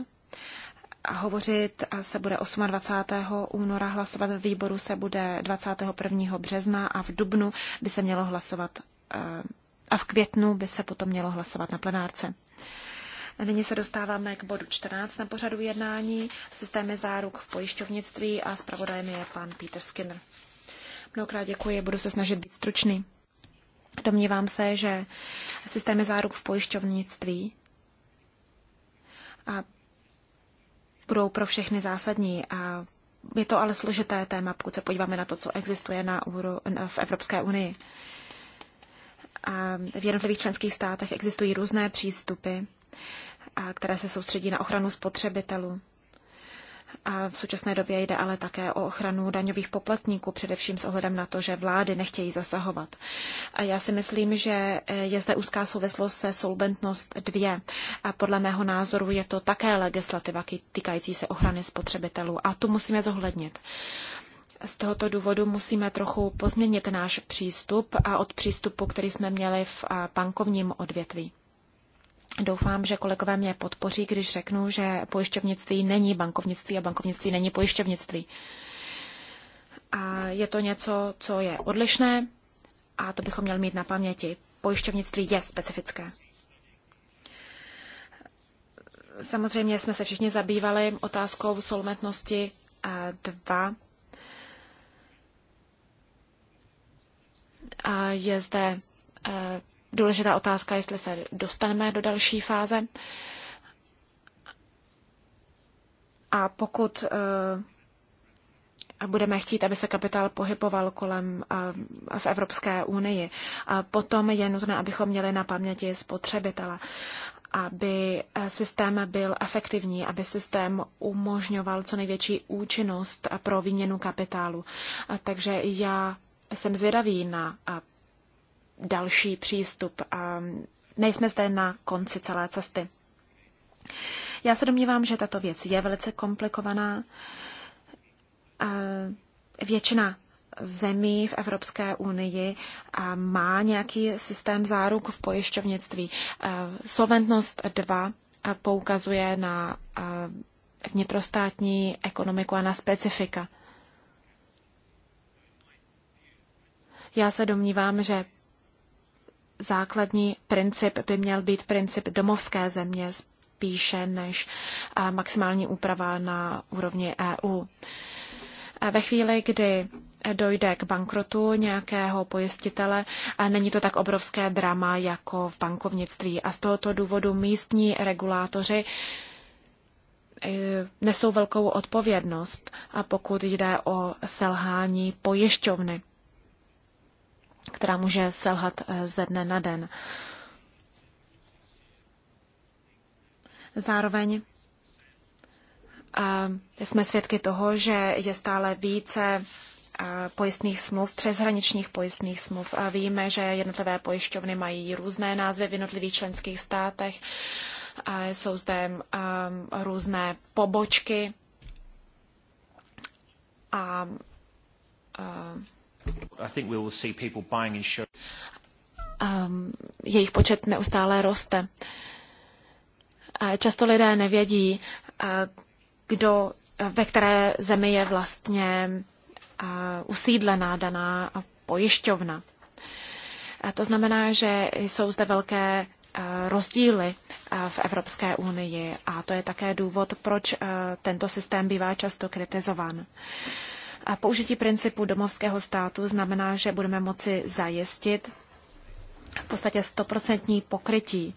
A hovořit se bude 28. února, hlasovat v výboru se bude 21. března a v dubnu by se mělo hlasovat eh, a v květnu by se potom mělo hlasovat na plenárce. Nyní se dostáváme k bodu 14 na pořadu jednání, systémy záruk v pojišťovnictví a zpravodajem je pan Peter Skinner. Mnohokrát děkuji, budu se snažit být stručný. Domnívám se, že systémy záruk v pojišťovnictví a budou pro všechny zásadní. A je to ale složité téma, pokud se podíváme na to, co existuje na v Evropské unii. A v jednotlivých členských státech existují různé přístupy, a které se soustředí na ochranu spotřebitelů. A v současné době jde ale také o ochranu daňových poplatníků, především s ohledem na to, že vlády nechtějí zasahovat. A já si myslím, že eh, je zde úzká souvislost se solventnost 2. A podle mého názoru je to také legislativa týkající se ochrany spotřebitelů. A tu musíme zohlednit. Z tohoto důvodu musíme trochu pozměnit náš přístup a od přístupu, který jsme měli v bankovním odvětví. Doufám, že kolegové mě podpoří, když řeknu, že pojišťovnictví není bankovnictví a bankovnictví není pojišťovnictví. A je to něco, co je odlišné a to bychom měli mít na paměti. Pojišťovnictví je specifické. Samozřejmě jsme se všichni zabývali otázkou solventnosti 2. A je zde důležitá otázka, jestli se dostaneme do další fáze. A pokud eh, budeme chtít, aby se kapitál pohyboval kolem eh, v Evropské unii, a potom je nutné, abychom měli na paměti spotřebitele aby eh, systém byl efektivní, aby systém umožňoval co největší účinnost pro výměnu kapitálu. Takže já jsem zvědavý na další přístup. Nejsme zde na konci celé cesty. Já se domnívám, že tato věc je velice komplikovaná. Většina zemí v Evropské unii má nějaký systém záruk v pojišťovnictví. Solventnost 2 poukazuje na vnitrostátní ekonomiku a na specifika. Já se domnívám, že základní princip by měl být princip domovské země spíše než eh, maximální úprava na úrovni EU. Eh, ve chvíli, kdy eh, dojde k bankrotu nějakého pojistitele, není to tak obrovské drama jako v bankovnictví. A z tohoto důvodu místní regulátoři nesou velkou odpovědnost, a pokud jde o selhání pojišťovny která může selhat eh, ze dne na den. Zároveň eh, jsme svědky toho, že je stále více eh, pojistných smluv, přeshraničních pojistných smluv. A víme, že jednotlivé pojišťovny mají různé názvy v jednotlivých členských státech. A jsou zde různé pobočky a i think we will see people buying insurance. Um, jejich počet neustále roste. A často lidé nevědí, kdo, ve které zemi je vlastně usídlená daná pojišťovna. A to znamená, že jsou zde velké rozdíly v Evropské unii a to je také důvod, proč tento systém bývá často kritizován. A použití principu domovského státu znamená, že budeme moci zajistit v podstatě stoprocentní pokrytí.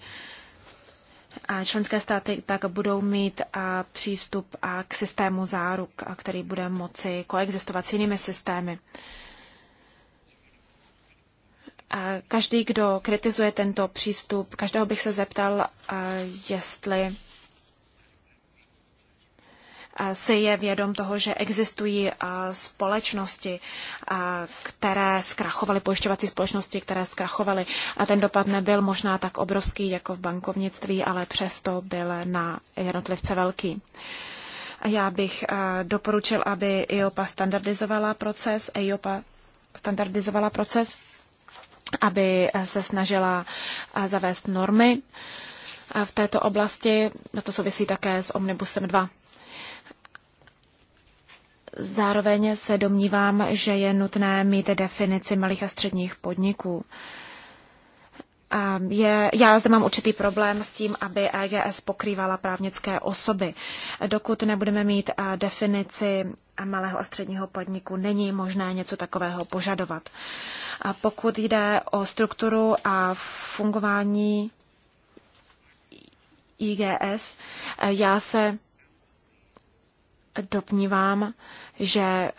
A členské státy tak budou mít a přístup a k systému záruk, a který bude moci koexistovat s jinými systémy. A každý, kdo kritizuje tento přístup, každého bych se zeptal, jestli si je vědom toho, že existují společnosti, které zkrachovaly, pojišťovací společnosti, které zkrachovaly. A ten dopad nebyl možná tak obrovský jako v bankovnictví, ale přesto byl na jednotlivce velký. Já bych doporučil, aby IOPA standardizovala proces, EIOPA standardizovala proces, aby se snažila zavést normy v této oblasti. Na To souvisí také s Omnibusem 2. Zároveň se domnívám, že je nutné mít definici malých a středních podniků. A je, já zde mám určitý problém s tím, aby EGS pokrývala právnické osoby. Dokud nebudeme mít definici malého a středního podniku, není možné něco takového požadovat. A pokud jde o strukturu a fungování IGS, já se Dopnívám, že eh,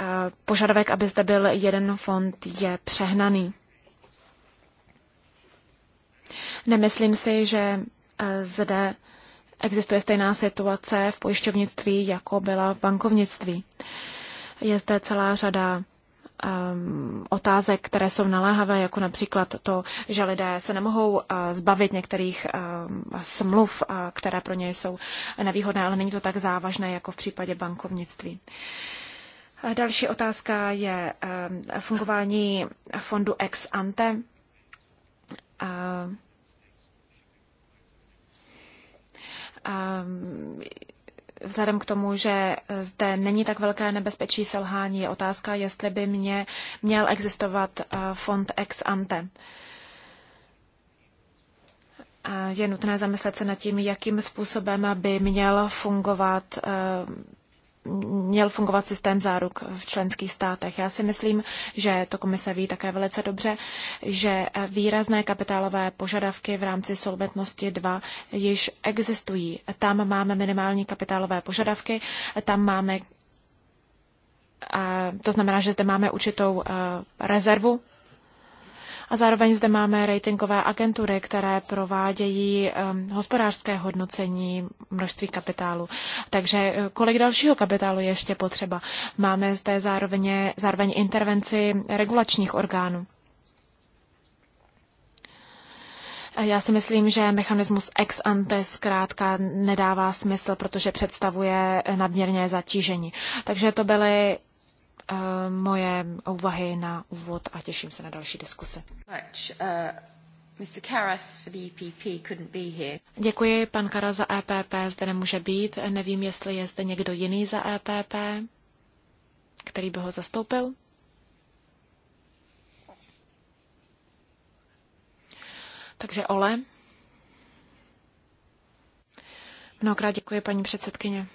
požadavek, aby zde byl jeden fond, je přehnaný. Nemyslím si, že eh, zde existuje stejná situace v pojišťovnictví, jako byla v bankovnictví. Je zde celá řada Um, otázek, které jsou naléhavé, jako například to, že lidé se nemohou uh, zbavit některých um, smluv, uh, které pro ně jsou nevýhodné, ale není to tak závažné jako v případě bankovnictví. Další otázka je um, fungování fondu ex ante. Uh, um, Vzhledem k tomu, že zde není tak velké nebezpečí selhání, je otázka, jestli by mě měl existovat eh, fond ex ante. Je nutné zamyslet se nad tím, jakým způsobem by měl fungovat eh, měl fungovat systém záruk v členských státech. Já si myslím, že to komise ví také velice dobře, že výrazné kapitálové požadavky v rámci solventnosti 2 již existují. Tam máme minimální kapitálové požadavky, tam máme a to znamená, že zde máme určitou eh, rezervu a zároveň zde máme ratingové agentury, které provádějí um, hospodářské hodnocení množství kapitálu. Takže eh, kolik dalšího kapitálu je ještě potřeba? Máme zde zároveň, zároveň intervenci regulačních orgánů. Já si myslím, že mechanismus ex ante zkrátka nedává smysl, protože představuje nadměrné zatížení. Takže to byly Eh, moje úvahy na úvod a těším se na další diskuse. Eh, e děkuji, pan Karas za EPP zde nemůže být. Nevím, jestli je zde někdo jiný za EPP, který by ho zastoupil. Takže Ole. Mnohokrát děkuji, paní předsedkyně.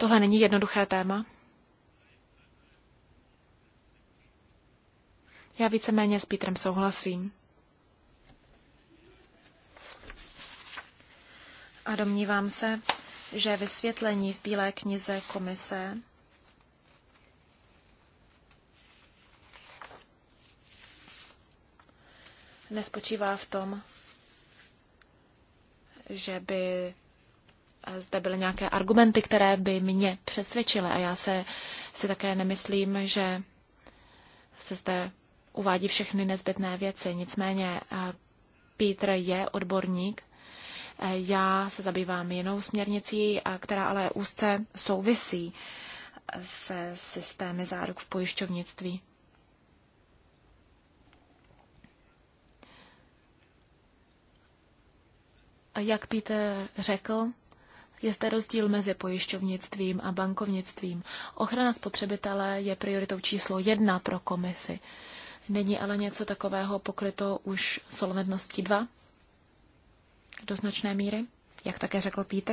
Tohle není jednoduché téma. Já víceméně s Pítrem souhlasím. A domnívám se, že vysvětlení v Bílé knize komise nespočívá v tom, že by zde byly nějaké argumenty, které by mě přesvědčily a já se si také nemyslím, že se zde uvádí všechny nezbytné věci. Nicméně Pítr je odborník. Já se zabývám jinou směrnicí, která ale úzce souvisí se systémy záruk v pojišťovnictví. Jak Pítr řekl, je zde rozdíl mezi pojišťovnictvím a bankovnictvím. Ochrana spotřebitele je prioritou číslo jedna pro komisi. Není ale něco takového pokryto už solventností 2? Do značné míry, jak také řekl Pítr?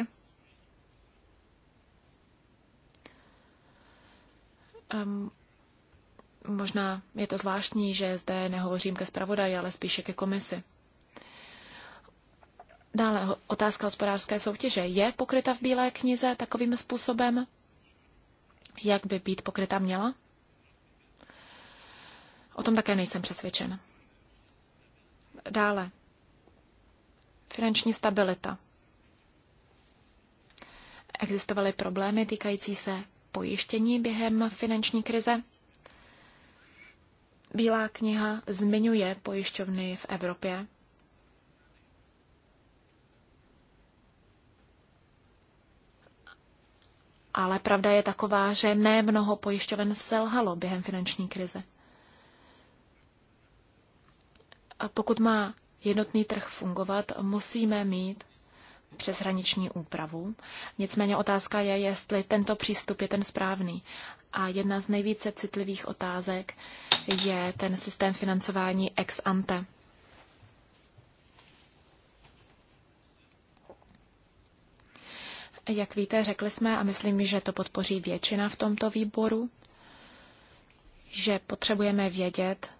Um, možná je to zvláštní, že zde nehovořím ke zpravodaji, ale spíše ke komisi. Dále otázka hospodářské soutěže. Je pokryta v Bílé knize takovým způsobem, jak by být pokryta měla? O tom také nejsem přesvědčen. Dále. Finanční stabilita. Existovaly problémy týkající se pojištění během finanční krize? Bílá kniha zmiňuje pojišťovny v Evropě ale pravda je taková, že ne mnoho pojišťoven selhalo během finanční krize. A pokud má jednotný trh fungovat, musíme mít přeshraniční úpravu. Nicméně otázka je, jestli tento přístup je ten správný. A jedna z nejvíce citlivých otázek je ten systém financování ex ante. Jak víte, řekli jsme, a myslím, že to podpoří většina v tomto výboru, že potřebujeme vědět,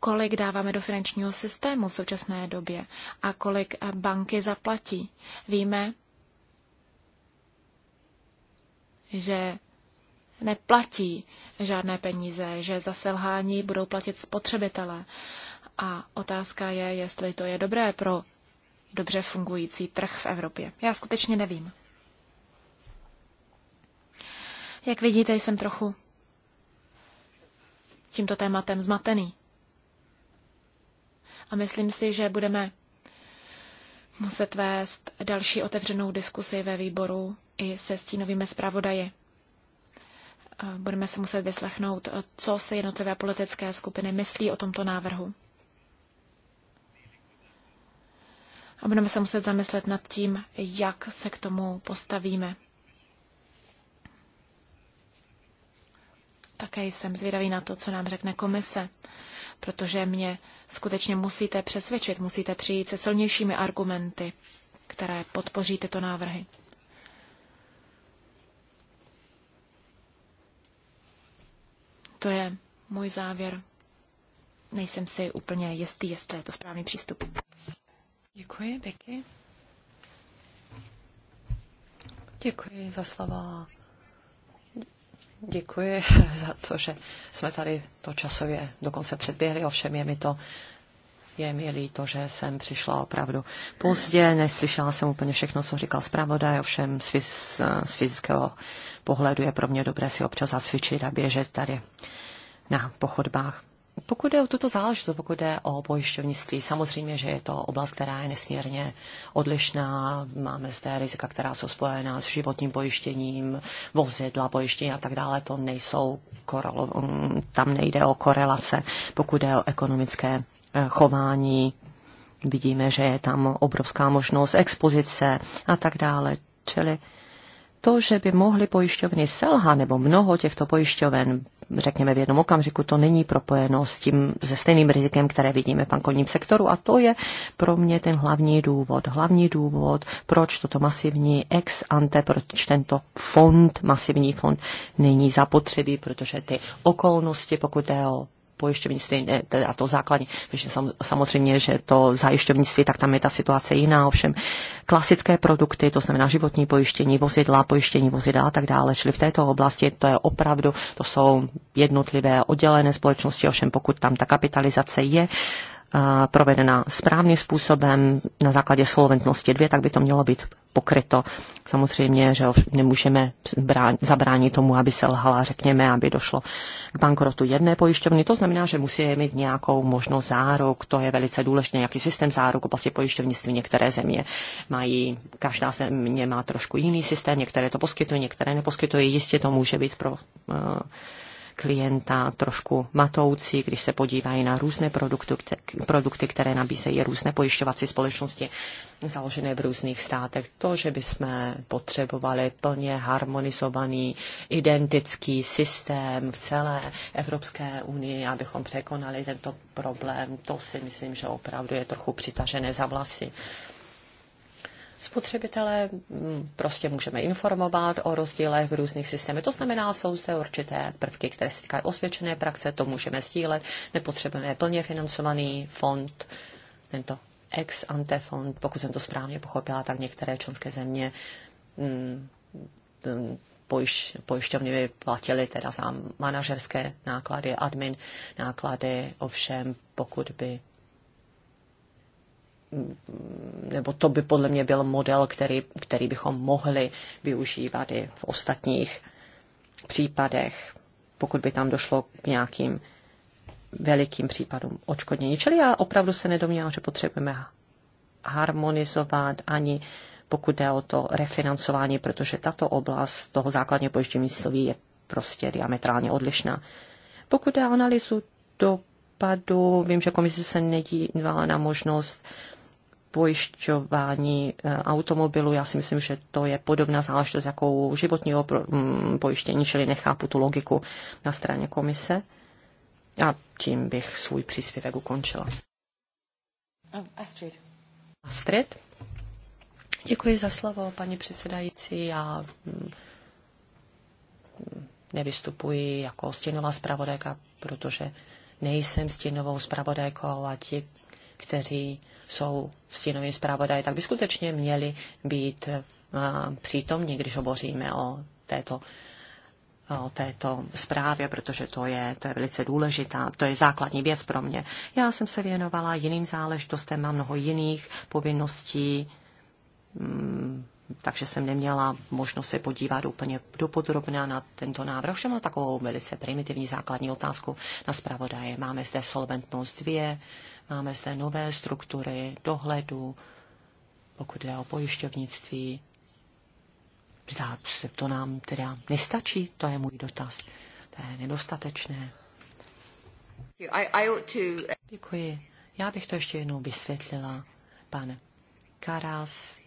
kolik dáváme do finančního systému v současné době a kolik banky zaplatí. Víme, že neplatí žádné peníze, že za selhání budou platit spotřebitelé. A otázka je, jestli to je dobré pro dobře fungující trh v Evropě. Já skutečně nevím. Jak vidíte, jsem trochu tímto tématem zmatený. A myslím si, že budeme muset vést další otevřenou diskusi ve výboru i se stínovými zpravodaji. Budeme se muset vyslechnout, co se jednotlivé politické skupiny myslí o tomto návrhu. A budeme se muset zamyslet nad tím, jak se k tomu postavíme. Také jsem zvědavý na to, co nám řekne komise, protože mě skutečně musíte přesvědčit, musíte přijít se silnějšími argumenty, které podpoří tyto návrhy. To je můj závěr. Nejsem si úplně jistý, jestli je to správný přístup. Děkuji, Vicky. Děkuji za slova. Děkuji za to, že jsme tady to časově dokonce předběhli, ovšem je mi to je mi líto, že jsem přišla opravdu pozdě, neslyšela jsem úplně všechno, co říkal zpravodaj, ovšem z, z fyzického pohledu je pro mě dobré si občas zacvičit a běžet tady na pochodbách. Pokud jde o tuto záležitost, pokud jde o pojišťovnictví, samozřejmě, že je to oblast, která je nesmírně odlišná. Máme zde rizika, která jsou spojená s životním pojištěním, vozidla, pojištění a tak dále. To nejsou korelo, mm, tam nejde o korelace. Pokud jde o ekonomické eh, chování, vidíme, že je tam obrovská možnost expozice a tak dále. Čili to, že by mohly pojišťovny selha, nebo mnoho těchto pojišťoven, řekněme v jednom okamžiku, to není propojeno s tím, se stejným rizikem, které vidíme v bankovním sektoru a to je pro mě ten hlavní důvod. Hlavní důvod, proč toto masivní ex ante, proč tento fond, masivní fond není zapotřebí, protože ty okolnosti, pokud je o pojišťovnictví, a teda to základní, takže samozřejmě, že to zajišťovnictví, tak tam je ta situace jiná, ovšem klasické produkty, to znamená životní pojištění, vozidla, pojištění vozidla a tak dále, čili v této oblasti to je opravdu, to jsou jednotlivé oddělené společnosti, ovšem pokud tam ta kapitalizace je, provedena správným způsobem na základě solventnosti 2, tak by to mělo být pokryto. Samozřejmě, že nemůžeme zabránit tomu, aby se lhala, řekněme, aby došlo k bankrotu jedné pojišťovny. To znamená, že musíme mít nějakou možnost záruk. To je velice důležité, jaký systém záruk. Vlastně pojišťovnictví některé země mají, každá země má trošku jiný systém, některé to poskytují, některé neposkytují. Jistě to může být pro uh, klienta trošku matoucí, když se podívají na různé produkty, produkty které nabízejí různé pojišťovací společnosti založené v různých státech. To, že bychom potřebovali plně harmonizovaný, identický systém v celé Evropské unii, abychom překonali tento problém, to si myslím, že opravdu je trochu přitažené za vlasy spotřebitele mm, prostě můžeme informovat o rozdílech v různých systémech. To znamená, jsou zde určité prvky, které se týkají osvědčené praxe, to můžeme sdílet, nepotřebujeme plně financovaný fond, tento ex ante fond, pokud jsem to správně pochopila, tak některé členské země mm, mm pojiš, pojišťovny by platily teda za manažerské náklady, admin náklady, ovšem pokud by nebo to by podle mě byl model, který, který bychom mohli využívat i v ostatních případech, pokud by tam došlo k nějakým velikým případům očkodnění. Čili já opravdu se nedomnívám, že potřebujeme harmonizovat ani pokud jde o to refinancování, protože tato oblast toho základního sloví je prostě diametrálně odlišná. Pokud jde o analýzu dopadu, vím, že komise se nedívala na možnost pojišťování eh, automobilu. Já si myslím, že to je podobná záležitost jako životního mm, pojištění, čili nechápu tu logiku na straně komise. A tím bych svůj příspěvek ukončila. Oh, Astrid. Astrid? Děkuji za slovo, paní předsedající. Já mm, nevystupuji jako stěnová zpravodajka, protože nejsem stěnovou zpravodajkou a ti, kteří jsou stínoví zpravodaj, tak by skutečně měli být eh, přítomní, když hovoříme o této o této zprávě, protože to je, to je velice důležitá, to je základní věc pro mě. Já jsem se věnovala jiným záležitostem, mám mnoho jiných povinností, mm, takže jsem neměla možnost se podívat úplně dopodrobně na tento návrh. Všem mám takovou velice primitivní základní otázku na zpravodaje. Máme zde solventnost 2, máme zde nové struktury dohledu, pokud jde o pojišťovnictví. Zdá se, to nám teda nestačí, to je můj dotaz. To je nedostatečné. Eh, Děkuji. Já bych to ještě jednou vysvětlila. pane Karas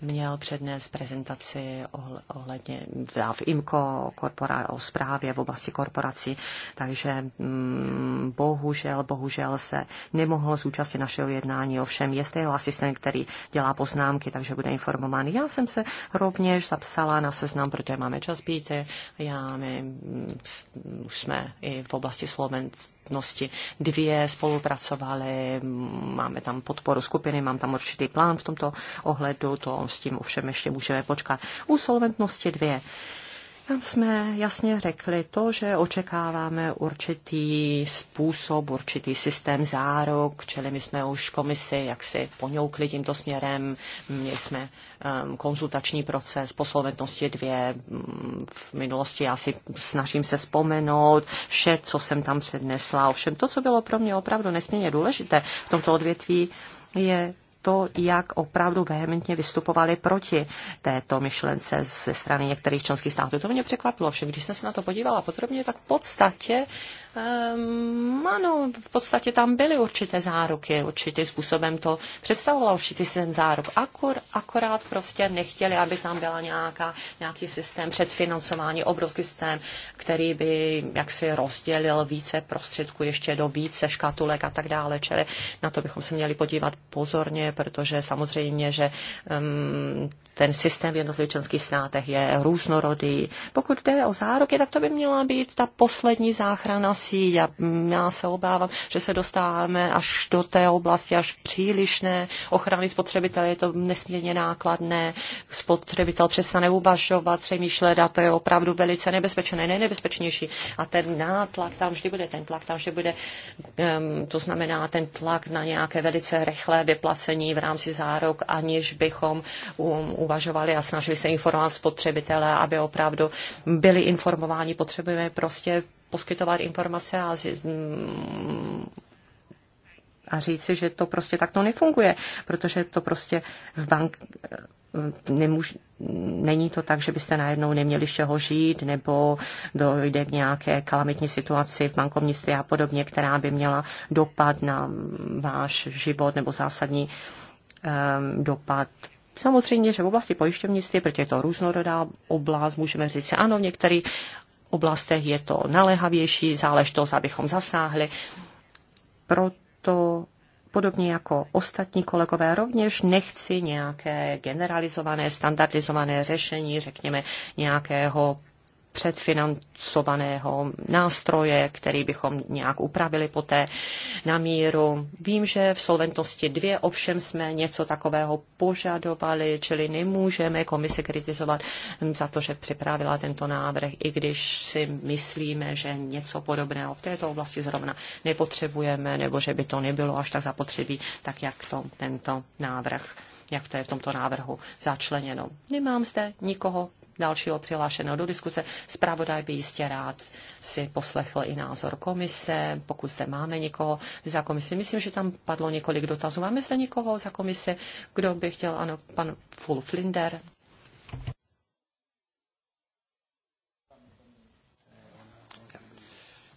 měl přednes prezentaci ohledně v IMCO korpora, o zprávě v oblasti korporací, takže mm, bohužel, bohužel se nemohl zúčastnit našeho jednání, ovšem je jeho asistent, který dělá poznámky, takže bude informovaný. Já jsem se rovněž zapsala na seznam, protože máme čas, být. já my mm, už jsme i v oblasti slovenstnosti dvě spolupracovali, máme tam podporu skupiny, mám tam určitý plán v tomto ohledu, to s tím ovšem ještě můžeme počkat. U solventnosti dvě. Tam jsme jasně řekli to, že očekáváme určitý způsob, určitý systém zárok, čili my jsme už komisi jaksi poňoukli tímto směrem, měli jsme um, konzultační proces po solventnosti dvě v minulosti, já si snažím se vzpomenout vše, co jsem tam přednesla, ovšem to, co bylo pro mě opravdu nesmírně důležité v tomto odvětví, je to, jak opravdu vehementně vystupovali proti této myšlence ze strany některých členských států. To mě překvapilo, že když jsem se na to podívala podrobně, tak v podstatě Um, ano, v podstatě tam byly určité záruky, určitým způsobem to představovalo určitý systém záruk. Akur, akorát prostě nechtěli, aby tam byla nějaká, nějaký systém předfinancování, obrovský systém, který by jaksi rozdělil více prostředků ještě do více škatulek a tak dále. Čili na to bychom se měli podívat pozorně, protože samozřejmě, že um, ten systém v jednotlivých členských státech je různorodý. Pokud jde o záruky, tak to by měla být ta poslední záchrana věcí. Já, já se obávám, že se dostáváme až do té oblasti, až přílišné ochrany spotřebitele. Je to nesmírně nákladné. Spotřebitel přestane uvažovat, přemýšlet a to je opravdu velice nebezpečné, nejnebezpečnější. A ten nátlak tam vždy bude, ten tlak tam vždy bude, um, to znamená ten tlak na nějaké velice rychlé vyplacení v rámci zárok, aniž bychom um, uvažovali a snažili se informovat spotřebitele, aby opravdu byli informováni. Potřebujeme prostě poskytovat informace a, mm, a říci, že to prostě takto nefunguje, protože to prostě v bank eh, nemůž, není to tak, že byste najednou neměli z čeho žít nebo dojde k nějaké kalamitní situaci v bankovnictví a podobně, která by měla dopad na váš život nebo zásadní um, dopad Samozřejmě, že v oblasti pojišťovnictví, protože je to různorodá oblast, můžeme říct, že ano, v některých oblastech je to naléhavější záležitost, abychom zasáhli. Proto podobně jako ostatní kolegové rovněž nechci nějaké generalizované, standardizované řešení, řekněme, nějakého předfinancovaného nástroje, který bychom nějak upravili poté na míru. Vím, že v solventnosti dvě ovšem jsme něco takového požadovali, čili nemůžeme komise kritizovat za to, že připravila tento návrh, i když si myslíme, že něco podobného v této oblasti zrovna nepotřebujeme, nebo že by to nebylo až tak zapotřebí, tak jak to tento návrh jak to je v tomto návrhu začleněno. Nemám zde nikoho dalšího přihlášeného do diskuse. Zpravodaj by jistě rád si poslechl i názor komise, pokud se máme někoho za komisi. Myslím, že tam padlo několik dotazů. Máme zde někoho za komisi, kdo by chtěl, ano, pan Fulflinder.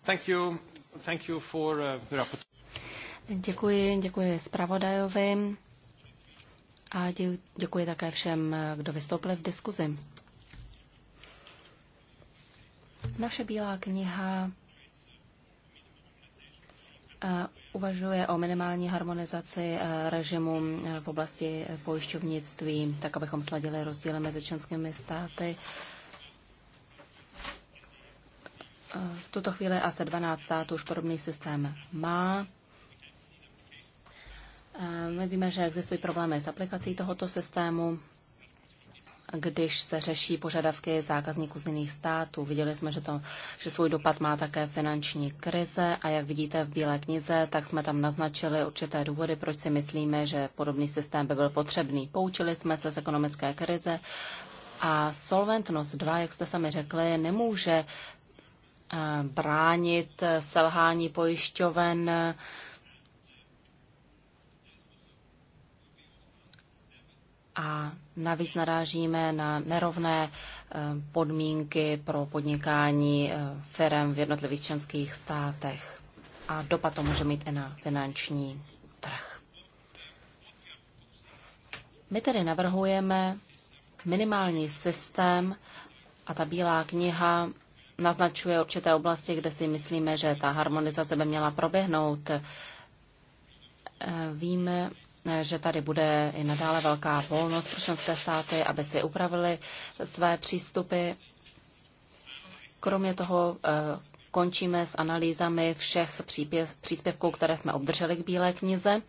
Thank you. Thank you for, uh, děkuji, děkuji zpravodajovi a děkuji také všem, uh, kdo vystoupili v diskuzi. Naše bílá kniha eh, uvažuje o minimální harmonizaci eh, režimu eh, v oblasti pojišťovnictví, tak abychom sladili rozdíly mezi členskými státy. V tuto chvíli asi 12 států už podobný systém má. My víme, že existují problémy s aplikací tohoto systému když se řeší požadavky zákazníků z jiných států. Viděli jsme, že, to, že svůj dopad má také finanční krize a jak vidíte v Bílé knize, tak jsme tam naznačili určité důvody, proč si myslíme, že podobný systém by byl potřebný. Poučili jsme se z ekonomické krize a solventnost 2, jak jste sami řekli, nemůže eh, bránit selhání pojišťoven a Navíc narážíme na nerovné eh, podmínky pro podnikání eh, firm v jednotlivých členských státech a dopad to může mít i na finanční trh. My tedy navrhujeme minimální systém a ta bílá kniha naznačuje určité oblasti, kde si myslíme, že ta harmonizace by měla proběhnout. Eh, víme, že tady bude i nadále velká volnost pro členské státy, aby si upravili své přístupy. Kromě toho eh, končíme s analýzami všech příspěvků, které jsme obdrželi k Bílé knize.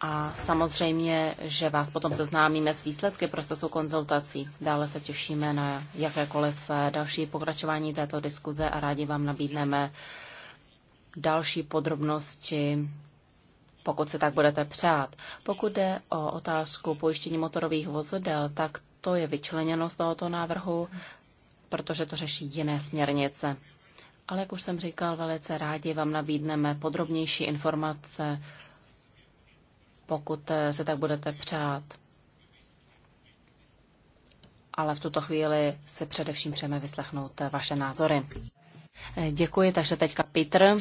A samozřejmě, že vás potom seznámíme s výsledky procesu konzultací. Dále se těšíme na jakékoliv eh, další pokračování této diskuze a rádi vám nabídneme další podrobnosti pokud se tak budete přát. Pokud jde o otázku pojištění motorových vozidel, tak to je vyčleněno z tohoto návrhu, protože to řeší jiné směrnice. Ale jak už jsem říkal, velice rádi vám nabídneme podrobnější informace, pokud se tak budete přát. Ale v tuto chvíli si především přejeme vyslechnout vaše názory. Děkuji, takže teďka Petr.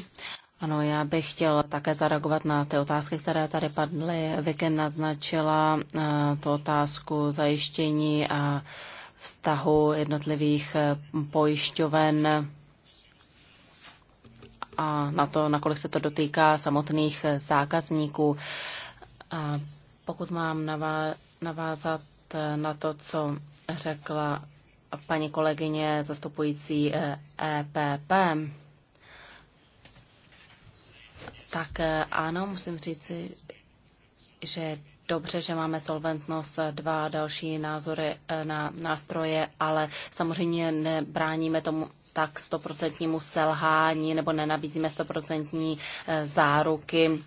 Ano, já bych chtěl také zareagovat na ty otázky, které tady padly. Vicky naznačila eh, tu otázku zajištění a vztahu jednotlivých eh, pojišťoven a na to, nakolik se to dotýká samotných eh, zákazníků. A pokud mám navázat na to, co řekla paní kolegyně zastupující EPP, e tak eh, ano, musím říci, že dobře, že máme solventnost dva další názory eh, na nástroje, ale samozřejmě nebráníme tomu tak stoprocentnímu selhání nebo nenabízíme stoprocentní eh, záruky.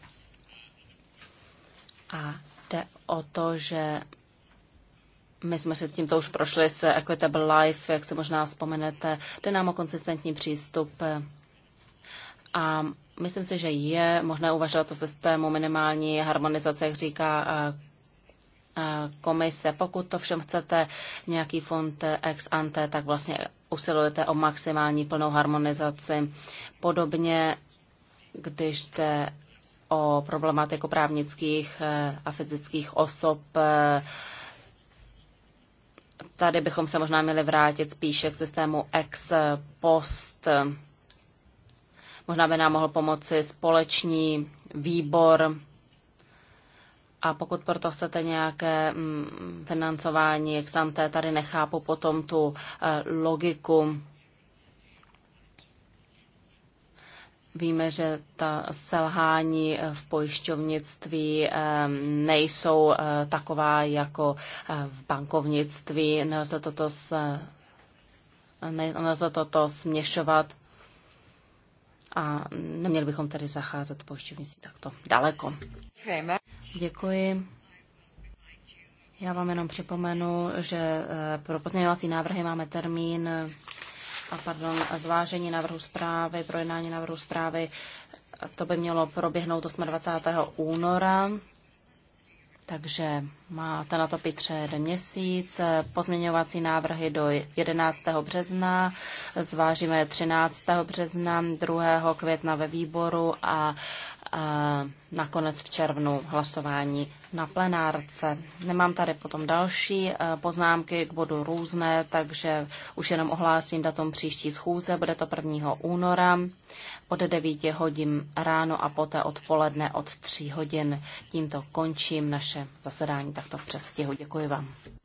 A jde o to, že my jsme se tímto už prošli s Equitable Life, jak se možná vzpomenete. Jde nám o konsistentní přístup a Myslím si, že je možné uvažovat o systému minimální harmonizace, jak říká eh, eh, komise. Pokud to všem chcete nějaký fond eh, ex ante, tak vlastně usilujete o maximální plnou harmonizaci. Podobně, když jde o problematiku právnických a fyzických osob, tady bychom se možná měli vrátit spíše k systému ex post. Možná by nám mohl pomoci společný výbor a pokud proto chcete nějaké mm, financování jak té tady nechápu potom tu eh, logiku. Víme, že ta selhání eh, v pojišťovnictví eh, nejsou taková jako v bankovnictví. Nelze toto, s, nelze toto směšovat a neměli bychom tady zacházet pojišťovnicí takto daleko. Děkuji. Já vám jenom připomenu, že eh, pro pozměňovací návrhy máme termín eh, a pardon, zvážení návrhu zprávy, projednání návrhu zprávy. To by mělo proběhnout 28. února takže máte na to pitře jeden měsíc. Pozměňovací návrhy do 11. března. Zvážíme 13. března, 2. května ve výboru a a nakonec v červnu hlasování na plenárce. Nemám tady potom další e, poznámky k bodu různé, takže už jenom ohlásím datum příští schůze. Bude to 1. února od 9 hodin ráno a poté odpoledne od 3 hodin. Tímto končím naše zasedání takto v předstihu. Děkuji vám.